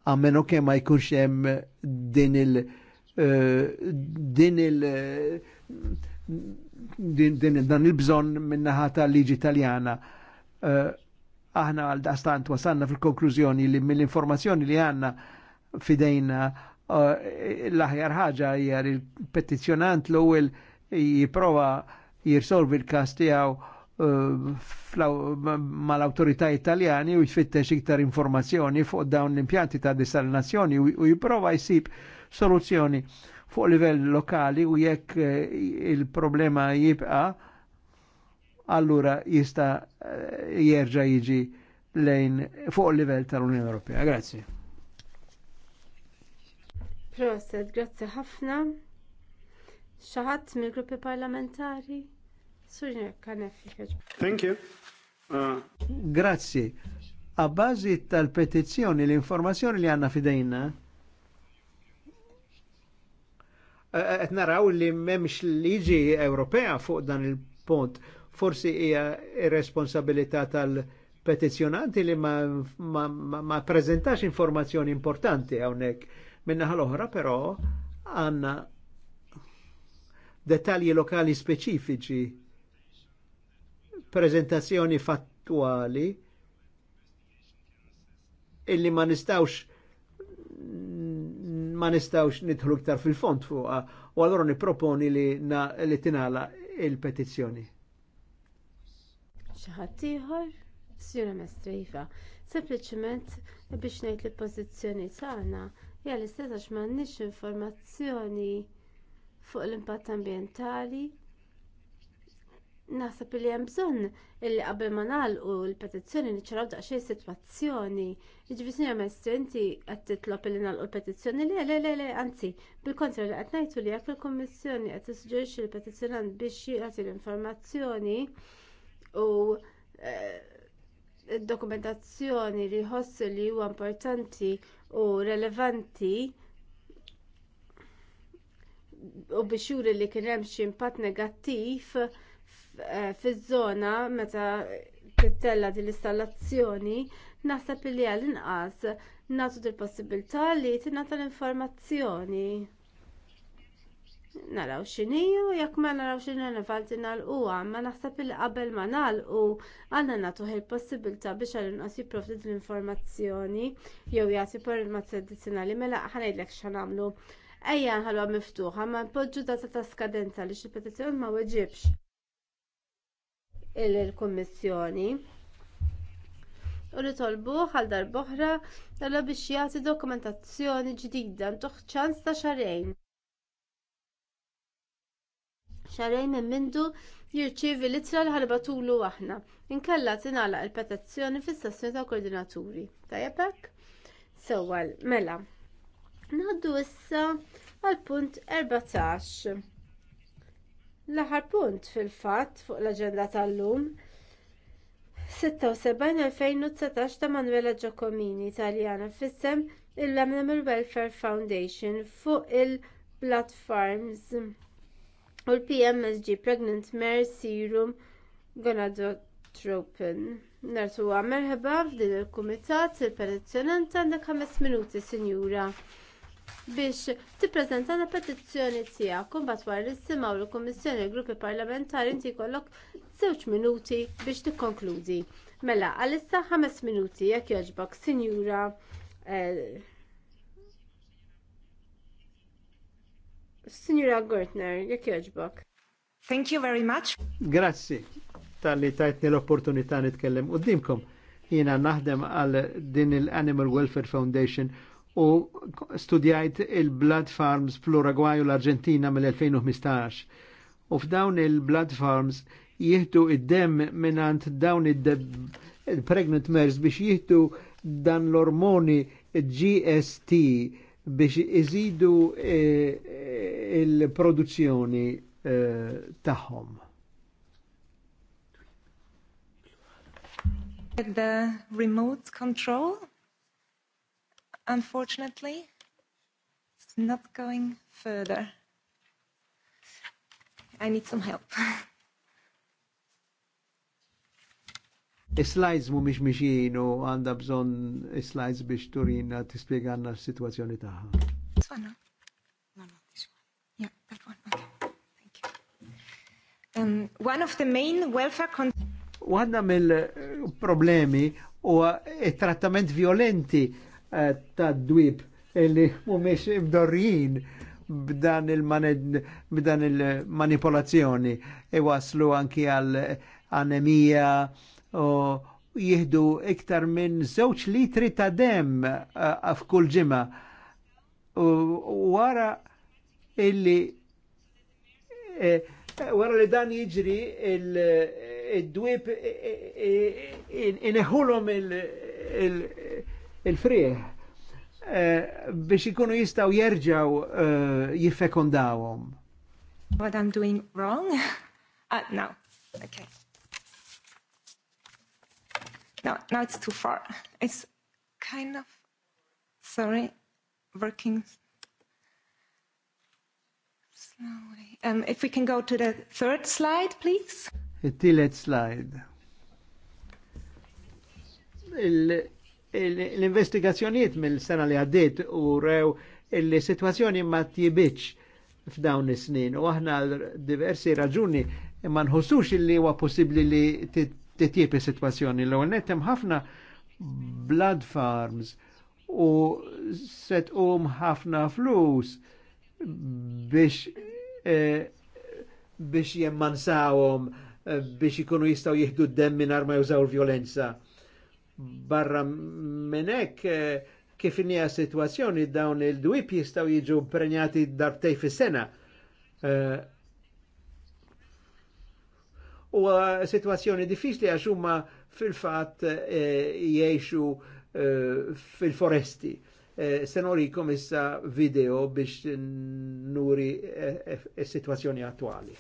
għammenu kemm ma jkunx hemm din il- eh, din il- eh, din, din dan il-bżon minnaħa tal-liġi Taljana. Eh, aħna għal daqstant wasanna fil-konklużjoni li mill-informazzjoni li għanna fidejna l-aħjar ħaġa il petizjonant l-ewwel jiprova jirsolvi l-kas tiegħu mal-autorità italjani u jfittex iktar informazzjoni fuq dawn l-impjanti ta' desalinazzjoni u jiprova jsib soluzzjoni fuq livell lokali u jekk eh, il-problema jibqa allura jista eh, jerġa' jiġi lejn fuq livell tal-Unjoni Ewropea. Grazzi.
Proset, grazzi ħafna. Xaħat mill-gruppi parlamentari? Thank
you. Uh... Grazzi. A bażi tal-petizzjoni l-informazzjoni li għanna fidejna Et eh, eh, naraw li m'hemmx liġi Ewropea fuq dan il-pont. Forsi hija responsabilità tal petizjonanti li ma, ma, ma, ma prezentax informazzjoni importanti hawnhekk. Minna l-oħra però għanna dettalji lokali speċifiċi prezentazzjoni fattuali illi ma nistawx ma nistawx nidħlu iktar fil-font fuqa u allora niproponi li, na, li tinala il-petizzjoni.
ħadd ieħor, Sjura Mestrejfa, sempliċement biex ngħid li pożizzjoni tagħna hija li setax m'għandniex informazzjoni fuq l-impatt ambjentali Naħseb li hemm bżonn illi qabel ma nagħlqu l-petizzjoni niċċaraw daqsxejn sitwazzjoni. Jiġifieri sinja Mestri inti qed titlob illi nagħlqu l-petizzjoni le le le le anzi, bil-kontra li qed ngħidu li jekk il-Kummissjoni qed tissuġġerixxi l-petizzjonant biex jagħti l-informazzjoni u id-dokumentazzjoni eh, li jħoss li huwa importanti u relevanti u biex juri li kien hemm xi impatt negattiv Eh, fiż-żona meta tittella din l-installazzjoni naħseb li għal inqas nagħtu il possibilità li tingħata l-informazzjoni. Naraw x'inhiju jekk ma naraw x'inhu nivalti nagħlquha, ma naħseb li qabel ma nagħlqu għandna nagħtu il-possibilità biex għal inqas jipprovdi l-informazzjoni jew jagħti informazzjoni addizzjonali mela ħanejdlek x'għamlu. Ejja nħalwa miftuħa ma npoġġu data ta' skadenza li xi petizzjoni ma weġibx il-Kummissjoni u li tolbu għal darboħra talla biex jagħti dokumentazzjoni ġdida ntuħ ċans ta' xarejn. Xarejn minn mindu jirċievi l-ittra l ħarbatulu aħna. Inkella tingħalaq il-petizzjoni fis-sessjoni ta' koordinaturi. Tajjeb hekk? Sewwal, mela. Naħdu issa għal punt 14. L-aħħar punt fil-fatt fuq l-aġenda tal-lum 76-2019 ta' Manuela Giacomini Taljana fissem il-Animal Welfare Foundation fuq il-platforms u l-PMSG Pregnant Mare Serum Gonadotropin. Nartu merħba f'din il-Kumitat il-Petizzjonant għandha 5 minuti, Sinjura biex tippreżenta la petizzjoni tiegħek kumbat wara li issimgħu l-Kummissjoni tal gruppi Parlamentari inti jkollok żewġ minuti biex tikkonkludi. Mela, għalissa ħames minuti jekk jogħġbok, Sinjura eh, Sinjura Gortner, jekk jogħġbok. Thank you very much.
Grazzi tal-li tajtni l-opportunità nitkellem u dimkom naħdem għal din il-Animal Welfare Foundation u studijajt il-blood farms fl-Uragwaj u l argentina mill-2015. U f'dawn il-blood farms jihdu id-dem minnant dawn il-pregnant mers biex jihdu dan l-ormoni GST biex iżidu e, e, il-produzzjoni e, tagħhom.
The remote control Unfortunately, it's not going further.
I need some help.
Is-slides mu miex miexin u għanda bżon slides biex turina tispieganna s-situazzjoni taħħa. Swana. No, no, this one. Yeah, that one. Okay.
Thank you. Um, one of the main welfare... con
Għadna mill-problemi u trattament violenti Eh, ta' dwib illi mumiex imdorrijin b'dan il-manipolazzjoni il waslu anki għal anemija u jihdu iktar minn żewġ litri ta' dem għaf eh, f'kull ġimma. Wara illi e, wara li dan jiġri il-dwib ineħulhom il, il, il il friħ eh, biex ikunu jistaw jerġaw eh, jiffekondawhom.
What I'm doing wrong? Ah, Uh, no, okay. No, no, it's too far. It's kind of, sorry, working slowly.
Um, if we can go to the third slide, please. The tillet slide l-investigazzjonijiet mill-sena li għaddiet u rew il-situazzjoni ma tjibiċ f'dawn is-snin u aħna diversi raġuni ma nħossux li huwa possibbli li titjib is-sitwazzjoni. L-ewwel net hemm ħafna blood farms u set um ħafna flus biex e, biex jemmansawhom e, biex ikunu jistgħu jieħdu d-demm minn ma jużaw l-vjolenza Barra menek eh, kif inija situazzjoni dawn il-dwip jistaw jiġu prenjati darbtej fi sena eh, U situazzjoni diffiċli għax huma fil-fatt eh, jiexu fil-foresti. Se norikom issa video biex nuri s-situazzjoni attuali.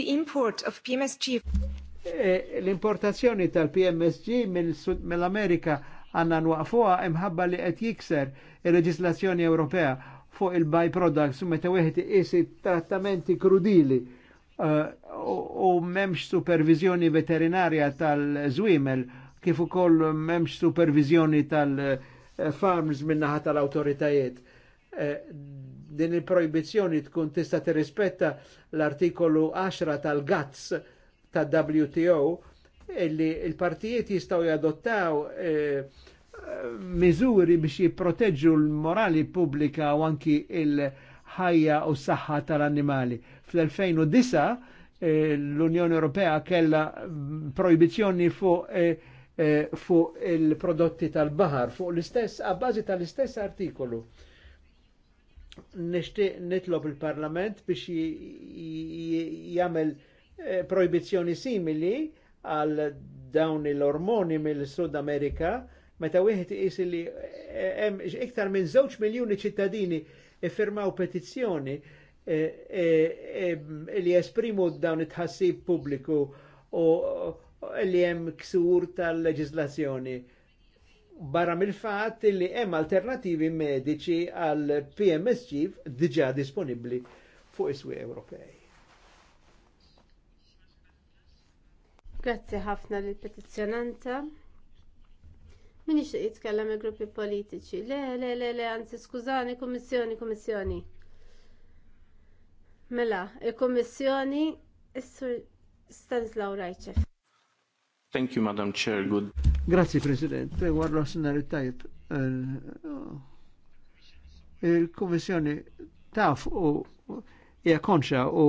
The import of PMSG. E, l-importazzjoni tal-PMSG mill-Amerika għanna nwaqfuha imħabba li qed jikser il-leġislazzjoni Ewropea fuq il-byproducts u meta wieħed iqis trattamenti krudili e, u memx supervizjoni veterinarja tal-żwiemel kif ukoll memx supervizjoni tal-farms e, minnaħa tal-awtoritajiet din il proibizjoni tkun tista' tirrispetta l-artikolu 10 tal-GATS ta' wto illi il-partijiet jistgħu jadottaw eh, miżuri biex jipproteġu l-morali pubblika u anki il-ħajja u s-saħħa tal-annimali. Fl-2009 eh, l-Unjoni Ewropea kella projbizzjoni fuq eh, eh il-prodotti tal-bahar, fuq l-istess, għabbażi tal-istess artikolu nishtiq nitlob il-Parlament biex jagħmel eh, proibizjoni simili għal dawn il ormoni mill-Sud Amerika meta wieħed is li eh, hemm iktar minn żewġ miljuni ċittadini iffirmaw petizzjoni eh, li esprimu dawn it-ħassib pubbliku u li hemm ksur tal-leġislazzjoni barra mill-fat li hemm alternativi mediċi għal PMSG diġà disponibli fuq iswi Ewropej.
Grazzi ħafna lil petizzjonanta Min ixtieq jitkellem il-gruppi politiċi. Le, le, le, le, anzi skużani, kummissjoni, kummissjoni. Mela, il kommissjoni is-Sur Stanislaw Rajċef.
Thank you, Madam Chair. Good.
Grazzi, President. Warra s-sinar tajb. E, eh, Il-Kommissjoni taf u hija konxa u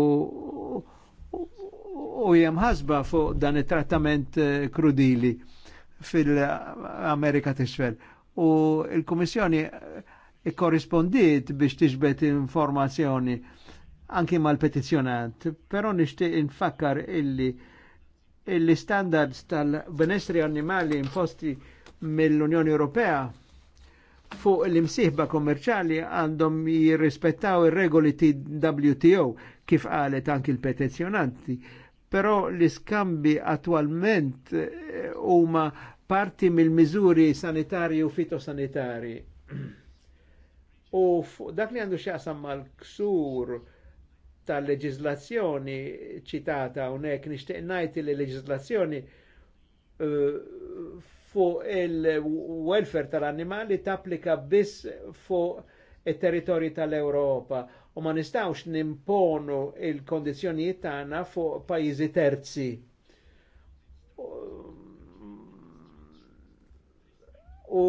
u hija mħasba fuq dan it-trattament krudili eh, fil-Amerika t-isfel. U il-Kommissjoni korrispondiet eh, biex tiġbet informazzjoni anki mal-petizjonant, però nixtieq infakkar illi l-standards tal-benessri animali imposti mill-Unjoni Ewropea fuq l-imsieħba kommerċali għandhom jirrispettaw ir-regoli WTO kif qalet anki l-petizjonanti. Però l-iskambi attualment eh, huma parti mill-miżuri sanitarji u fitosanitarji. U dak li għandu xaqsam mal-ksur tal-leġizlazzjoni ċitata unek nishtiq najti li leġizlazzjoni uh, fuq il-welfare tal animali tapplika biss fuq il territori tal-Europa u ma nistawx nimponu il-kondizjonijiet tagħna fuq pajjiżi terzi. U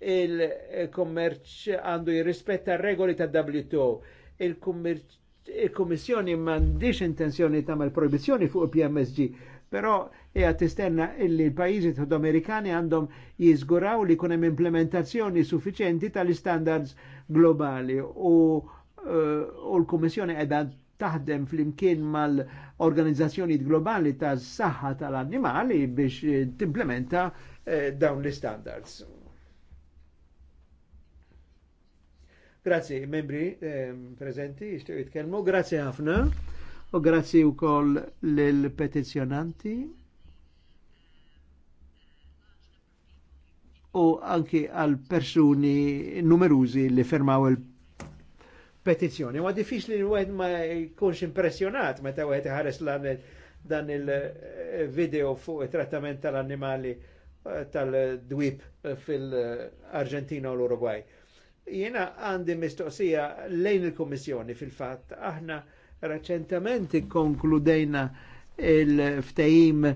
il-kommerċ għandu jirrispetta regoli tal WTO. il kommerċ il-Komissjoni mandiċ intenzjoni tamel proibizjoni fuq pmsg pero hija tistenna illi l-pajjiżi il Amerikani għandhom jiżguraw li kunem implementazzjoni suffiċenti tal-standards globali u, uh, eh, l kommissjoni edha taħdem flimkien mal-organizzazzjoni globali s saħħa tal-annimali biex timplementa eh, dawn l-standards. Grazzi, membri presenti, ehm, prezenti, ixtiju jitkelmu, grazzi ħafna u grazzi u koll l-petizjonanti u anki għal persuni numeruzi li fermaw il-petizjoni. Ma diffiċ li l-għed ma jkunx ma meta għed ħares dan il-video eh, fuq it-trattament tal animali eh, tal dwip eh, fil Argentina u l-Uruguay Jena għandi mistoqsija lejn il-Kommissjoni fil-fatt. Aħna reċentament konkludejna il-ftajim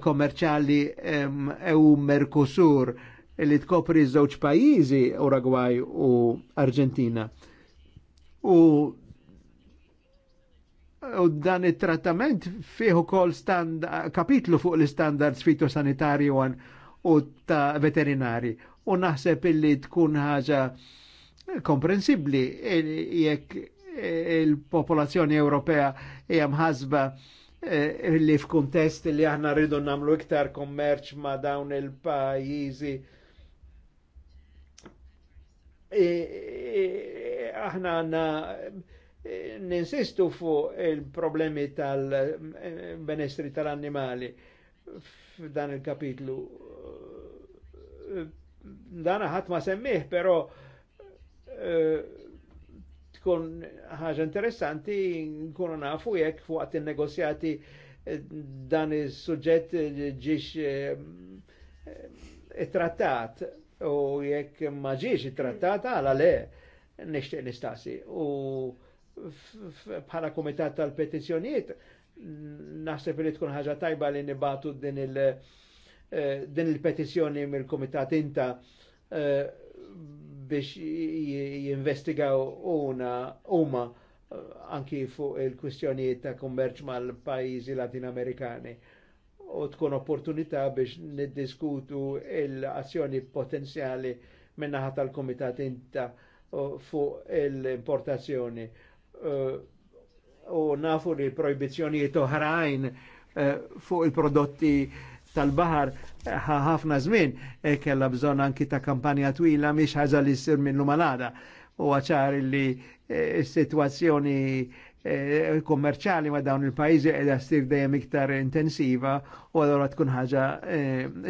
kommerċali EU e Mercosur li tkopri żewġ pajjiżi Uruguay u Argentina. U u dan it-trattament fih ukoll kapitlu fuq l-standards fitosanitarji u ta' veterinari u naħseb illi tkun ħaġa komprensibli jekk il-popolazzjoni Ewropea hija mħasba eh, li f'kuntest li aħna rridu nagħmlu iktar kommerċ ma' dawn il-pajjiżi. aħna għandna eh, ninsistu fuq il-problemi tal-benestri tal-annimali f'dan il-kapitlu dana ħat ma semmih, pero eh, tkun ħaġa interessanti nkunu nafu jekk fuqat il-negozjati eh, dan il-sujġet ġiex il eh, trattat u jekk ma ġiex it-trattat għala le nixtieq nistaqsi. U bħala komitat tal petizjoniet naħseb li tkun ħaġa tajba li nibatu din il- Eh, din il-petizjoni mill-Komitat Inta eh, biex jinvestigaw una huma eh, anki fuq il-kwistjonijiet ta' kummerċ mal-pajjiżi Latinamerikani u tkun opportunità biex niddiskutu l-azzjoni potenzjali minnaħa tal-Komitat Inta fuq l-importazzjoni. U nafu li l projbizjonijiet oħrajn fuq il-prodotti uh, tal-bahar eh, ħafna zmin, e kella bżonn anki ta' kampanja twila miex ħaġa li ssir minn malada. U għaċar li eh, situazzjoni eh, kommerċali ma dawn il-pajzi edha stir dejjem iktar intensiva u għadora tkun ħaġa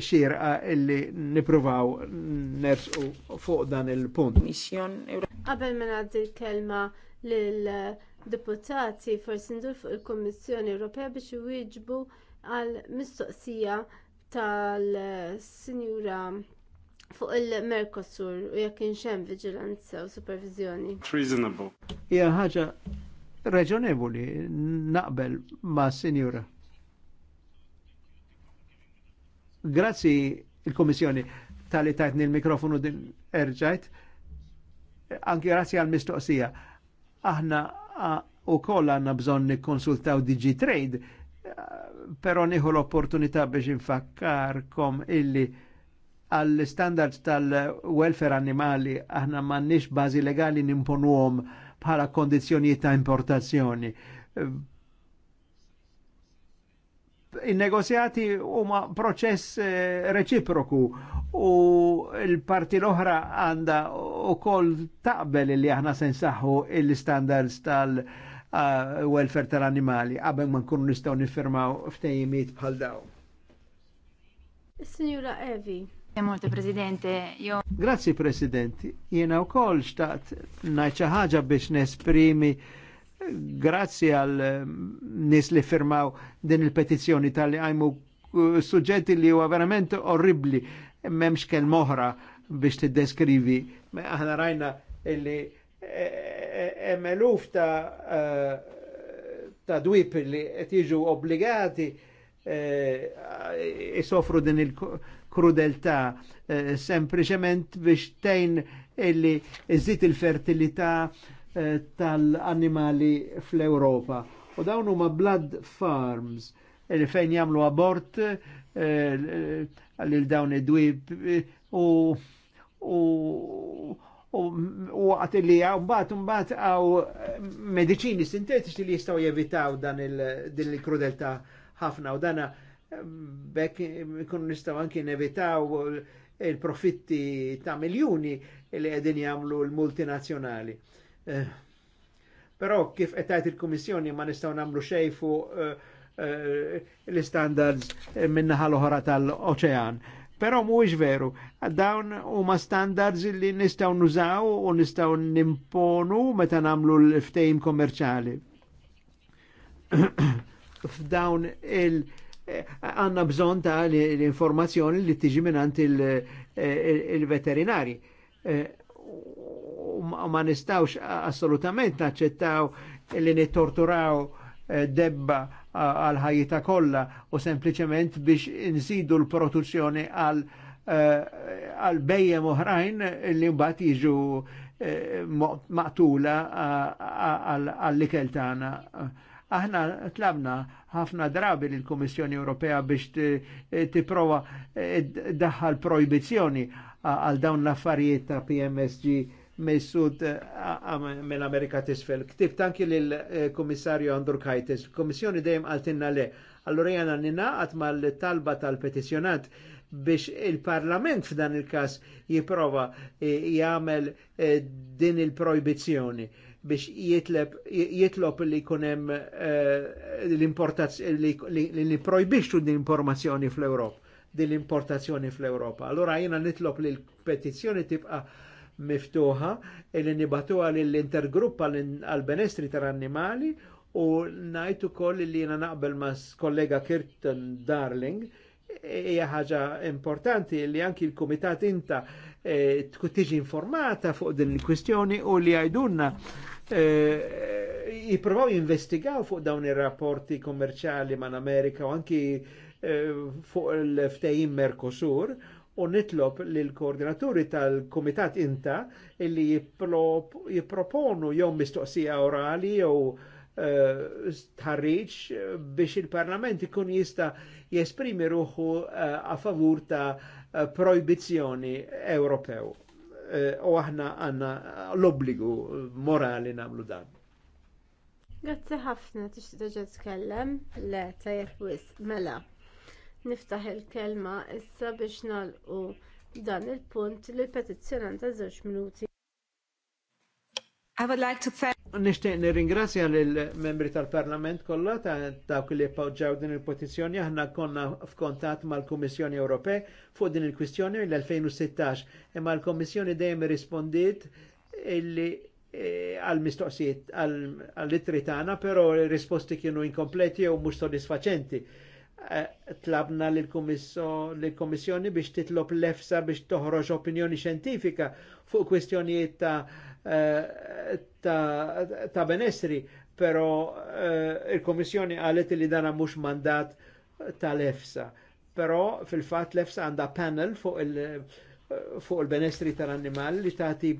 xirqa illi nipruvaw nersqu fuq dan il-punt.
Qabel ma nagħdi kelma l deputati forsi ndur fuq il-Kommissjoni Ewropea biex iwieġbu għal mistoqsija tal-Sinjura fuq il-Mercosur u jekk inxem vigilanza u supervizjoni.
Reasonable. Hija ħaġa reġonevoli naqbel ma' Sinjura. Grazzi il-Komissjoni tal-li tajtni l mikrofonu din erġajt, anki grazzi għal-mistoqsija. Aħna u koll għanna bżon nikkonsultaw DigiTrade pero niħu l-opportunità biex infakkarkom illi għall-standards tal-welfare animali aħna mannix bazi legali nimponuhom bħala kondizzjonijiet ta' importazzjoni. Il-negozjati huma proċess eh, reċiproku u l-parti l-oħra għanda u kol taqbel li aħna sensaħu il-standards tal-welfare Ah, welfare tal-animali għabem ma nkunu nistaw nifirmaw ftejjimiet bħal daw.
Signora Evi. Molto Presidente, jo.
Grazie presidente, jena u kol xtaqt najċa ħagġa biex nesprimi grazie għal ehm, nis li firmaw din il-petizjoni tal-li għajmu eh, suġġetti li huwa verament orribli, memx kell moħra biex t-deskrivi. Aħna rajna illi eh, emeluf ta' eh, ta' dwip li qed jiġu obbligati jisofru eh, din il-krudeltà eh, sempliċement biex tejn illi iżid il-fertilità tal-annimali fl-Ewropa. U dawn huma blood farms li fejn jagħmlu abort lil dawn id-dwib u u għat li għaw bat għaw medicini sintetiċi li jistaw jevitaw dan il-krudelta ħafna u dana bekk kun nistaw anki nevitaw il-profitti ta' miljoni li għedin jamlu l-multinazjonali. Eh, però kif qed il komissjoni ma nistgħu nagħmlu xejn eh, eh, l standards minnaħa l-oħra tal-oċean. Però mhuwiex veru, dawn huma standards li nistgħu nużaw u nistgħu nimponu meta nagħmlu l ftejm kommerċali. F'dawn il- eh, għanna bżon ta' l-informazzjoni li tiġi minnant eh, il-veterinari. Eh, ma nistawx assolutament naċċettaw li nittorturaw debba għal ħajjita kollha u sempliċement biex inżidu l-produzzjoni għal eh, għal bejjem oħrajn li mbagħad jiġu eh, maqtula għall-ikel tagħna. Aħna tlabna ħafna drabi l kummissjoni Ewropea biex tipprova eh, daħħal projbizzjoni għal dawn l-affarijiet ta' PMSG mejsud eh, mill-Amerika tisfel. Ktib tanki lill-Kummissarju eh, Kajtis, Kommissjoni dejjem għaltinna le. Allura jana ninaqat mal-talba tal-petizjonant biex il-Parlament f'dan il-kas jiprova eh, jagħmel din il-projbizzjoni biex jitlob li kunem li projbixxu din informazzjoni fl-Europa din l-importazzjoni fl-Europa. Allora jina nitlob li l-petizzjoni tibqa' miftuħa illi nibatuha l intergrupp għal-benestri tal-annimali u najtu koll li jena naqbel ma kollega Kirton Darling hija ħaġa importanti li anki l-Kumitat inta eh, tkun tiġi informata fuq din il-kwistjoni u li għajdunna eh, jipprovaw jinvestigaw fuq dawn ir-rapporti kommerċali man Amerika u anki eh, fuq il-ftejim Merkosur u nitlob l koordinaturi tal-Kumitat Inta illi jipproponu jom mistoqsija orali jew eh, tħarriċ eh, biex il-Parlament ikun jista jesprimi ruħu eh, a favur ta' uh, proibizjoni Ewropew. U aħna għanna l-obbligu morali namlu dan.
Grazzi ħafna tixtieq tiġi tkellem, le tajjeb wis, mela. Niftaħ il-kelma issa biex nagħlqu dan il-punt li petizzjonant ta' żewġ minuti.
I would like to thank Nishtiq nirringrazzja lil membri tal-Parlament kollha ta' dawk li appoġġjaw din il-petizzjoni aħna konna f'kontatt mal-Kummissjoni Ewropej fuq din il-kwistjoni l-2016 imma l kummissjoni dejjem rispondiet illi eh, għal-mistoqsijiet għall-ittri tagħna, però risposti kienu inkompleti u mhux sodisfaċenti Eh, tlabna l-Komissjoni biex titlob lefsa biex toħroġ opinjoni xjentifika fuq kwestjonijiet ta', eh, ta, ta benessri, pero eh, il-Komissjoni għalet li dana mhux mandat tal-EFSA. Però fil-fat l-EFSA għandha panel fuq il- fuq il-benestri tal-annimal li tagħti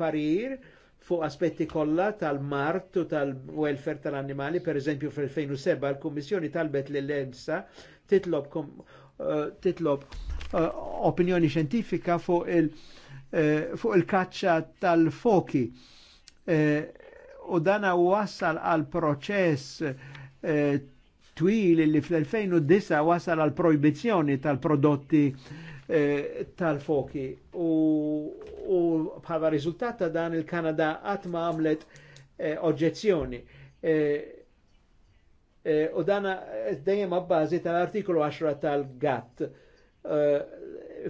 parir fuq aspetti kollha tal-mart u tal-welfare tal-annimali, per eżempju fil 2007 l-Kummissjoni talbet l ensa titlob, uh, titlob uh, opinjoni xjentifika fuq il- uh, fuq il-kaċċa tal-foki. U dana wassal għal proċess twil li fl-2009 wasal għal proibizjoni tal-prodotti eh, tal-foki u, bħala rizultat ta' dan il-Kanada għatma għamlet eh, oġġezzjoni. Eh, eh, u dana dejjem għabbażi tal artiklu 10 tal-GATT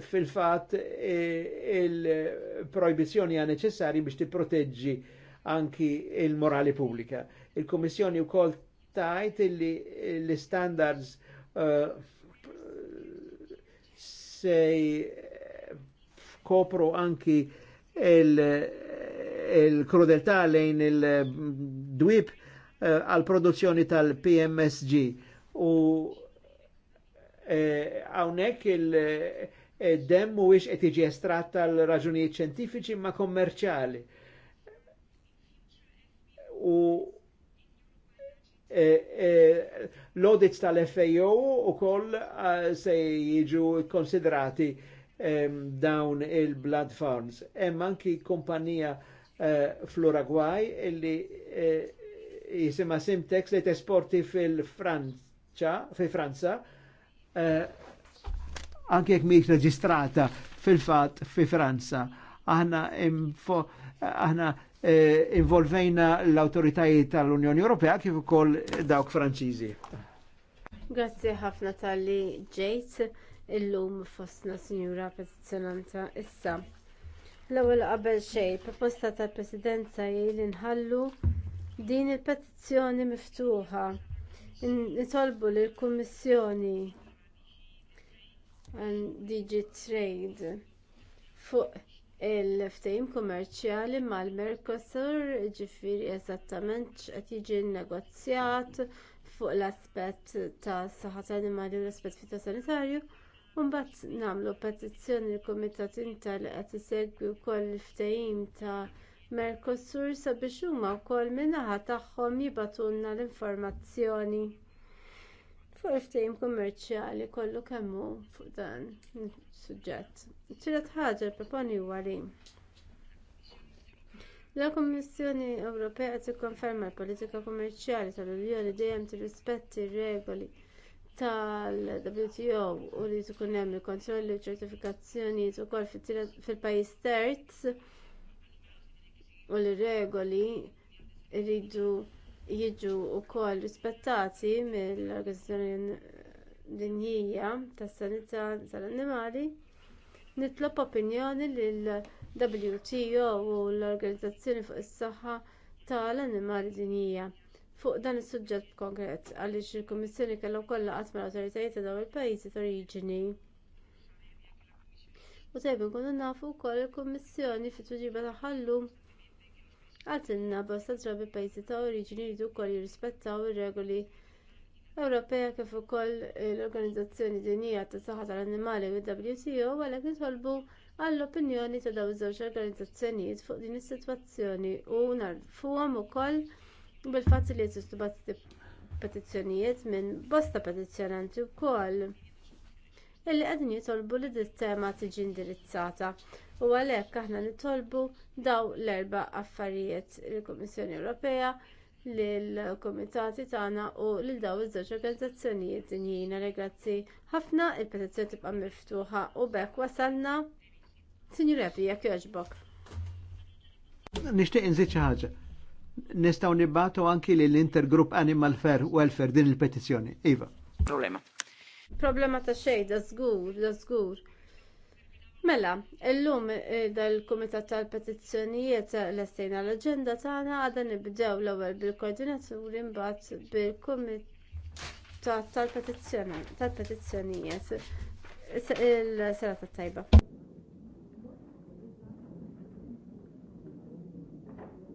fil-fat il-proibizjoni għan neċessari biex tipproteġġi anki il-morali publika. Il-Komissjoni u kol tajt illi l-standards uh, se kopru anki il-krudeltà lejn il dwip uh, għal-produzzjoni tal-PMSG u għawnek eh, il- eh, demmu u ix qed estrat tal-raġunijiet ċentifiċi ma kommerċali. U Eh, eh, l-audits tal-FAO u koll eh, se jiġu konsiderati ehm, dawn il-blood farms. Hemm anki kompanija fl-Uragwaj illi jisima Simtex li tesporti fil-Franċa, fil-Franza, anki jek miex reġistrata fil-fat fil Franza. aħna Eh, involvejna l-autoritajiet tal-Unjoni Ewropea kif ukoll dawk Franċiżi.
Grazzi ħafna tal-li ġejt illum fostna Sinjura Petizzjonanta issa. L-ewwel qabel xejn, proposta tal-Presidenza jgħid nħallu din il-petizzjoni miftuħa. Nitolbu lill kummissjoni DG Trade fuq il-ftehim kummerċjali mal-Mercosur ġifiri eżattament qed jiġi nnegozjat fuq l-aspett ta' saħħa animali u l-aspett fitosanitarju. Mbagħad nagħmlu petizzjoni l-Kumitat Inta qed isegwi wkoll il-ftehim ta' Mercosur sabiex huma wkoll min-naħa tagħhom jibatulna l-informazzjoni fuq il kummerċjali kollu kemm hu fuq dan is-suġġett. Tiret ħaġa proponi huwa La Kommissjoni Ewropea tikkonferma l-politika kummerċjali tal-Unjoni dejjem tirrispetti r-regoli tal-WTO u li tkun hemm il-kontrolli u ċertifikazzjonijiet ukoll fil-pajjiż terz u l-regoli jridu jiġu wkoll rispettati mill-Organizzazzjoni Dinjija tas Sanità tal-Annimali, nitlob opinjoni lill WTO u l-Organizzazzjoni fuq is-Saħħa tal-Annimali Dinjija fuq dan is-suġġett konkret għaliex il-Kummissjoni kellha wkoll laqgħat mal-awtoritajiet ta' dawn il-pajjiżi t-oriġini. U tajb nkunu nafu wkoll il-Kummissjoni fit-tuġiba tagħha llum Għatilna bosta drabi pajjiżi ta' oriġini jridu wkoll jirrispettaw ir-regoli Ewropea kif ukoll l-Organizzazzjoni Dinija tas Saħħa tal-Annimali u WTO għalhekk nitolbu għall-opinjoni ta' dawn iż-żewġ organizzazzjonijiet fuq din is-sitwazzjoni u narfuhom ukoll bil-fatt li jeżistu petizzjonijiet minn bosta petizzjonanti wkoll illi qegħdin jitolbu li d-tema tiġi indirizzata. U għalhekk aħna nitolbu daw l-erba affarijiet lill-Kummissjoni Ewropea lill-Kumitati tagħna u lil daw iż-żewġ organizzazzjonijiet dinjin grazzi ħafna il-petizzjoni tibqa' miftuħa u bekk wasalna. Sinjur Efi, jekk jogħġbok.
Nixtieq inżid xi ħaġa. Nistgħu nibbatu anki lill intergrupp Animal Fair Welfare din il-petizzjoni. Iva.
Problema.
Problema ta' xejn, da żgur, da żgur Mela, illum eh, dal-Kumitat tal-Petizzjonijiet l-estejna l-agenda tagħna għadha nibdew l-ewwel bil-koordinaturi mbagħad bil-Kumitat tal-Petizzjonijiet. Tal-Petizzjonijiet. Il-serata tajba.